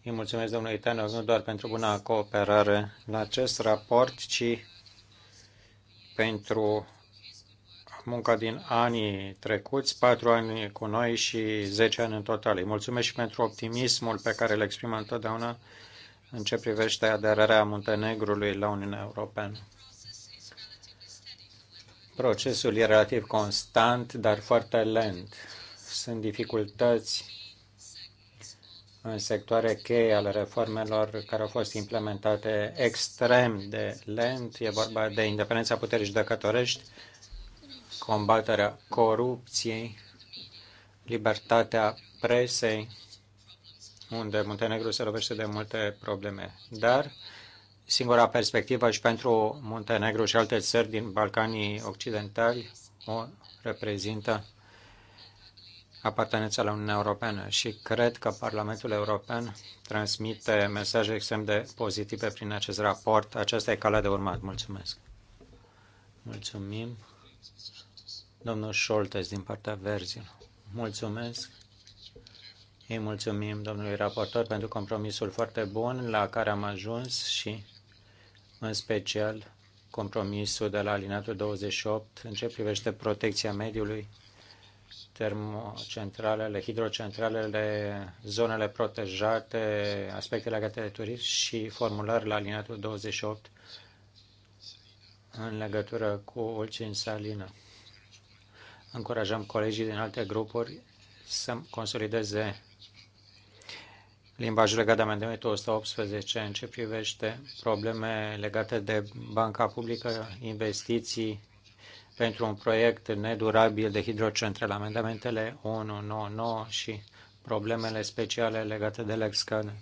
Îi mulțumesc domnului Tanov nu doar pentru buna cooperare la acest raport, ci pentru munca din anii trecuți, patru ani cu noi și zece ani în total. Îi mulțumesc și pentru optimismul pe care îl exprimă întotdeauna în ce privește aderarea Muntenegrului la Uniunea Europeană. Procesul e relativ constant, dar foarte lent. Sunt dificultăți în sectoare cheie ale reformelor care au fost implementate extrem de lent. E vorba de independența puterii judecătorești, combaterea corupției, libertatea presei, unde Muntenegru se lovește de multe probleme. Dar singura perspectivă și pentru Muntenegru și alte țări din Balcanii Occidentali o reprezintă apartenența la Uniunea Europeană și cred că Parlamentul European transmite mesaje extrem de pozitive prin acest raport. Aceasta e calea de urmat. Mulțumesc. Mulțumim. Domnul Scholtes din partea verzilor. Mulțumesc. Îi mulțumim domnului raportor pentru compromisul foarte bun la care am ajuns și în special compromisul de la alineatul 28 în ce privește protecția mediului termocentralele, hidrocentralele, zonele protejate, aspecte legate de turism și formulări la alineatul 28 în legătură cu Olcin Salină. Încurajăm colegii din alte grupuri să consolideze limbajul legat de amendamentul 118 în ce privește probleme legate de banca publică, investiții, pentru un proiect nedurabil de hidrocentrale, amendamentele 9 și problemele speciale legate de Lex Cane.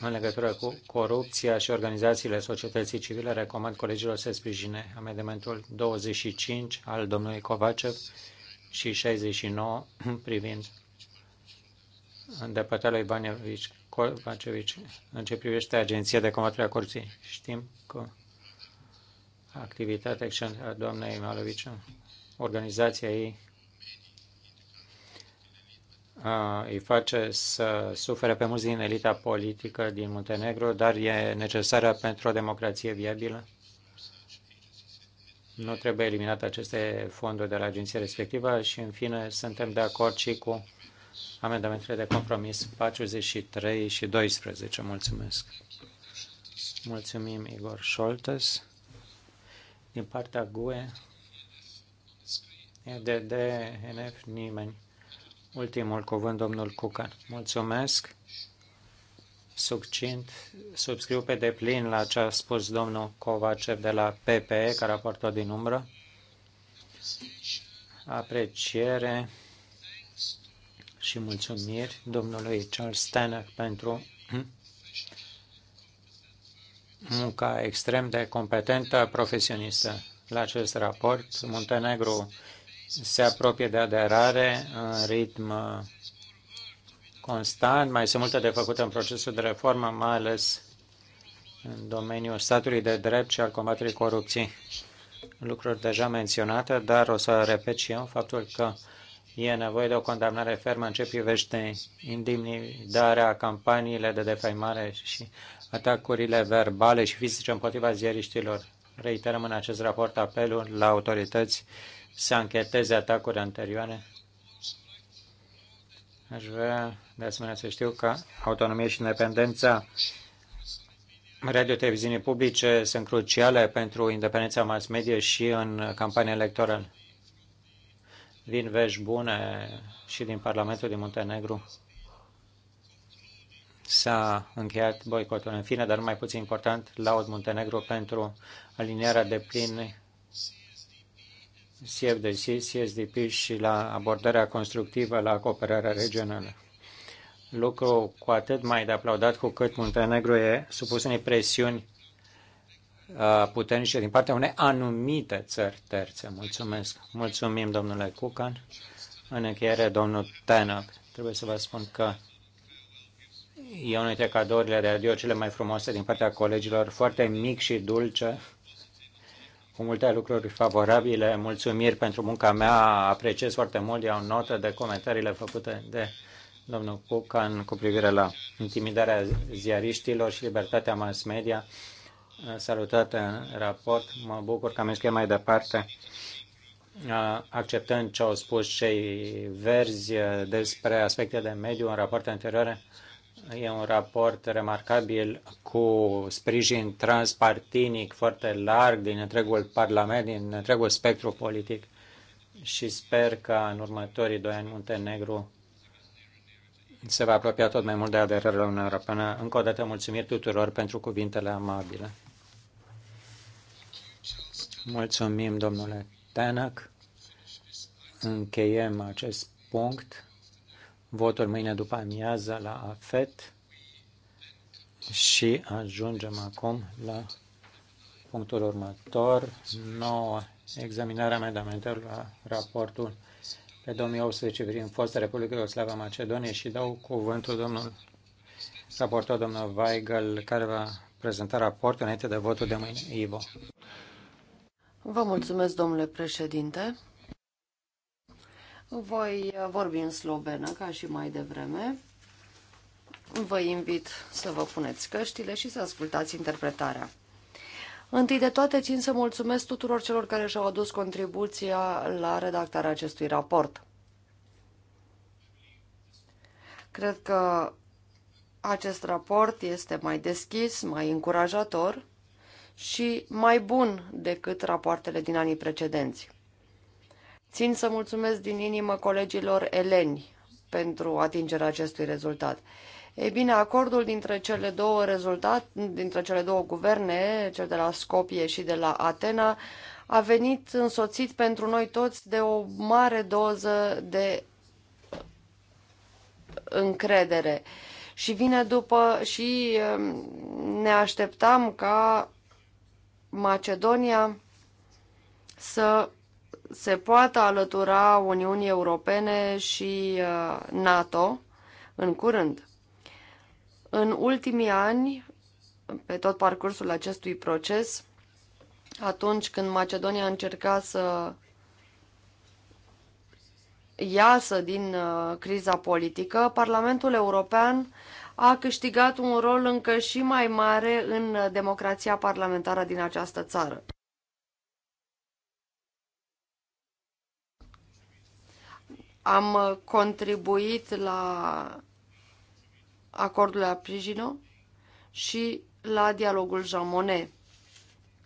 în legătură cu corupția și organizațiile societății civile, recomand colegilor să sprijine amendamentul 25 al domnului Covacev și 69 privind îndepărtarea lui Banevici Covacevici în ce privește Agenția de Combatere a Corupției. Știm că activitatea excelentă a doamnei Malovici, organizația ei îi face să sufere pe mulți din elita politică din Muntenegru, dar e necesară pentru o democrație viabilă. Nu trebuie eliminat aceste fonduri de la agenția respectivă și, în fine, suntem de acord și cu amendamentele de compromis 43 și 12. Mulțumesc! Mulțumim, Igor Scholtes. Din partea GUE, EDD, NF, nimeni. Ultimul cuvânt, domnul Cucan. Mulțumesc. Succint, subscriu pe deplin la ce a spus domnul Covacev de la PPE, care a portat din umbră. Apreciere și mulțumiri domnului Charles Stanek pentru munca extrem de competentă profesionistă. La acest raport, Muntenegru se apropie de aderare în ritm constant. Mai sunt multe de făcut în procesul de reformă, mai ales în domeniul statului de drept și al combaterii corupției. Lucruri deja menționate, dar o să repet și eu faptul că E nevoie de o condamnare fermă în ce privește indimnidarea, campaniile de defăimare și atacurile verbale și fizice împotriva ziariștilor. Reiterăm în acest raport apelul la autorități să ancheteze atacurile anterioare. Aș vrea de asemenea să știu că autonomia și independența radio-televiziunii publice sunt cruciale pentru independența mass media și în campania electorală vin vești bune și din Parlamentul din Muntenegru. S-a încheiat boicotul în fine, dar mai puțin important, laud Muntenegru pentru alinierea de plin CFDC, CSDP și la abordarea constructivă la cooperarea regională. Lucru cu atât mai de aplaudat cu cât Muntenegru e supus unei presiuni Uh, puternice din partea unei anumite țări terțe. Mulțumesc. Mulțumim, domnule Cucan. În încheiere, domnul Tenoc, Trebuie să vă spun că e unul dintre cadourile de radio cele mai frumoase din partea colegilor, foarte mic și dulce, cu multe lucruri favorabile. Mulțumiri pentru munca mea, apreciez foarte mult, iau notă de comentariile făcute de domnul Cucan cu privire la intimidarea ziariștilor și libertatea mass media salutate în raport. Mă bucur că am ieșit mai departe acceptând ce au spus cei verzi despre aspecte de mediu în rapoarte anterioare. E un raport remarcabil cu sprijin transpartinic foarte larg din întregul Parlament, din întregul spectru politic și sper că în următorii doi ani Muntenegru se va apropia tot mai mult de aderarea la Uniunea Europeană. Încă o dată mulțumiri tuturor pentru cuvintele amabile. Mulțumim, domnule Tenac. Încheiem acest punct. Votul mâine după amiază la AFET și ajungem acum la punctul următor, 9. Examinarea amendamentelor la raportul pe 2018 privind fostă Republică Iugoslavă Macedonie și dau cuvântul domnul raportor, domnul Weigel, care va prezenta raportul înainte de votul de mâine. Ivo.
Vă mulțumesc, domnule președinte. Voi vorbi în slovenă, ca și mai devreme. Vă invit să vă puneți căștile și să ascultați interpretarea. Întâi de toate, țin să mulțumesc tuturor celor care și-au adus contribuția la redactarea acestui raport. Cred că acest raport este mai deschis, mai încurajator și mai bun decât rapoartele din anii precedenți. Țin să mulțumesc din inimă colegilor eleni pentru atingerea acestui rezultat. Ei bine, acordul dintre cele două rezultat, dintre cele două guverne, cel de la Scopie și de la Atena, a venit însoțit pentru noi toți de o mare doză de încredere. Și vine după și ehm, ne așteptam ca Macedonia să se poată alătura Uniunii Europene și uh, NATO în curând. În ultimii ani, pe tot parcursul acestui proces, atunci când Macedonia încerca să iasă din uh, criza politică, Parlamentul European a câștigat un rol încă și mai mare în democrația parlamentară din această țară. Am contribuit la acordul la Prigino și la dialogul Jean Monnet,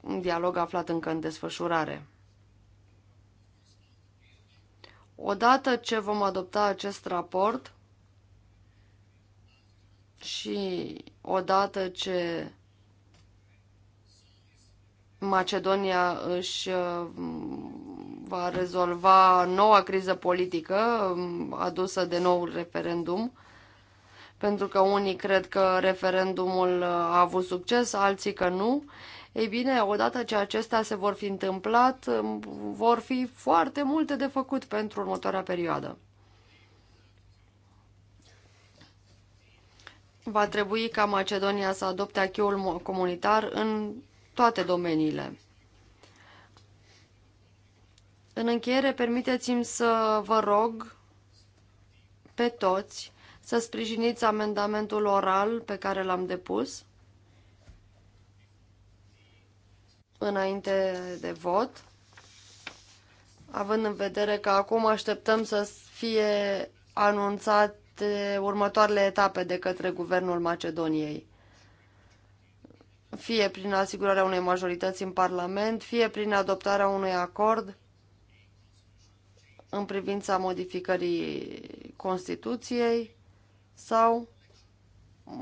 un dialog aflat încă în desfășurare. Odată ce vom adopta acest raport, și odată ce Macedonia își uh, va rezolva noua criză politică um, adusă de noul referendum, pentru că unii cred că referendumul uh, a avut succes, alții că nu. Ei bine, odată ce acestea se vor fi întâmplat, um, vor fi foarte multe de făcut pentru următoarea perioadă. va trebui ca Macedonia să adopte acheul comunitar în toate domeniile. În încheiere, permiteți-mi să vă rog pe toți să sprijiniți amendamentul oral pe care l-am depus înainte de vot, având în vedere că acum așteptăm să fie anunțat anunțate următoarele etape de către guvernul Macedoniei fie prin asigurarea unei majorități în Parlament, fie prin adoptarea unui acord în privința modificării Constituției sau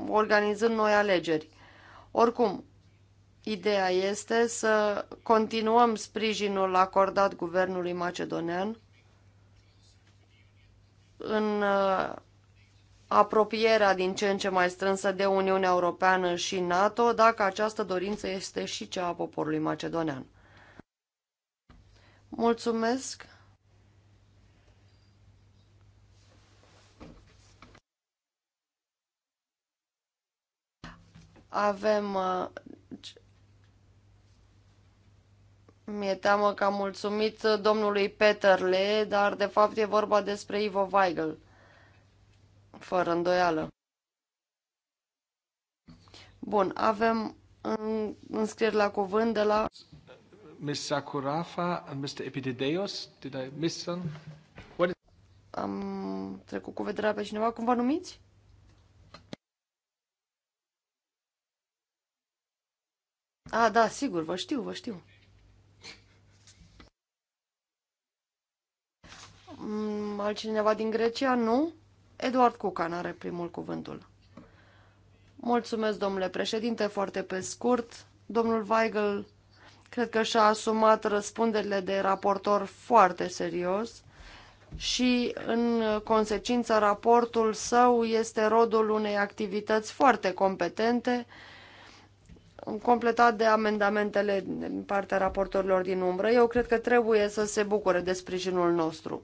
organizând noi alegeri. Oricum, ideea este să continuăm sprijinul acordat guvernului macedonean în apropierea din ce în ce mai strânsă de Uniunea Europeană și NATO, dacă această dorință este și cea a poporului macedonean. Mulțumesc! Avem... Uh, mi-e teamă că am mulțumit domnului Peterle, dar de fapt e vorba despre Ivo Weigel. Fără îndoială. Bun, avem în, înscrieri la cuvânt de la...
Miss Sakurafa and Mr. Epidideos, did I miss some?
What is... Am trecut cu vederea pe cineva, cum vă numiți? A, da, sigur, vă știu, vă știu. Mm, altcineva din Grecia, nu? Eduard Cucan are primul cuvântul. Mulțumesc, domnule președinte, foarte pe scurt. Domnul Weigel cred că și-a asumat răspunderile de raportor foarte serios și, în consecință, raportul său este rodul unei activități foarte competente, completat de amendamentele din partea raportorilor din umbră. Eu cred că trebuie să se bucure de sprijinul nostru.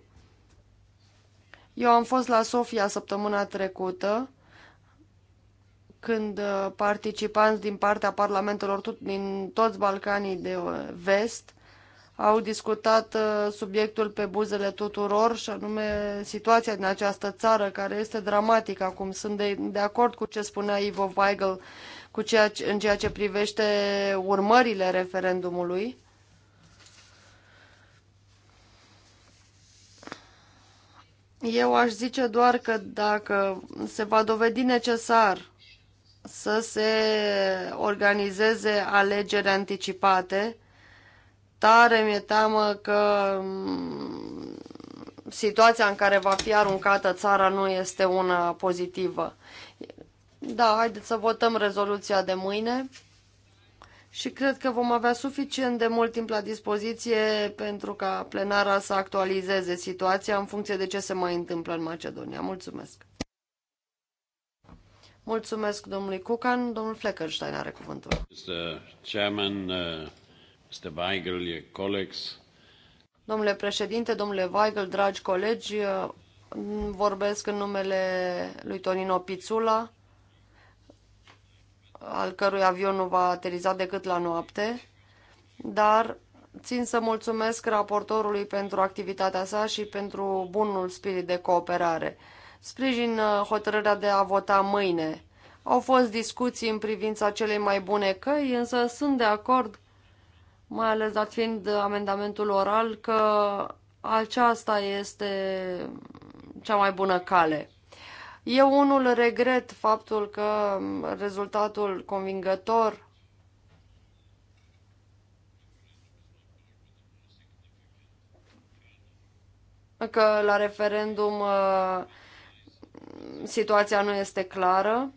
Eu am fost la Sofia săptămâna trecută, când uh, participanți din partea parlamentelor din toți Balcanii de uh, vest au discutat uh, subiectul pe buzele tuturor și anume situația din această țară care este dramatică acum. Sunt de, de acord cu ce spunea Ivo Weigel cu ceea ce, în ceea ce privește urmările referendumului. Eu aș zice doar că dacă se va dovedi necesar să se organizeze alegeri anticipate, tare mi-e teamă că mm, situația în care va fi aruncată țara nu este una pozitivă. Da, haideți să votăm rezoluția de mâine și cred că vom avea suficient de mult timp la dispoziție pentru ca plenara să actualizeze situația în funcție de ce se mai întâmplă în Macedonia. Mulțumesc! Mulțumesc domnului Cucan. Domnul Fleckerstein are cuvântul.
Mr. Chairman, uh, Mr. Weigel,
Domnule președinte, domnule Weigel, dragi colegi, uh, vorbesc în numele lui Tonino Pizzula al cărui avion nu va ateriza decât la noapte, dar țin să mulțumesc raportorului pentru activitatea sa și pentru bunul spirit de cooperare. Sprijin uh, hotărârea de a vota mâine. Au fost discuții în privința celei mai bune căi, însă sunt de acord, mai ales dat fiind amendamentul oral, că aceasta este cea mai bună cale. Eu unul regret faptul că rezultatul convingător că la referendum uh, situația nu este clară.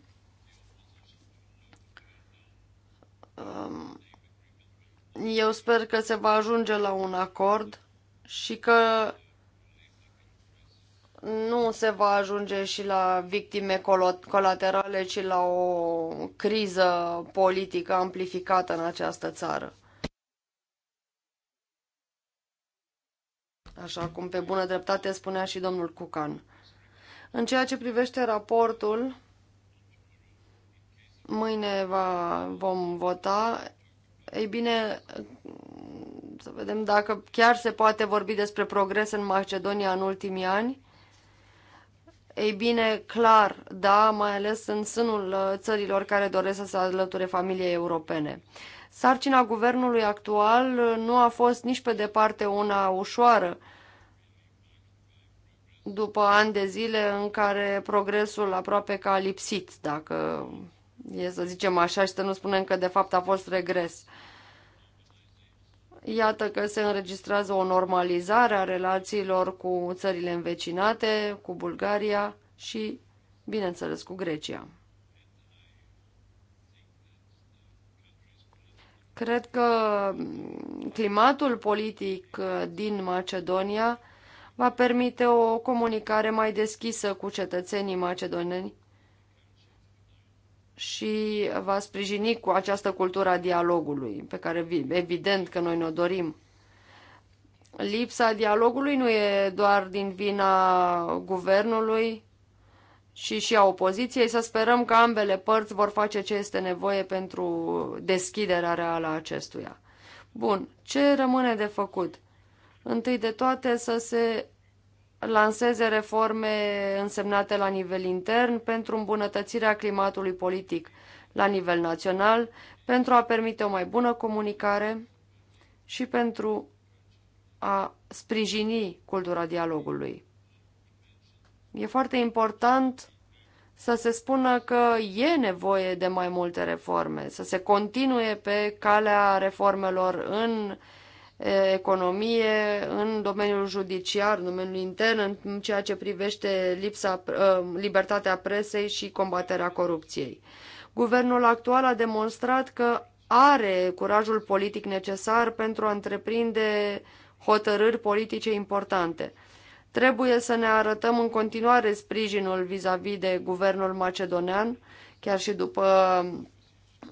Um, eu sper că se va ajunge la un acord și că nu se va ajunge și la victime colaterale, ci la o criză politică amplificată în această țară. Așa cum pe bună dreptate spunea și domnul Cucan. În ceea ce privește raportul, mâine va, vom vota. Ei bine, să vedem dacă chiar se poate vorbi despre progres în Macedonia în ultimii ani ei bine, clar, da, mai ales în sânul uh, țărilor care doresc să se alăture familiei europene. Sarcina guvernului actual uh, nu a fost nici pe departe una ușoară, după ani de zile în care progresul aproape că a lipsit, dacă e să zicem așa și să nu spunem că de fapt a fost regres. Iată că se înregistrează o normalizare a relațiilor cu țările învecinate, cu Bulgaria și, bineînțeles, cu Grecia. Cred că climatul politic din Macedonia va permite o comunicare mai deschisă cu cetățenii macedoneni și va sprijini cu această cultură a dialogului, pe care evident că noi ne-o dorim. Lipsa dialogului nu e doar din vina guvernului și și a opoziției, să sperăm că ambele părți vor face ce este nevoie pentru deschiderea reală a acestuia. Bun, ce rămâne de făcut? Întâi de toate să se lanseze reforme însemnate la nivel intern pentru îmbunătățirea climatului politic la nivel național, pentru a permite o mai bună comunicare și pentru a sprijini cultura dialogului. E foarte important să se spună că e nevoie de mai multe reforme, să se continue pe calea reformelor în uh, economie, în domeniul judiciar, în domeniul intern, în ceea ce privește lipsa, uh, libertatea presei și combaterea corupției. Guvernul actual a demonstrat că are curajul politic necesar pentru a întreprinde hotărâri politice importante. Trebuie să ne arătăm în continuare sprijinul vis-a-vis -vis de guvernul macedonean, chiar și după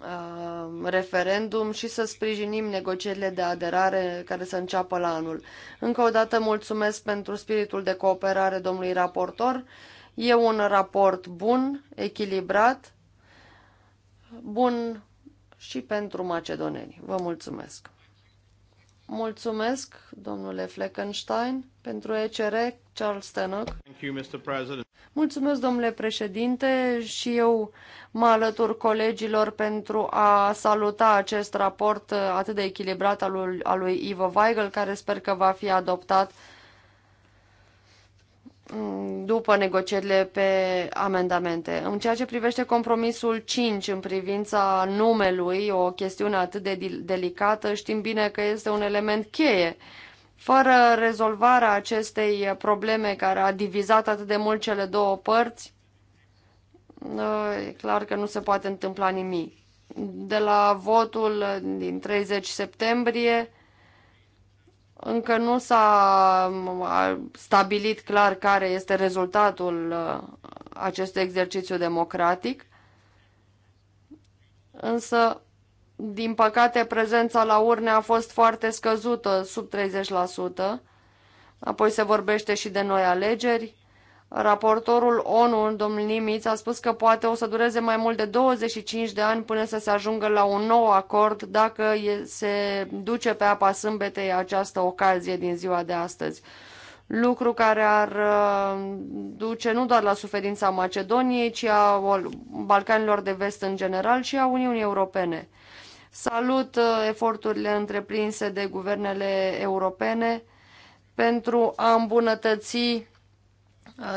Uh, referendum și să sprijinim negocierile de aderare care să înceapă la anul. Încă o dată mulțumesc pentru spiritul de cooperare domnului raportor. E un raport bun, echilibrat, bun și pentru macedoneni. Vă mulțumesc! Mulțumesc, domnule Fleckenstein, pentru ECR, Charles Tannock. Mulțumesc, domnule președinte, și eu mă alătur colegilor pentru a saluta acest raport atât de echilibrat al lui, al lui Ivo Weigel, care sper că va fi adoptat Mm, după negocierile pe amendamente. În ceea ce privește compromisul 5 în privința numelui, o chestiune atât de delicată, știm bine că este un element cheie. Fără rezolvarea acestei probleme care a divizat atât de mult cele două părți, mm, e clar că nu se poate întâmpla nimic. De la votul din 30 septembrie, încă nu s-a stabilit clar care este rezultatul uh, acestui exercițiu democratic, însă, din păcate, prezența la urne a fost foarte scăzută, sub 30%. Apoi se vorbește și de noi alegeri Raportorul ONU, domnul Nimitz, a spus că poate o să dureze mai mult de 25 de ani până să se ajungă la un nou acord dacă se duce pe apa sâmbetei această ocazie din ziua de astăzi. Lucru care ar uh, duce nu doar la suferința Macedoniei, ci a Balcanilor de vest în general și a Uniunii Europene. Salut uh, eforturile întreprinse de guvernele europene pentru a îmbunătăți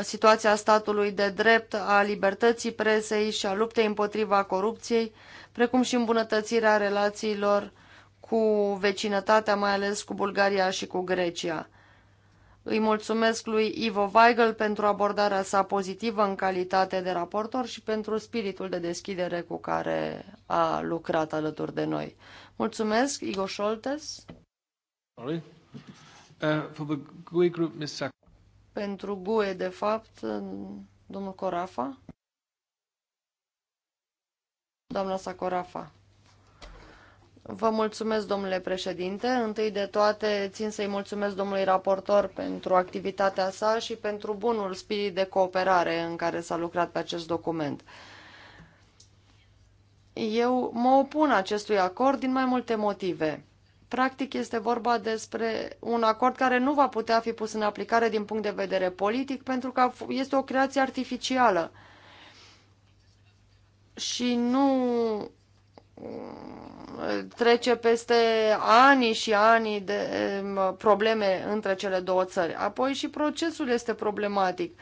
situația statului de drept, a libertății presei și a luptei împotriva corupției, precum și îmbunătățirea relațiilor cu vecinătatea, mai ales cu Bulgaria și cu Grecia. Îi mulțumesc lui Ivo Weigel pentru abordarea sa pozitivă în calitate de raportor și pentru spiritul de deschidere cu care a lucrat alături de noi. Mulțumesc, Igor Scholtes.
Sorry. Uh, for the GUI group, Ms
pentru GUE, de fapt, domnul Corafa. Doamna Sacorafa. Vă mulțumesc, domnule președinte. Întâi de toate, țin să-i mulțumesc domnului raportor pentru activitatea sa și pentru bunul spirit de cooperare în care s-a lucrat pe acest document. Eu mă opun acestui acord din mai multe motive. Practic este vorba despre un acord care nu va putea fi pus în aplicare din punct de vedere politic pentru că este o creație artificială și nu uh, trece peste ani și ani de um, probleme între cele două țări. Apoi și procesul este problematic.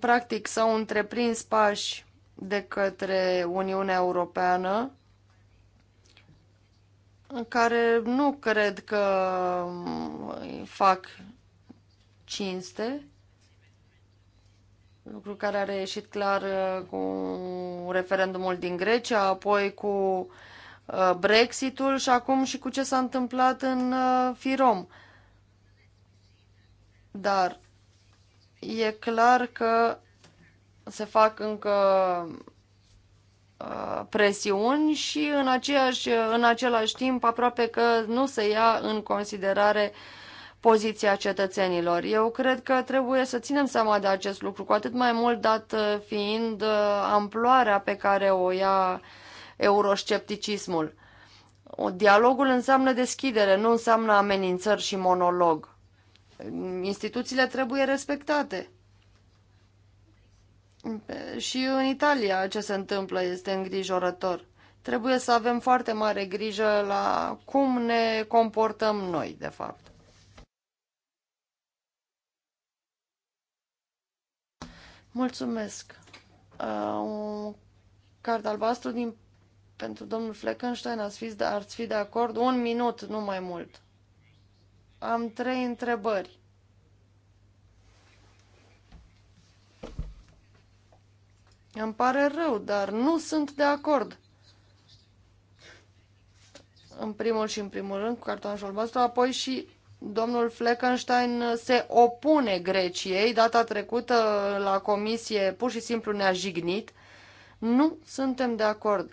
Practic s-au întreprins pași de către Uniunea Europeană în care nu cred că um, fac cinste, lucru care a reieșit clar uh, cu referendumul din Grecia, apoi cu uh, Brexitul și acum și cu ce s-a întâmplat în uh, Firom. Dar e clar că se fac încă Uh, presiuni și în, aceeași, în același timp aproape că nu se ia în considerare poziția cetățenilor. Eu cred că trebuie să ținem seama de acest lucru, cu atât mai mult dat uh, fiind uh, amploarea pe care o ia euroscepticismul. Dialogul înseamnă deschidere, nu înseamnă amenințări și monolog. Instituțiile trebuie respectate. Și în Italia ce se întâmplă este îngrijorător. Trebuie să avem foarte mare grijă la cum ne comportăm noi, de fapt. Mulțumesc. Uh, un card albastru din, pentru domnul Fleckenstein, ați fi, ați fi de acord? Un minut, nu mai mult. Am trei întrebări. Îmi pare rău, dar nu sunt de acord. În primul și în primul rând cu cartonașul albastru, apoi și domnul Fleckenstein se opune Greciei. Data trecută la comisie pur și simplu ne-a jignit. Nu suntem de acord.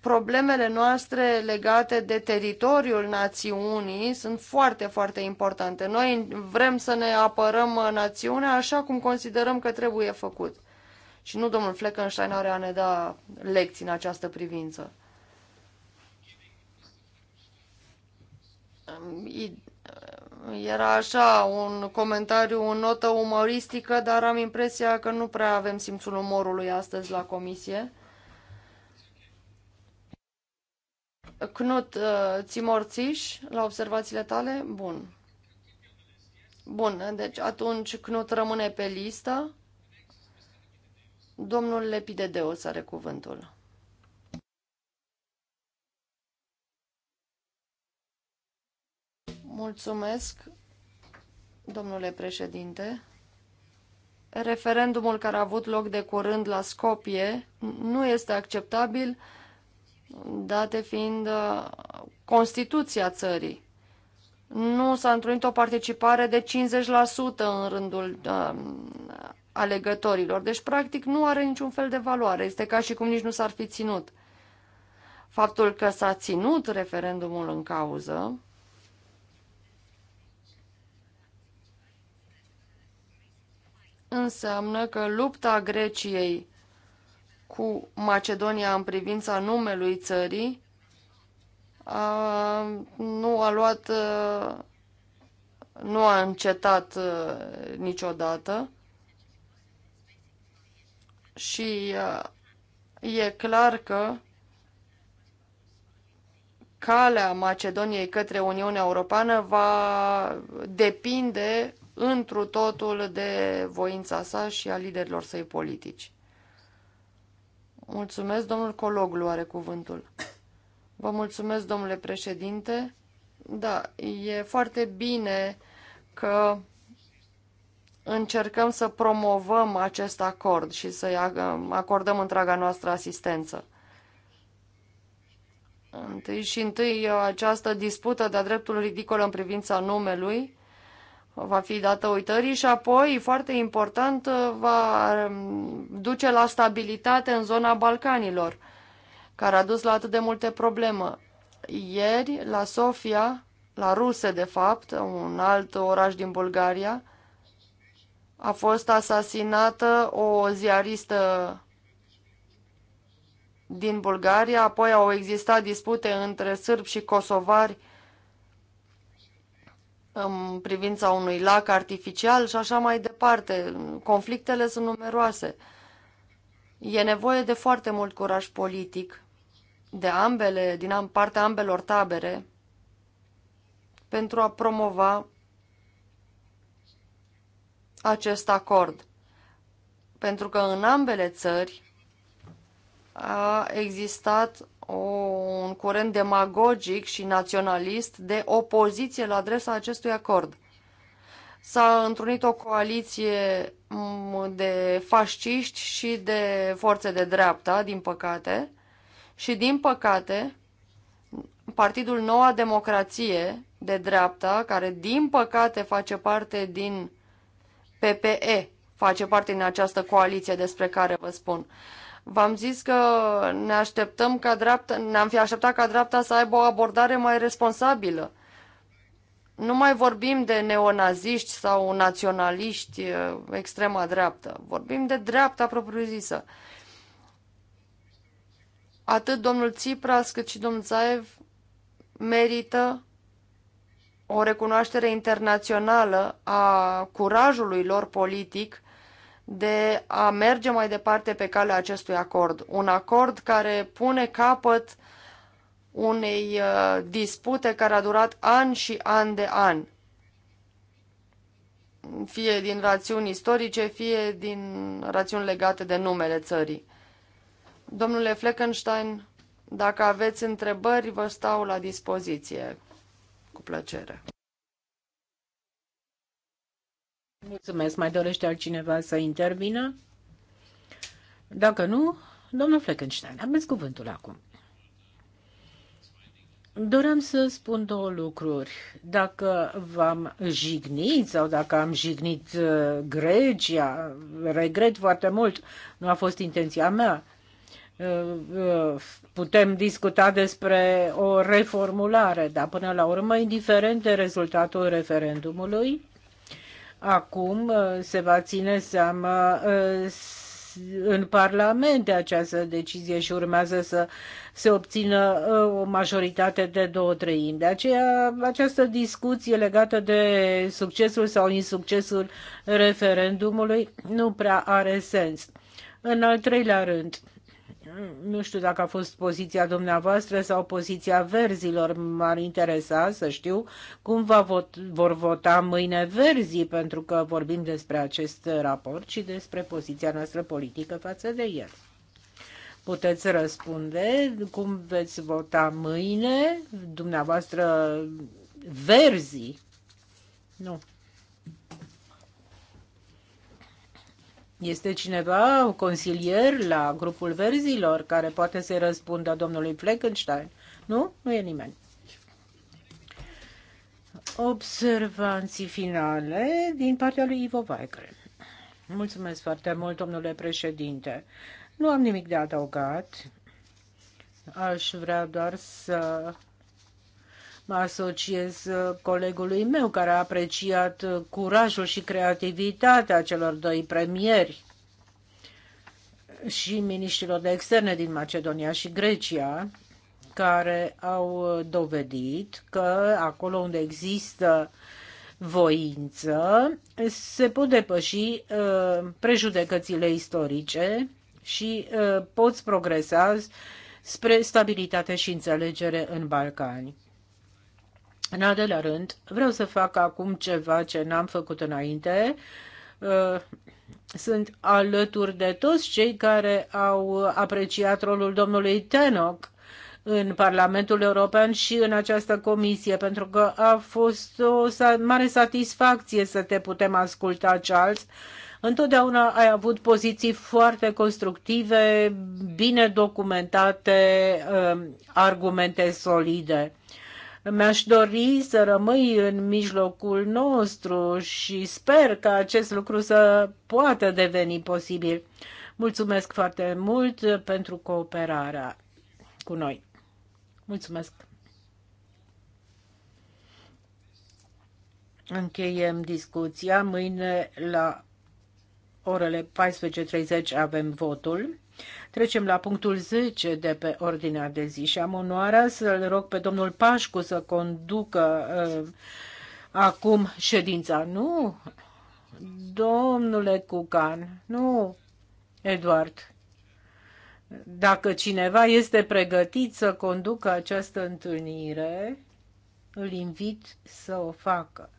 Problemele noastre legate de teritoriul națiunii sunt foarte, foarte importante. Noi vrem să ne apărăm națiunea așa cum considerăm că trebuie făcut. Și nu domnul Fleckenstein are a ne da lecții în această privință. Era așa, un comentariu, o notă umoristică, dar am impresia că nu prea avem simțul umorului astăzi la comisie. Knut, ți uh, morțiș la observațiile tale? Bun. Bun, deci atunci Knut rămâne pe listă. Domnul Lepidedeos are cuvântul. Mulțumesc, domnule președinte. Referendumul care a avut loc de curând la Scopie nu este acceptabil, date fiind uh, Constituția țării. Nu s-a întrunit o participare de 50% în rândul uh, alegătorilor. Deci, practic, nu are niciun fel de valoare. Este ca și cum nici nu s-ar fi ținut. Faptul că s-a ținut referendumul în cauză înseamnă că lupta Greciei cu Macedonia în privința numelui țării a, nu a luat, nu a încetat niciodată. Și uh, e clar că calea Macedoniei către Uniunea Europeană va depinde întru totul de voința sa și a liderilor săi politici. Mulțumesc, domnul Cologlu are cuvântul. Vă mulțumesc, domnule președinte. Da, e foarte bine că încercăm să promovăm acest acord și să acordăm întreaga noastră asistență. Întâi și întâi această dispută de-a dreptul ridicol în privința numelui va fi dată uitării și apoi, foarte important, va um, duce la stabilitate în zona Balcanilor, care a dus la atât de multe probleme. Ieri, la Sofia, la Ruse, de fapt, un alt oraș din Bulgaria, a fost asasinată o ziaristă din Bulgaria, apoi au existat dispute între sârbi și kosovari în privința unui lac artificial și așa mai departe. Conflictele sunt numeroase. E nevoie de foarte mult curaj politic de ambele, din partea ambelor tabere pentru a promova acest acord. Pentru că în ambele țări a existat o, un curent demagogic și naționalist de opoziție la adresa acestui acord. S-a întrunit o coaliție mm, de fasciști și de forțe de dreapta, din păcate, și din păcate, Partidul Noua Democrație de dreapta, care din păcate face parte din PPE face parte din această coaliție despre care vă spun. V-am zis că ne așteptăm ca dreapta, ne-am fi așteptat ca dreapta să aibă o abordare mai responsabilă. Nu mai vorbim de neonaziști sau naționaliști extrema dreaptă. Vorbim de dreapta propriu-zisă. Atât domnul Tsipras cât și domnul Zaev merită o recunoaștere internațională a curajului lor politic de a merge mai departe pe calea acestui acord. Un acord care pune capăt unei uh, dispute care a durat ani și ani de ani. Fie din rațiuni istorice, fie din rațiuni legate de numele țării. Domnule Fleckenstein, dacă aveți întrebări, vă stau la dispoziție plăcere.
Mulțumesc. Mai dorește altcineva să intervină? Dacă nu, domnul Fleckenstein, aveți cuvântul acum. Doream să spun două lucruri. Dacă v-am jignit sau dacă am jignit uh, Grecia, regret foarte mult, nu a fost intenția mea. Uh, putem discuta despre o reformulare, dar până la urmă, indiferent de rezultatul referendumului, acum uh, se va ține seama uh, în Parlament de această decizie și urmează să se obțină o majoritate de două treimi. De aceea, această discuție legată de succesul sau insuccesul referendumului nu prea are sens. În al treilea rând, nu știu dacă a fost poziția dumneavoastră sau poziția verzilor. M-ar interesa să știu cum va vot, vor vota mâine verzii, pentru că vorbim despre acest raport și despre poziția noastră politică față de el. Puteți răspunde cum veți vota mâine, dumneavoastră verzii. Nu. Este cineva, un consilier la grupul verzilor, care poate să-i răspundă domnului Fleckenstein? Nu? Nu e nimeni. Observanții finale din partea lui Ivo Weigre. Mulțumesc foarte mult, domnule președinte. Nu am nimic de adăugat. Aș vrea doar să Mă asociez uh, colegului meu care a apreciat uh, curajul și creativitatea celor doi premieri și miniștrilor de externe din Macedonia și Grecia, care au uh, dovedit că acolo unde există voință se pot depăși uh, prejudecățile istorice și uh, poți progresa spre stabilitate și înțelegere în Balcani. În al doilea rând, vreau să fac acum ceva ce n-am făcut înainte. Uh, sunt alături de toți cei care au apreciat rolul domnului Tenoc în Parlamentul European și în această comisie, pentru că a fost o mare satisfacție să te putem asculta, Charles. Întotdeauna ai avut poziții foarte constructive, bine documentate, uh, argumente solide. Mi-aș dori să rămâi în mijlocul nostru și sper că acest lucru să poată deveni posibil. Mulțumesc foarte mult pentru cooperarea cu noi. Mulțumesc! Încheiem discuția. Mâine la orele 14.30 avem votul. Trecem la punctul 10 de pe ordinea de zi și am onoarea să-l rog pe domnul Pașcu să conducă uh, acum ședința. Nu, domnule Cucan, nu, Eduard. Dacă cineva este pregătit să conducă această întâlnire, îl invit să o facă.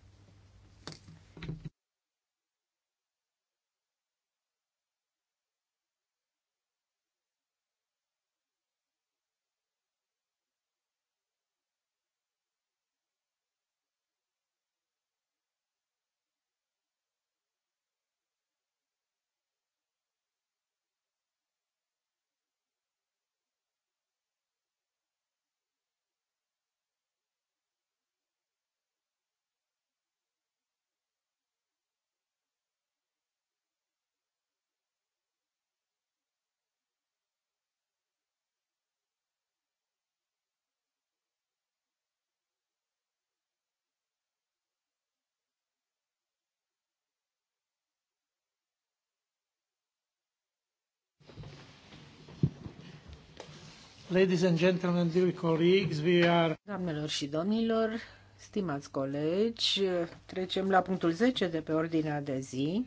Ladies and gentlemen, dear colleagues, we are... Doamnelor și domnilor, stimați colegi, trecem la punctul 10 de pe ordinea de zi.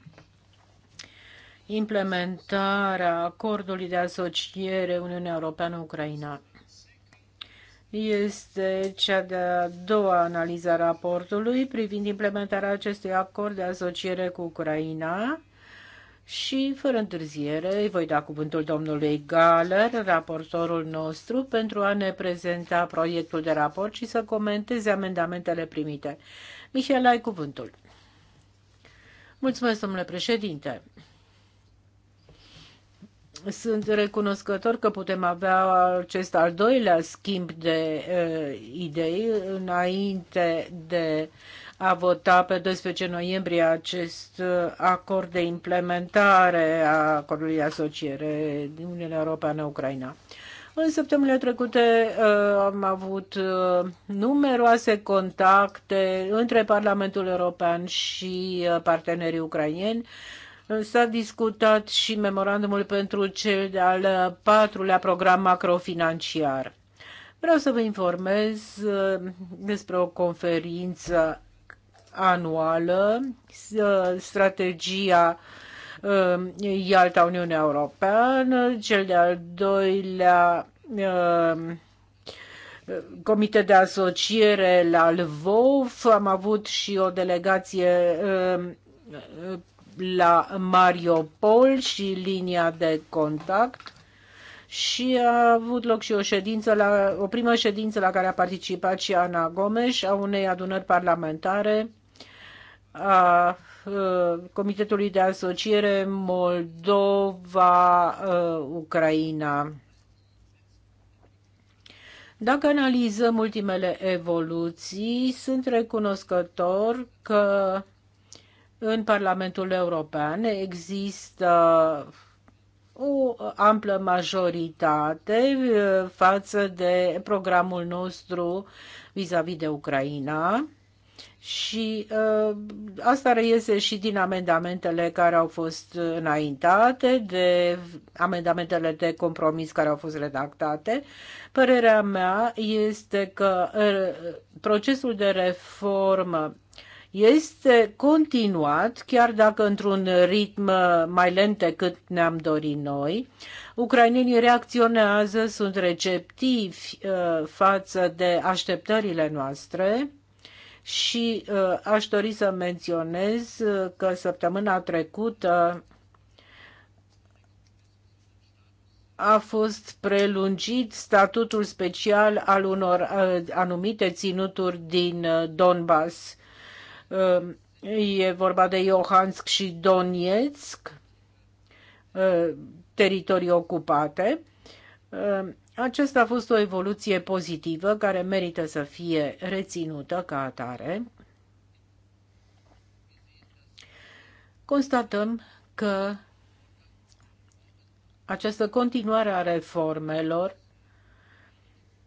Implementarea acordului de asociere Uniunea Europeană-Ucraina este cea de-a doua analiză a raportului privind implementarea acestui acord de asociere cu Ucraina și, fără întârziere, îi voi da cuvântul domnului Galer, raportorul nostru, pentru a ne prezenta proiectul de raport și să comenteze amendamentele primite. Michel, ai cuvântul. Mulțumesc, domnule președinte. Sunt recunoscător că putem avea acest al doilea schimb de uh, idei înainte de uh, a vota pe 12 noiembrie acest uh, acord de implementare a acordului de asociere din Uniunea Europeană-Ucraina. În săptămânile trecute uh, am avut uh, numeroase contacte între Parlamentul European și uh, partenerii ucrainieni. S-a discutat și memorandumul pentru cel de-al uh, patrulea program macrofinanciar. Vreau să vă informez uh, despre o conferință anuală, ă, strategia Ialta ă, Uniunea Europeană, cel de-al doilea ă, comitet de asociere la Lvov, am avut și o delegație la Mariupol și linia de contact și a avut loc și o ședință, la, o primă ședință la care a participat și Ana Gomes a unei adunări parlamentare a Comitetului de Asociere Moldova-Ucraina. Dacă analizăm ultimele evoluții, sunt recunoscător că în Parlamentul European există o amplă majoritate față de programul nostru vis-a-vis -vis de Ucraina și uh, asta reiese și din amendamentele care au fost înaintate, de amendamentele de compromis care au fost redactate. Părerea mea este că uh, procesul de reformă este continuat, chiar dacă într-un ritm mai lent decât ne-am dorit noi. Ucrainenii reacționează, sunt receptivi uh, față de așteptările noastre și uh, aș dori să menționez uh, că săptămâna trecută a fost prelungit statutul special al unor uh, anumite ținuturi din Donbass. E vorba de Iohansk și Donetsk, teritorii ocupate. Aceasta a fost o evoluție pozitivă care merită să fie reținută ca atare. Constatăm că această continuare a reformelor,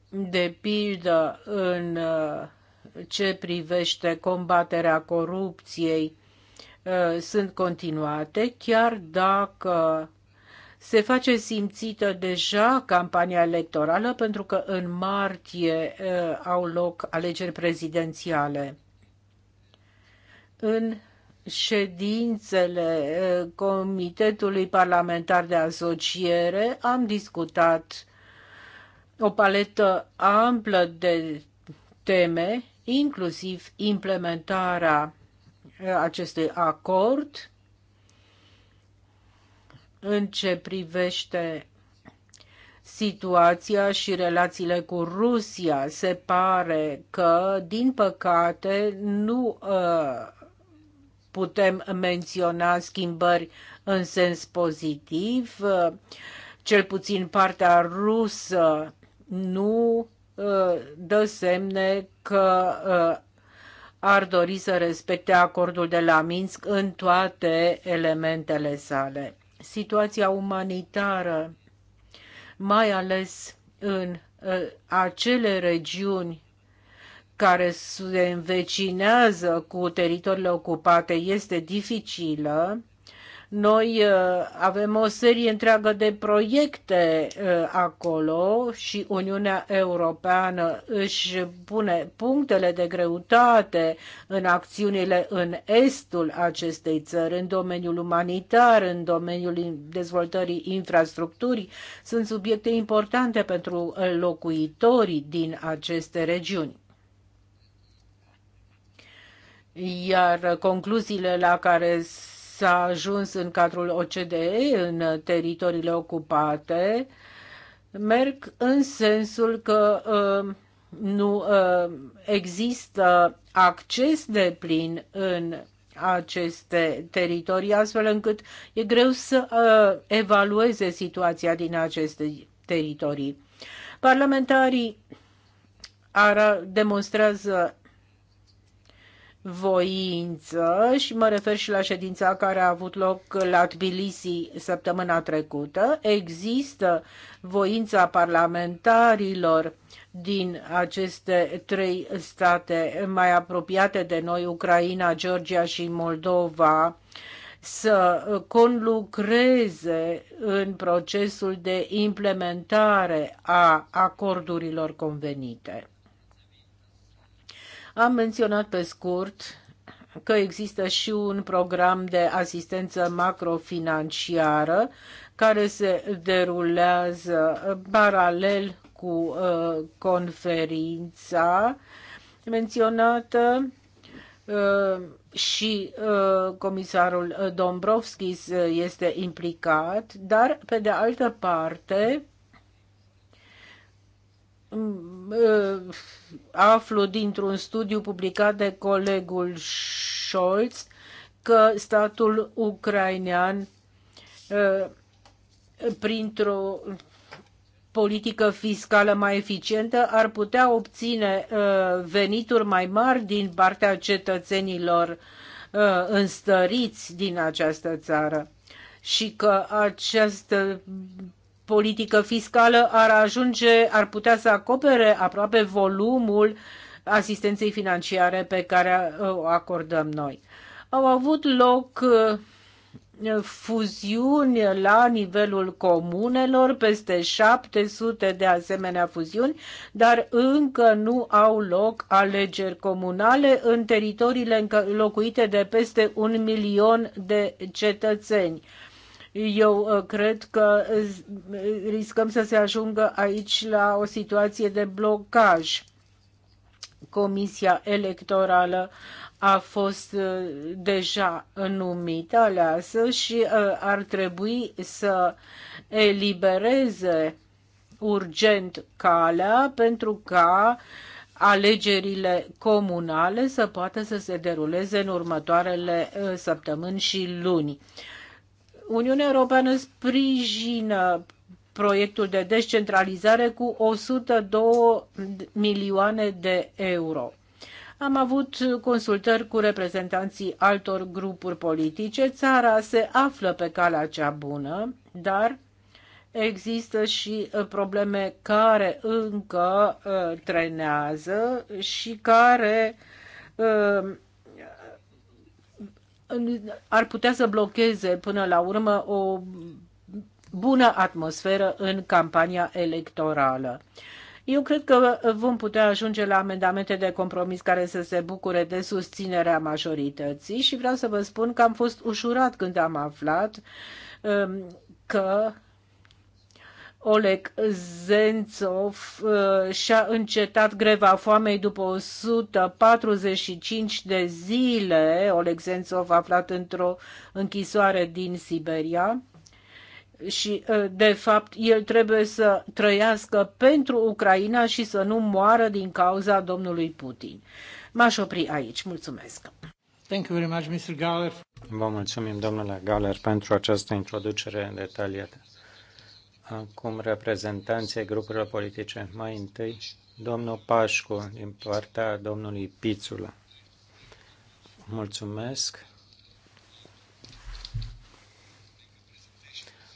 de pildă în uh, ce privește combaterea corupției, uh, sunt continuate, chiar dacă se face simțită deja campania electorală pentru că în martie eh, au loc alegeri prezidențiale. În ședințele eh, Comitetului Parlamentar de Asociere am discutat o paletă amplă de teme, inclusiv implementarea eh, acestui acord în ce privește situația și relațiile cu Rusia. Se pare că, din păcate, nu uh, putem menționa schimbări în sens pozitiv. Uh, cel puțin partea rusă nu uh, dă semne că uh, ar dori să respecte acordul de la Minsk în toate elementele sale situația umanitară, mai ales în ă, acele regiuni care se învecinează cu teritoriile ocupate, este dificilă noi uh, avem o serie întreagă de proiecte uh, acolo și Uniunea Europeană își pune punctele de greutate în acțiunile în estul acestei țări, în domeniul umanitar, în domeniul dezvoltării infrastructurii. Sunt subiecte importante pentru locuitorii din aceste regiuni iar concluziile la care s-a ajuns în cadrul OCDE în teritoriile ocupate merg în sensul că uh, nu uh, există acces de plin în aceste teritorii, astfel încât e greu să uh, evalueze situația din aceste teritorii. Parlamentarii ara, demonstrează voință și mă refer și la ședința care a avut loc la Tbilisi săptămâna trecută. Există voința parlamentarilor din aceste trei state mai apropiate de noi, Ucraina, Georgia și Moldova, să conlucreze în procesul de implementare a acordurilor convenite. Am menționat pe scurt că există și un program de asistență macrofinanciară care se derulează paralel cu uh, conferința menționată uh, și uh, comisarul Dombrovskis este implicat, dar pe de altă parte uh, aflu dintr-un studiu publicat de colegul Scholz că statul ucrainean uh, printr-o politică fiscală mai eficientă ar putea obține uh, venituri mai mari din partea cetățenilor uh, înstăriți din această țară și că această politică fiscală ar ajunge, ar putea să acopere aproape volumul asistenței financiare pe care uh, o acordăm noi. Au avut loc uh, fuziuni la nivelul comunelor, peste 700 de asemenea fuziuni, dar încă nu au loc alegeri comunale în teritoriile locuite de peste un milion de cetățeni. Eu uh, cred că uh, riscăm să se ajungă aici la o situație de blocaj. Comisia Electorală a fost uh, deja numită, aleasă și ar trebui să elibereze urgent calea pentru ca alegerile comunale să poată să se deruleze în următoarele săptămâni și luni. Uniunea Europeană sprijină proiectul de descentralizare cu 102 milioane de euro. Am avut consultări cu reprezentanții altor grupuri politice. Țara se află pe calea cea bună, dar există și uh, probleme care încă uh, trenează și care uh, ar putea să blocheze până la urmă o bună atmosferă în campania electorală. Eu cred că vom putea ajunge la amendamente de compromis care să se bucure de susținerea majorității și vreau să vă spun că am fost ușurat când am aflat um, că Oleg Zențov uh, și-a încetat greva foamei după 145 de zile. Oleg Zențov aflat într-o închisoare din Siberia și, uh, de fapt, el trebuie să trăiască pentru Ucraina și să nu moară din cauza domnului Putin. M-aș opri aici. Mulțumesc!
Thank you very much, Mr. Galler. Vă mulțumim, domnule Galler, pentru această introducere detaliată. Acum reprezentanții grupurilor politice. Mai întâi, domnul Pașcu, din partea domnului Pițula. Mulțumesc.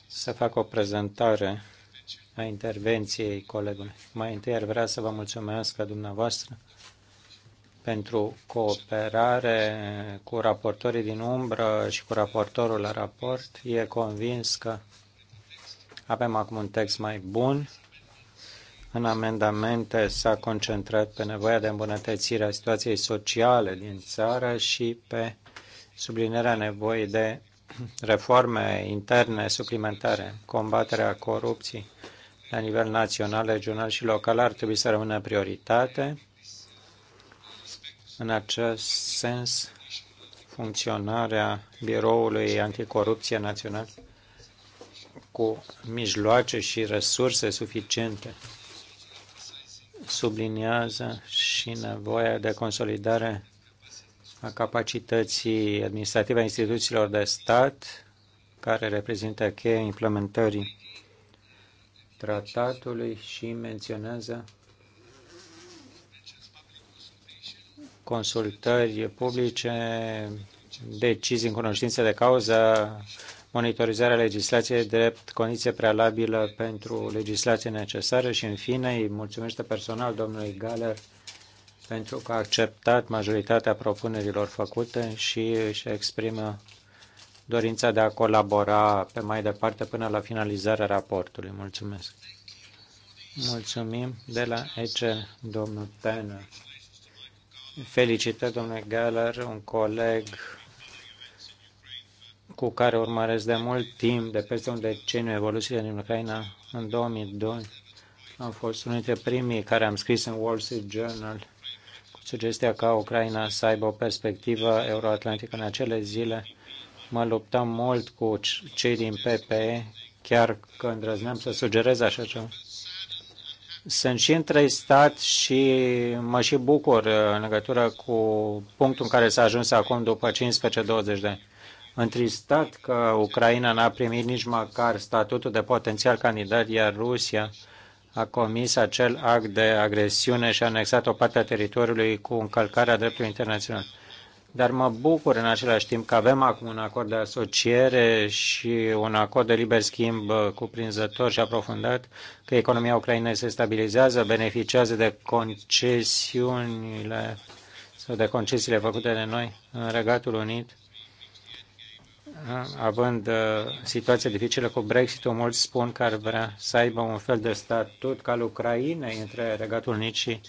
Să fac o prezentare a intervenției colegului. Mai întâi ar vrea să vă mulțumesc dumneavoastră pentru cooperare cu raportorii din umbră și cu raportorul la raport. E convins că avem acum un text mai bun. În amendamente s-a concentrat pe nevoia de îmbunătățire a situației sociale din țară și pe sublinierea nevoii de reforme interne suplimentare, combaterea corupției la nivel național, regional și local ar trebui să rămână prioritate. În acest sens, funcționarea Biroului Anticorupție Național cu mijloace și resurse suficiente. Subliniază și nevoia de consolidare a capacității administrative a instituțiilor de stat, care reprezintă cheia implementării tratatului și menționează consultări publice, decizii în cunoștință de cauză, monitorizarea legislației drept condiție prealabilă pentru legislație necesară și, în fine, îi mulțumește personal domnului Galer pentru că a acceptat majoritatea propunerilor făcute și își exprimă dorința de a colabora pe mai departe până la finalizarea raportului. Mulțumesc! Mulțumim de la ECE, domnul Tenă. Felicită, domnule Galler, un coleg cu care urmăresc de mult timp, de peste un deceniu, evoluțiile din Ucraina. În 2002 am fost unul dintre primii care am scris în Wall Street Journal cu sugestia ca Ucraina să aibă o perspectivă euroatlantică. În acele zile mă luptam mult cu cei din PPE, chiar că îndrăzneam să sugerez așa ceva. Sunt și în trei stat și mă și bucur în legătură cu punctul în care s-a ajuns acum după 15-20 de ani întristat că Ucraina n-a primit nici măcar statutul de potențial candidat, iar Rusia a comis acel act de agresiune și a anexat o parte a teritoriului cu încălcarea dreptului internațional. Dar mă bucur în același timp că avem acum un acord de asociere și un acord de liber schimb cuprinzător și aprofundat, că economia Ucrainei se stabilizează, beneficiază de concesiunile sau de concesiile făcute de noi în Regatul Unit având uh, situația dificilă cu Brexit-ul, mulți spun că ar vrea să aibă un fel de statut ca Ucraina între Regatul Unit și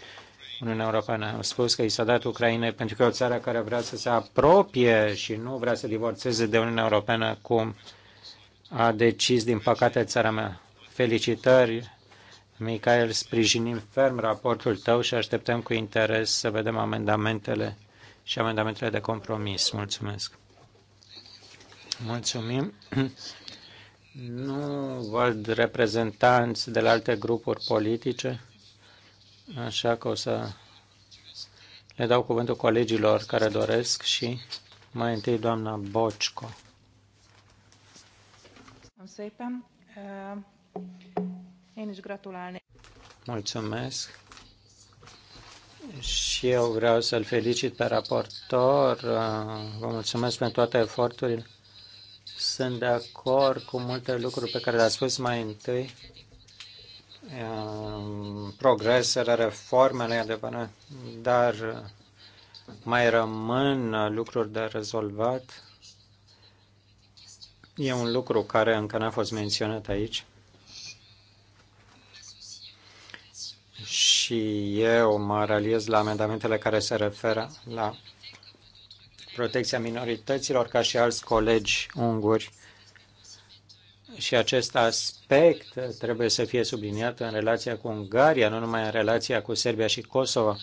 Uniunea Europeană. Am spus că i s-a dat Ucraina pentru că e o țară care vrea să se apropie și nu vrea să divorțeze de Uniunea Europeană cum a decis, din păcate, țara mea. Felicitări, Michael, sprijinim ferm raportul tău și așteptăm cu interes să vedem amendamentele și amendamentele de compromis. Mulțumesc! Mulțumim. Nu văd reprezentanți de la alte grupuri politice, așa că o să le dau cuvântul colegilor care doresc și mai întâi doamna Bocco. Uh, mulțumesc. Și eu vreau să-l felicit pe raportor. Uh, vă mulțumesc pentru toate eforturile sunt de acord cu multe lucruri pe care le-a spus mai întâi. Ehm, progresele, reformele, adevărat, dar mai rămân lucruri de rezolvat. E un lucru care încă n-a fost menționat aici. Și eu mă realiez la amendamentele care se referă la protecția minorităților, ca și alți colegi unguri. Și acest aspect trebuie să fie subliniat în relația cu Ungaria, nu numai în relația cu Serbia și Kosovo.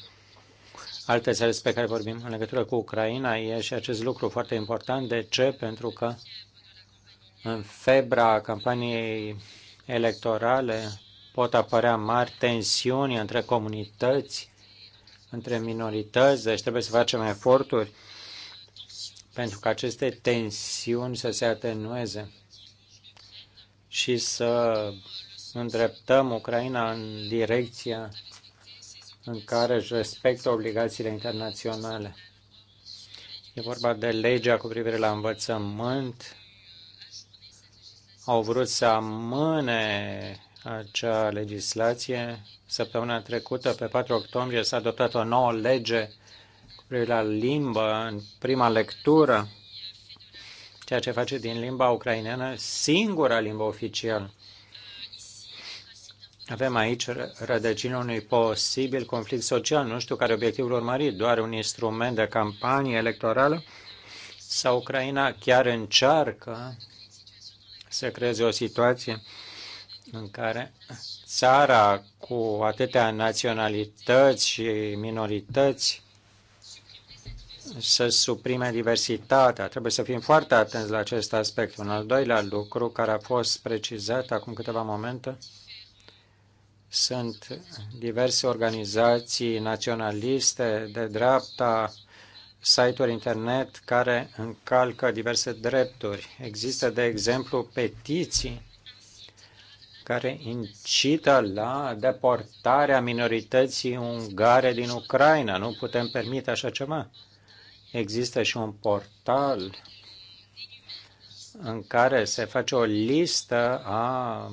Alte țări pe care vorbim în legătură cu Ucraina e și acest lucru foarte important. De ce? Pentru că în febra campaniei electorale pot apărea mari tensiuni între comunități, între minorități, deci trebuie să facem eforturi pentru că aceste tensiuni să se atenueze și să îndreptăm Ucraina în direcția în care își respectă obligațiile internaționale. E vorba de legea cu privire la învățământ. Au vrut să amâne acea legislație. Săptămâna trecută, pe 4 octombrie, s-a adoptat o nouă lege privire la limbă în prima lectură, ceea ce face din limba ucraineană singura limbă oficială. Avem aici rădăcina unui posibil conflict social, nu știu care obiectivul urmări, doar un instrument de campanie electorală sau Ucraina chiar încearcă să creeze o situație în care țara cu atâtea naționalități și minorități să suprime diversitatea. Trebuie să fim foarte atenți la acest aspect. Un al doilea lucru care a fost precizat acum câteva momente sunt diverse organizații naționaliste de dreapta, site-uri internet care încalcă diverse drepturi. Există, de exemplu, petiții care incită la deportarea minorității ungare din Ucraina. Nu putem permite așa ceva. Există și un portal în care se face o listă a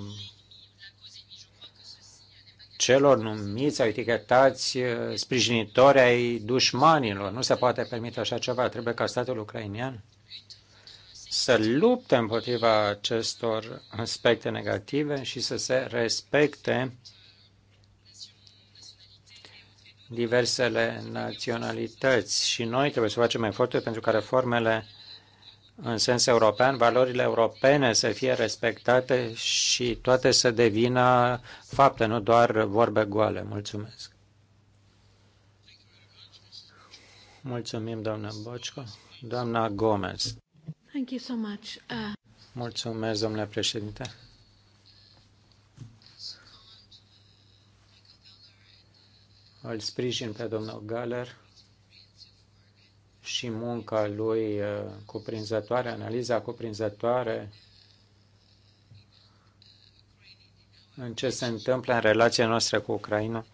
celor numiți, au etichetați sprijinitori ai dușmanilor. Nu se poate permite așa ceva. Trebuie ca statul ucrainian să lupte împotriva acestor aspecte negative și să se respecte diversele naționalități și noi trebuie să facem eforturi pentru ca reformele în sens european, valorile europene să fie respectate și toate să devină fapte, nu doar vorbe goale. Mulțumesc. Mulțumim, doamna Bocco. Doamna Gomez.
Thank you so much. Uh...
Mulțumesc, domnule președinte. Îl sprijin pe domnul Galer și munca lui uh, cuprinzătoare, analiza cuprinzătoare în ce se întâmplă în relația noastră cu Ucraina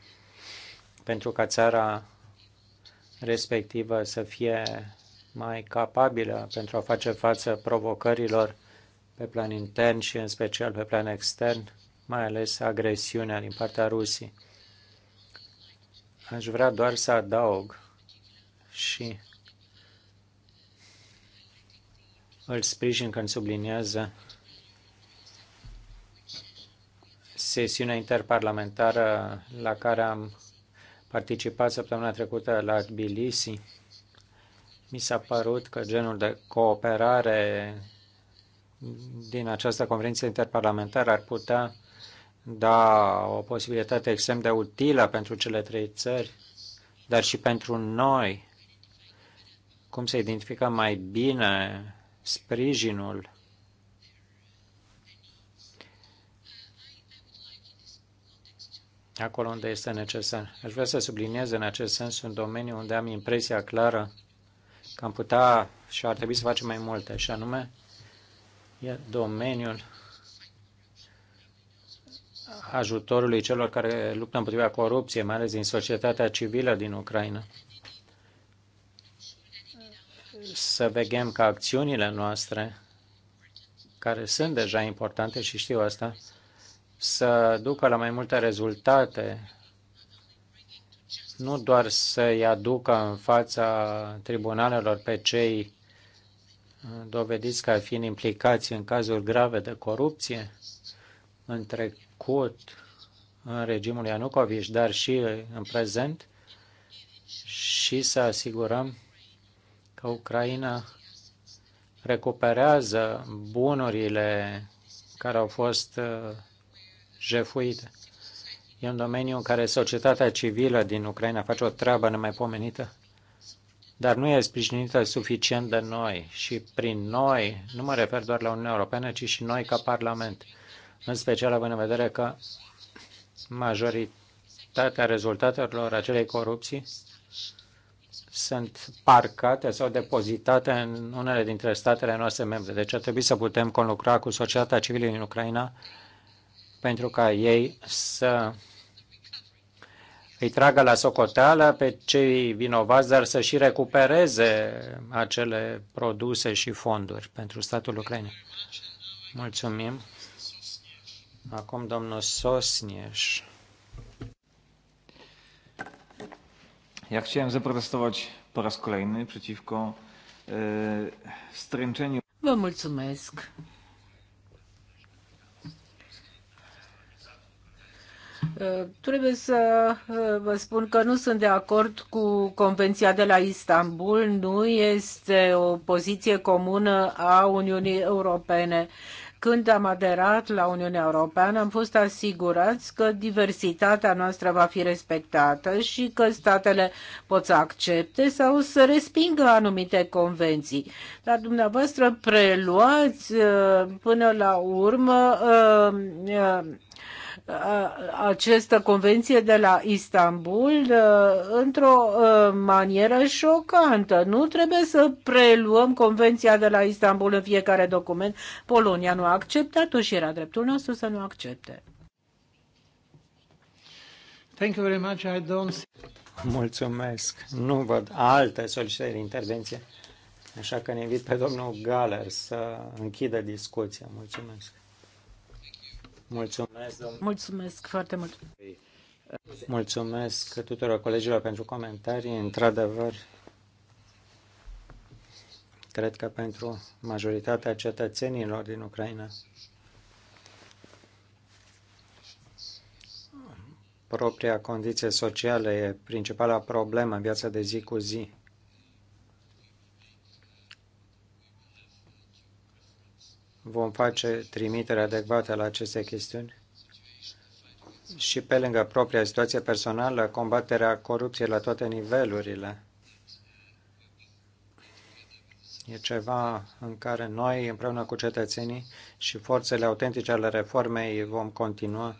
pentru ca țara respectivă să fie mai capabilă pentru a face față provocărilor pe plan intern și în special pe plan extern, mai ales agresiunea din partea Rusiei. Aș vrea doar să adaug și îl sprijin când subliniază sesiunea interparlamentară la care am participat săptămâna trecută la Tbilisi. Mi s-a părut că genul de cooperare din această conferință interparlamentară ar putea da o posibilitate extrem de utilă pentru cele trei țări, dar și pentru noi, cum să identificăm mai bine sprijinul acolo unde este necesar. Aș vrea să subliniez în acest sens un domeniu unde am impresia clară că am putea și ar trebui să facem mai multe, și anume e domeniul ajutorului celor care luptă împotriva corupției, mai ales din societatea civilă din Ucraina. Să vegem că acțiunile noastre, care sunt deja importante și știu asta, să ducă la mai multe rezultate, nu doar să-i aducă în fața tribunalelor pe cei dovediți ca fiind implicați în cazuri grave de corupție, între făcut în regimul Ianucovici, dar și în prezent, și să asigurăm că Ucraina recuperează bunurile care au fost uh, jefuite. E un domeniu în care societatea civilă din Ucraina face o treabă nemaipomenită, dar nu e sprijinită suficient de noi și prin noi, nu mă refer doar la Uniunea Europeană, ci și noi ca Parlament în special având în vedere că majoritatea rezultatelor acelei corupții sunt parcate sau depozitate în unele dintre statele noastre membre. Deci ar trebui să putem conlucra cu societatea civilă din Ucraina pentru ca ei să îi tragă la socoteală pe cei vinovați, dar să și recupereze acele produse și fonduri pentru statul Ucraina. Mulțumim. Acum domnul Sosnieș. Ja chciałem zaprotestować po raz kolejny przeciwko e, stręczeniu.
Vă mulțumesc. Trebuie să vă spun că nu sunt de acord cu Convenția de la Istanbul. Nu este o poziție comună a Uniunii Europene când am aderat la Uniunea Europeană, am fost asigurați că diversitatea noastră va fi respectată și că statele pot să accepte sau să respingă anumite convenții. Dar dumneavoastră preluați uh, până la urmă uh, uh, această convenție de la Istanbul uh, într-o uh, manieră șocantă. Nu trebuie să preluăm convenția de la Istanbul în fiecare document. Polonia nu a acceptat-o și era dreptul nostru să nu accepte.
Thank you very much. I don't... Mulțumesc. Nu văd alte solicitări de intervenție. Așa că ne invit pe domnul Galer să închidă discuția. Mulțumesc. Mulțumesc,
Mulțumesc foarte mult.
Mulțumesc tuturor colegilor pentru comentarii. Într-adevăr, cred că pentru majoritatea cetățenilor din Ucraina, propria condiție socială e principala problemă în viața de zi cu zi. vom face trimitere adecvată la aceste chestiuni și pe lângă propria situație personală, combaterea corupției la toate nivelurile. E ceva în care noi, împreună cu cetățenii și forțele autentice ale reformei, vom continua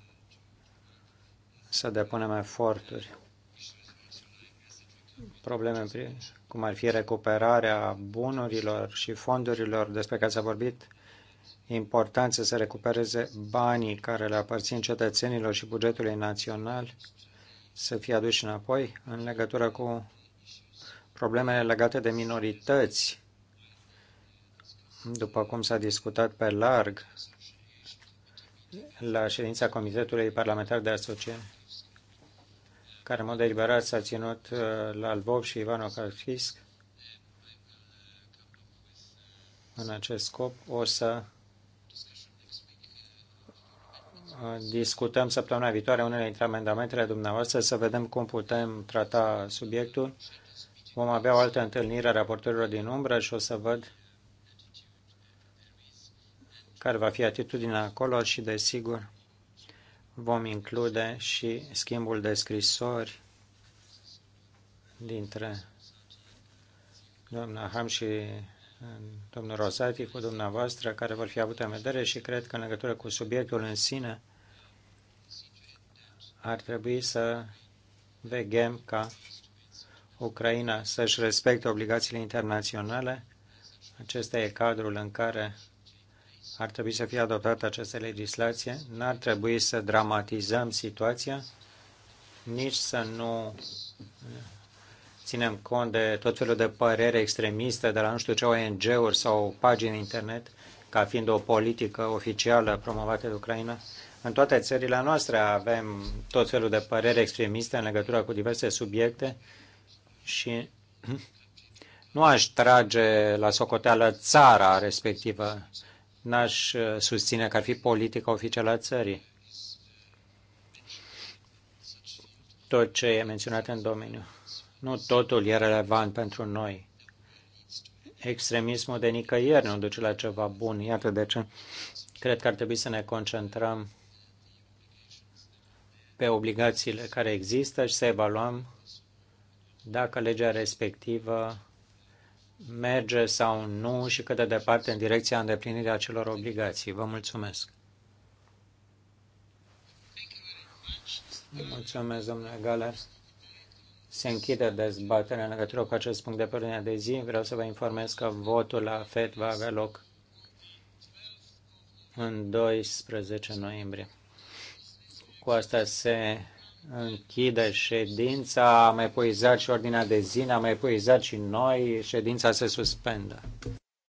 să depunem eforturi. Probleme cum ar fi recuperarea bunurilor și fondurilor despre care s-a vorbit, importanță să recupereze banii care le aparțin cetățenilor și bugetului național să fie aduși înapoi în legătură cu problemele legate de minorități. După cum s-a discutat pe larg la ședința Comitetului Parlamentar de Asociere, care în mod deliberat s-a ținut uh, la Lvov și Ivano Kalfisk, în acest scop o să discutăm săptămâna viitoare unele dintre amendamentele dumneavoastră, să vedem cum putem trata subiectul. Vom avea o altă întâlnire a raportorilor din umbră și o să văd care va fi atitudinea acolo și, desigur, vom include și schimbul de scrisori dintre doamna Ham și domnul Rosati, cu dumneavoastră, care vor fi avute în vedere și cred că în legătură cu subiectul în sine ar trebui să vegem ca Ucraina să-și respecte obligațiile internaționale. Acesta e cadrul în care ar trebui să fie adoptată această legislație. N-ar trebui să dramatizăm situația, nici să nu ținem cont de tot felul de părere extremiste de la nu știu ce ONG-uri sau pagini internet ca fiind o politică oficială promovată de Ucraina. În toate țările noastre avem tot felul de păreri extremiste în legătură cu diverse subiecte și nu aș trage la socoteală țara respectivă, n-aș uh, susține că ar fi politica oficială a țării. Tot ce e menționat în domeniu. Nu totul e relevant pentru noi. Extremismul de nicăieri nu duce la ceva bun. Iată de ce cred că ar trebui să ne concentrăm pe obligațiile care există și să evaluăm dacă legea respectivă merge sau nu și cât de departe în direcția îndeplinirii acelor obligații. Vă mulțumesc. Mulțumesc, domnule Galer se închide dezbaterea în legătură cu acest punct de părere de zi. Vreau să vă informez că votul la FED va avea loc în 12 noiembrie. Cu asta se închide ședința, am epuizat și ordinea de zi, am epuizat și noi, ședința se suspendă.